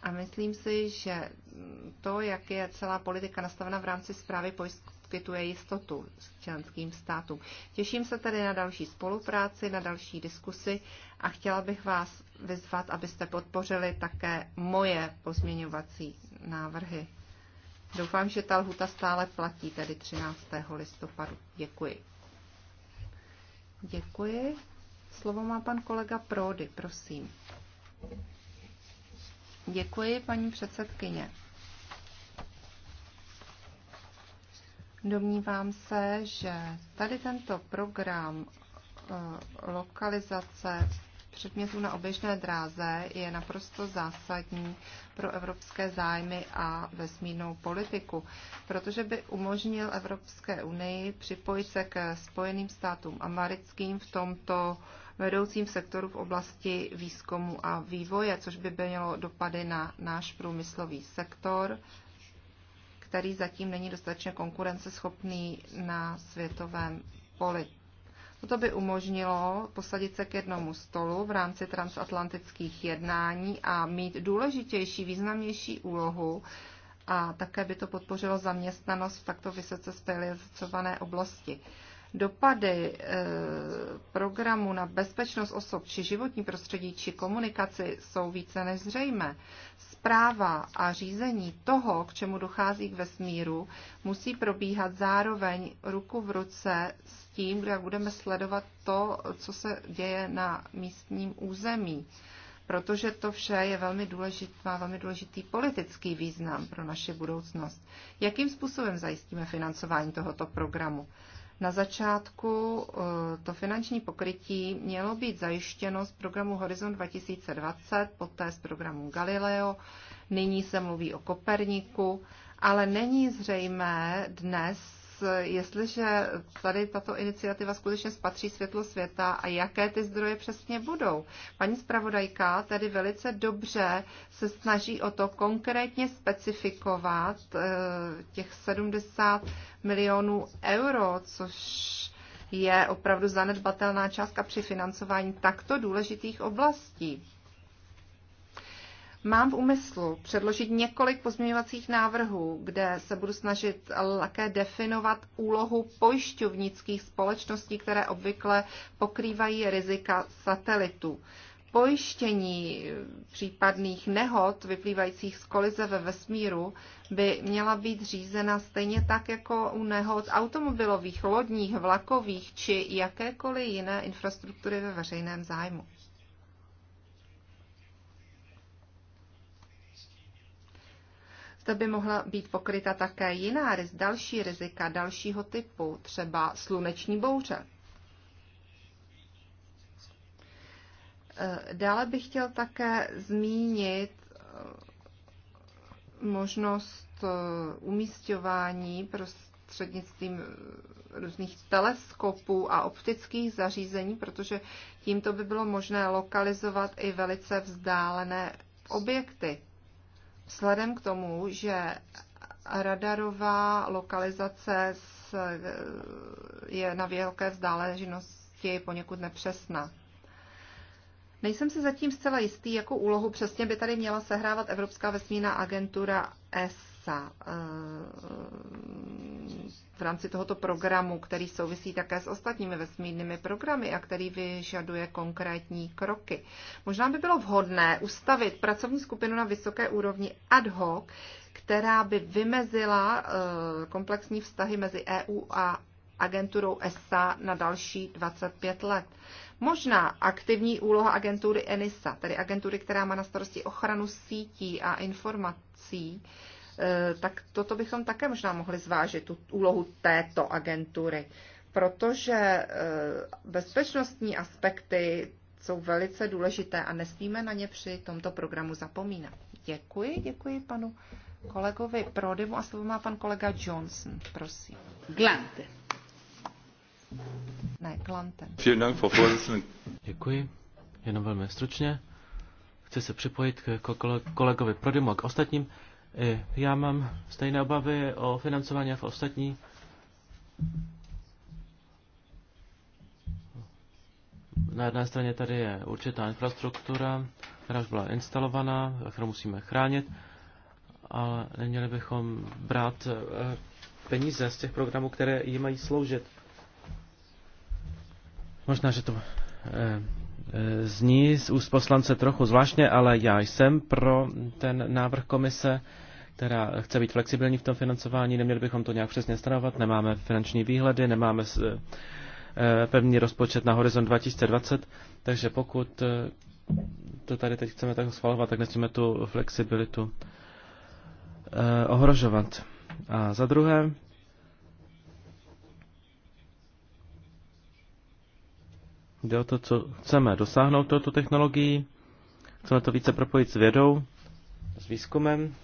A: A myslím si, že to, jak je celá politika nastavena v rámci zprávy poskytuje jistotu členským státům. Těším se tedy na další spolupráci, na další diskusy a chtěla bych vás vyzvat, abyste podpořili také moje pozměňovací návrhy. Doufám, že ta lhuta stále platí, tedy 13. listopadu. Děkuji. Děkuji. Slovo má pan kolega Prody, prosím. Děkuji, paní předsedkyně. Domnívám se, že tady tento program eh, lokalizace předmětů na oběžné dráze je naprosto zásadní pro evropské zájmy a vesmírnou politiku, protože by umožnil Evropské unii připojit se k Spojeným státům americkým v tomto vedoucím sektoru v oblasti výzkumu a vývoje, což by mělo dopady na náš průmyslový sektor, který zatím není dostatečně konkurenceschopný na světovém poli. To by umožnilo posadit se k jednomu stolu v rámci transatlantických jednání a mít důležitější, významnější úlohu a také by to podpořilo zaměstnanost v takto vysoce specializované oblasti. Dopady eh, programu na bezpečnost osob či životní prostředí či komunikaci jsou více než zřejmé zpráva a řízení toho, k čemu dochází k vesmíru, musí probíhat zároveň ruku v ruce s tím, jak budeme sledovat to, co se děje na místním území. Protože to vše je velmi důležitý, má velmi důležitý politický význam pro naši budoucnost. Jakým způsobem zajistíme financování tohoto programu? Na začátku eh, to finanční pokrytí mělo být zajištěno z programu Horizon 2020, poté z programu Galileo, nyní se mluví o Koperniku, ale není zřejmé dnes, jestliže tady tato iniciativa skutečně spatří světlo světa a jaké ty zdroje přesně budou. Paní zpravodajka tedy velice dobře se snaží o to konkrétně specifikovat eh, těch 70 milionů euro, což je opravdu zanedbatelná částka při financování takto důležitých oblastí. Mám v úmyslu předložit několik pozměňovacích návrhů, kde se budu snažit také definovat úlohu pojišťovnických společností, které obvykle pokrývají rizika satelitu, Pojištění případných nehod vyplývajících z kolize ve vesmíru by měla být řízena stejně tak jako u nehod automobilových, lodních, vlakových či jakékoliv jiné infrastruktury ve veřejném zájmu. Zde by mohla být pokryta také jiná riz, další rizika dalšího typu, třeba sluneční bouře. E, dále bych chtěl také zmínit možnost eh, umístěvání prostřednictvím eh, různých teleskopů a optických zařízení, protože tímto by bylo možné lokalizovat i velice vzdálené objekty. Vzhledem k tomu, že radarová lokalizace eh, je na velké vzdálenosti poněkud nepřesná. Nejsem si zatím zcela jistý, jakou úlohu přesně by tady měla sehrávat Evropská vesmírná agentura ESA eh, v rámci tohoto programu, který souvisí také s ostatními vesmírnými programy a který vyžaduje konkrétní kroky. Možná by bylo vhodné ustavit pracovní skupinu na vysoké úrovni ad hoc, která by vymezila eh, komplexní vztahy mezi EU a agenturou ESA na další 25 let. Možná aktivní úloha agentury ENISA, tedy agentury, která má na starosti ochranu sítí a informací, eh, tak toto bychom také možná mohli zvážit, tu úlohu této agentury, protože eh, bezpečnostní aspekty jsou velice důležité a nesmíme na ně při tomto programu zapomínat. Děkuji, děkuji panu kolegovi Prodymu a slovo má pan kolega Johnson, prosím. Glante ne klantem.
C: Děkuji. Jenom velmi stručně. Chci se připojit k kolegovi Prodymu a k ostatním. Já mám stejné obavy o financování v ostatní. Na jedné straně tady je určitá infrastruktura, která už byla instalovaná, kterou musíme chránit, ale neměli bychom brát eh, peníze z těch programů, které jim mají sloužit. Možná, že to eh, eh, zní z úst poslance trochu zvláštně, ale já jsem pro ten návrh komise, která chce být flexibilní v tom financování. Neměli bychom to nějak přesně stanovat, nemáme finanční výhledy, nemáme eh, pevný rozpočet na horizont 2020, takže pokud to tady teď chceme tak schvalovat, tak nesmíme tu flexibilitu ohrožovat. A za druhé, Jde o to, co chceme dosáhnout touto technologií. Chceme to více propojit s vědou, s výzkumem.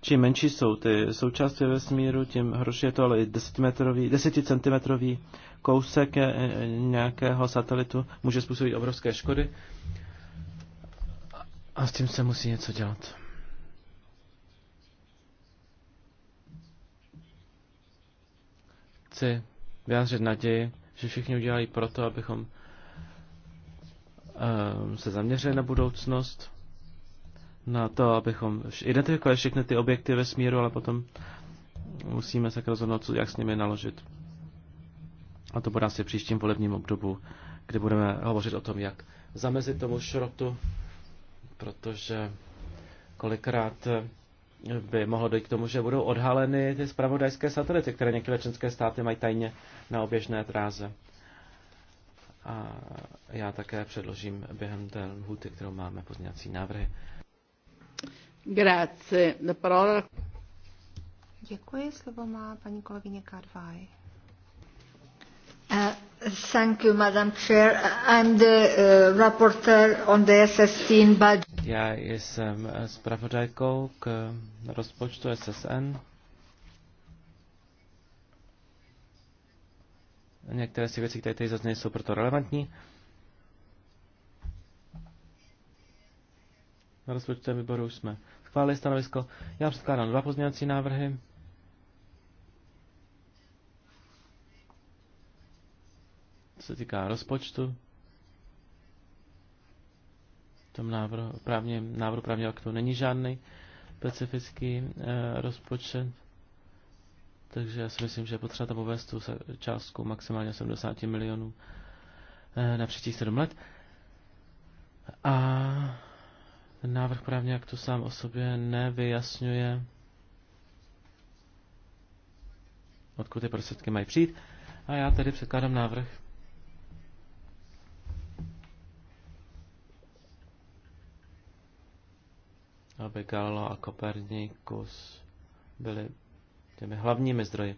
C: Čím menší jsou ty součástky smíru, tím horší je to, ale i desetimetrový, desetimetrový kousek e, e, nějakého satelitu může způsobit obrovské škody. A s tím se musí něco dělat. chci vyjádřit naději, že všichni udělají proto, abychom ehm, se zaměřili na budoucnost, na to, abychom identifikovali všechny ty objekty ve smíru, ale potom musíme se rozhodnout, co, jak s nimi naložit. A to bude asi v příštím volebním obdobu, kdy budeme hovořit o tom, jak zamezit tomu šrotu, protože kolikrát by mohlo dojít k tomu, že budou odhaleny ty spravodajské satelity, které některé členské státy mají tajně na oběžné dráze. A já také předložím během té lhuty, kterou máme, pozměňovací návrhy.
D: Grazie. Děkuji, slovo má paní kolegyně Karvaj. Uh, thank you, Madam Chair. Uh,
F: I'm the uh, rapporteur on the SS budget.
C: Já jsem zpravodajkou k rozpočtu SSN. Některé z těch věcí, které tady zazněly, jsou proto relevantní. Na rozpočtovém výboru už jsme schválili stanovisko. Já předkládám dva pozměňovací návrhy. Co se týká rozpočtu, tom návrhu, právně, návrhu právního aktu není žádný specifický eh, rozpočet, takže já si myslím, že je potřeba tam uvést tu částku maximálně 70 milionů eh, na příštích 7 let. A ten návrh právně aktu sám o sobě nevyjasňuje, odkud ty prostředky mají přijít. A já tedy předkládám návrh aby Galileo a Kopernikus byly těmi hlavními zdroji.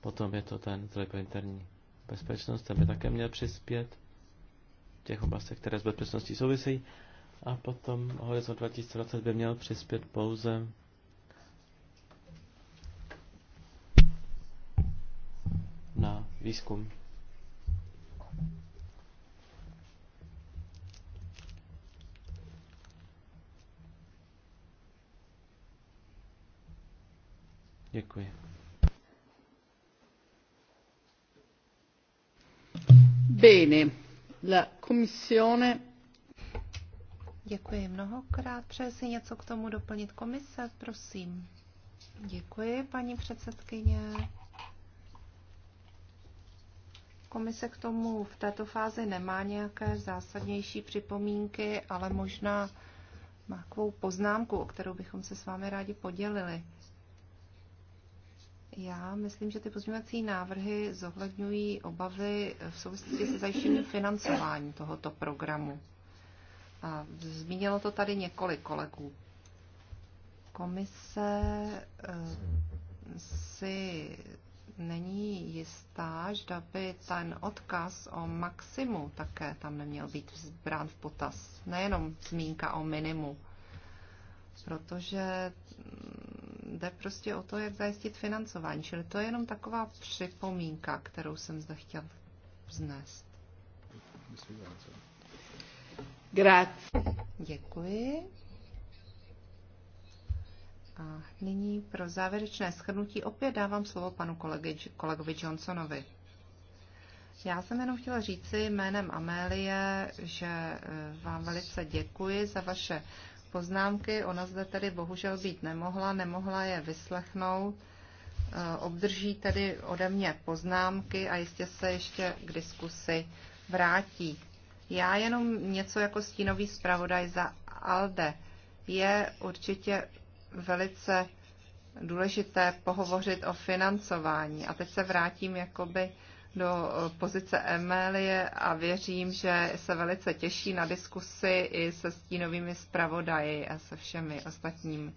C: Potom je to ten zdroj pro interní bezpečnost, ten by také měl přispět v těch oblastech, které s bezpečností souvisí. A potom Horizont 2020 by měl přispět pouze na výzkum. Děkuji.
D: Bene,
A: la commissione... Děkuji mnohokrát. Přeje si něco k tomu doplnit komise, prosím. Děkuji, paní předsedkyně. Komise k tomu v této fázi nemá nějaké zásadnější připomínky, ale možná má takovou poznámku, o kterou bychom se s vámi rádi podělili. Já myslím, že ty pozměňovací návrhy zohledňují obavy v souvislosti se zajištěním financování tohoto programu. A zmínilo to tady několik kolegů. Komise eh, si není jistá, že by ten odkaz o maximu také tam neměl být brán v potaz. Nejenom zmínka o minimu. Protože jde prostě o to, jak zajistit financování. Čili to je jenom taková připomínka, kterou jsem zde chtěl vznést. Grazie. Děkuji. A nyní pro závěrečné shrnutí opět dávám slovo panu kolegy, kolegovi Johnsonovi. Já jsem jenom chtěla říci jménem Amélie, že eh, vám velice děkuji za vaše poznámky. Ona zde tedy bohužel být nemohla, nemohla je vyslechnout. Eh, obdrží tedy ode mě poznámky a jistě se ještě k diskusi vrátí. Já jenom něco jako stínový zpravodaj za ALDE. Je určitě velice důležité pohovořit o financování. A teď se vrátím jakoby do eh, pozice Emelie a věřím, že se velice těší na diskusi i se stínovými zpravodaji a se všemi ostatními.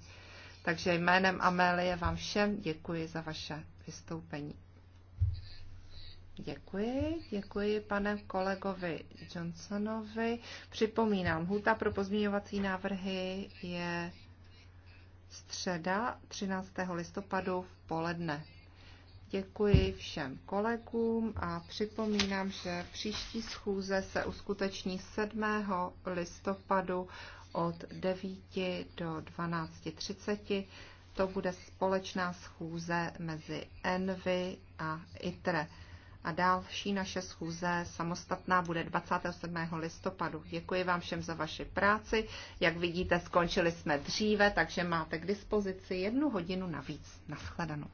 A: Takže jménem Amélie vám všem děkuji za vaše vystoupení. Děkuji, děkuji pane kolegovi Johnsonovi. Připomínám, huta pro pozměňovací návrhy je středa 13. listopadu v poledne. Děkuji všem kolegům a připomínám, že příští schůze se uskuteční 7. listopadu od 9 do 12.30. To bude společná schůze mezi Envy a ITRE. A další naše schůze samostatná bude 27. listopadu. Děkuji vám všem za vaši práci. Jak vidíte, skončili jsme dříve, takže máte k dispozici jednu hodinu navíc. Naschledanou.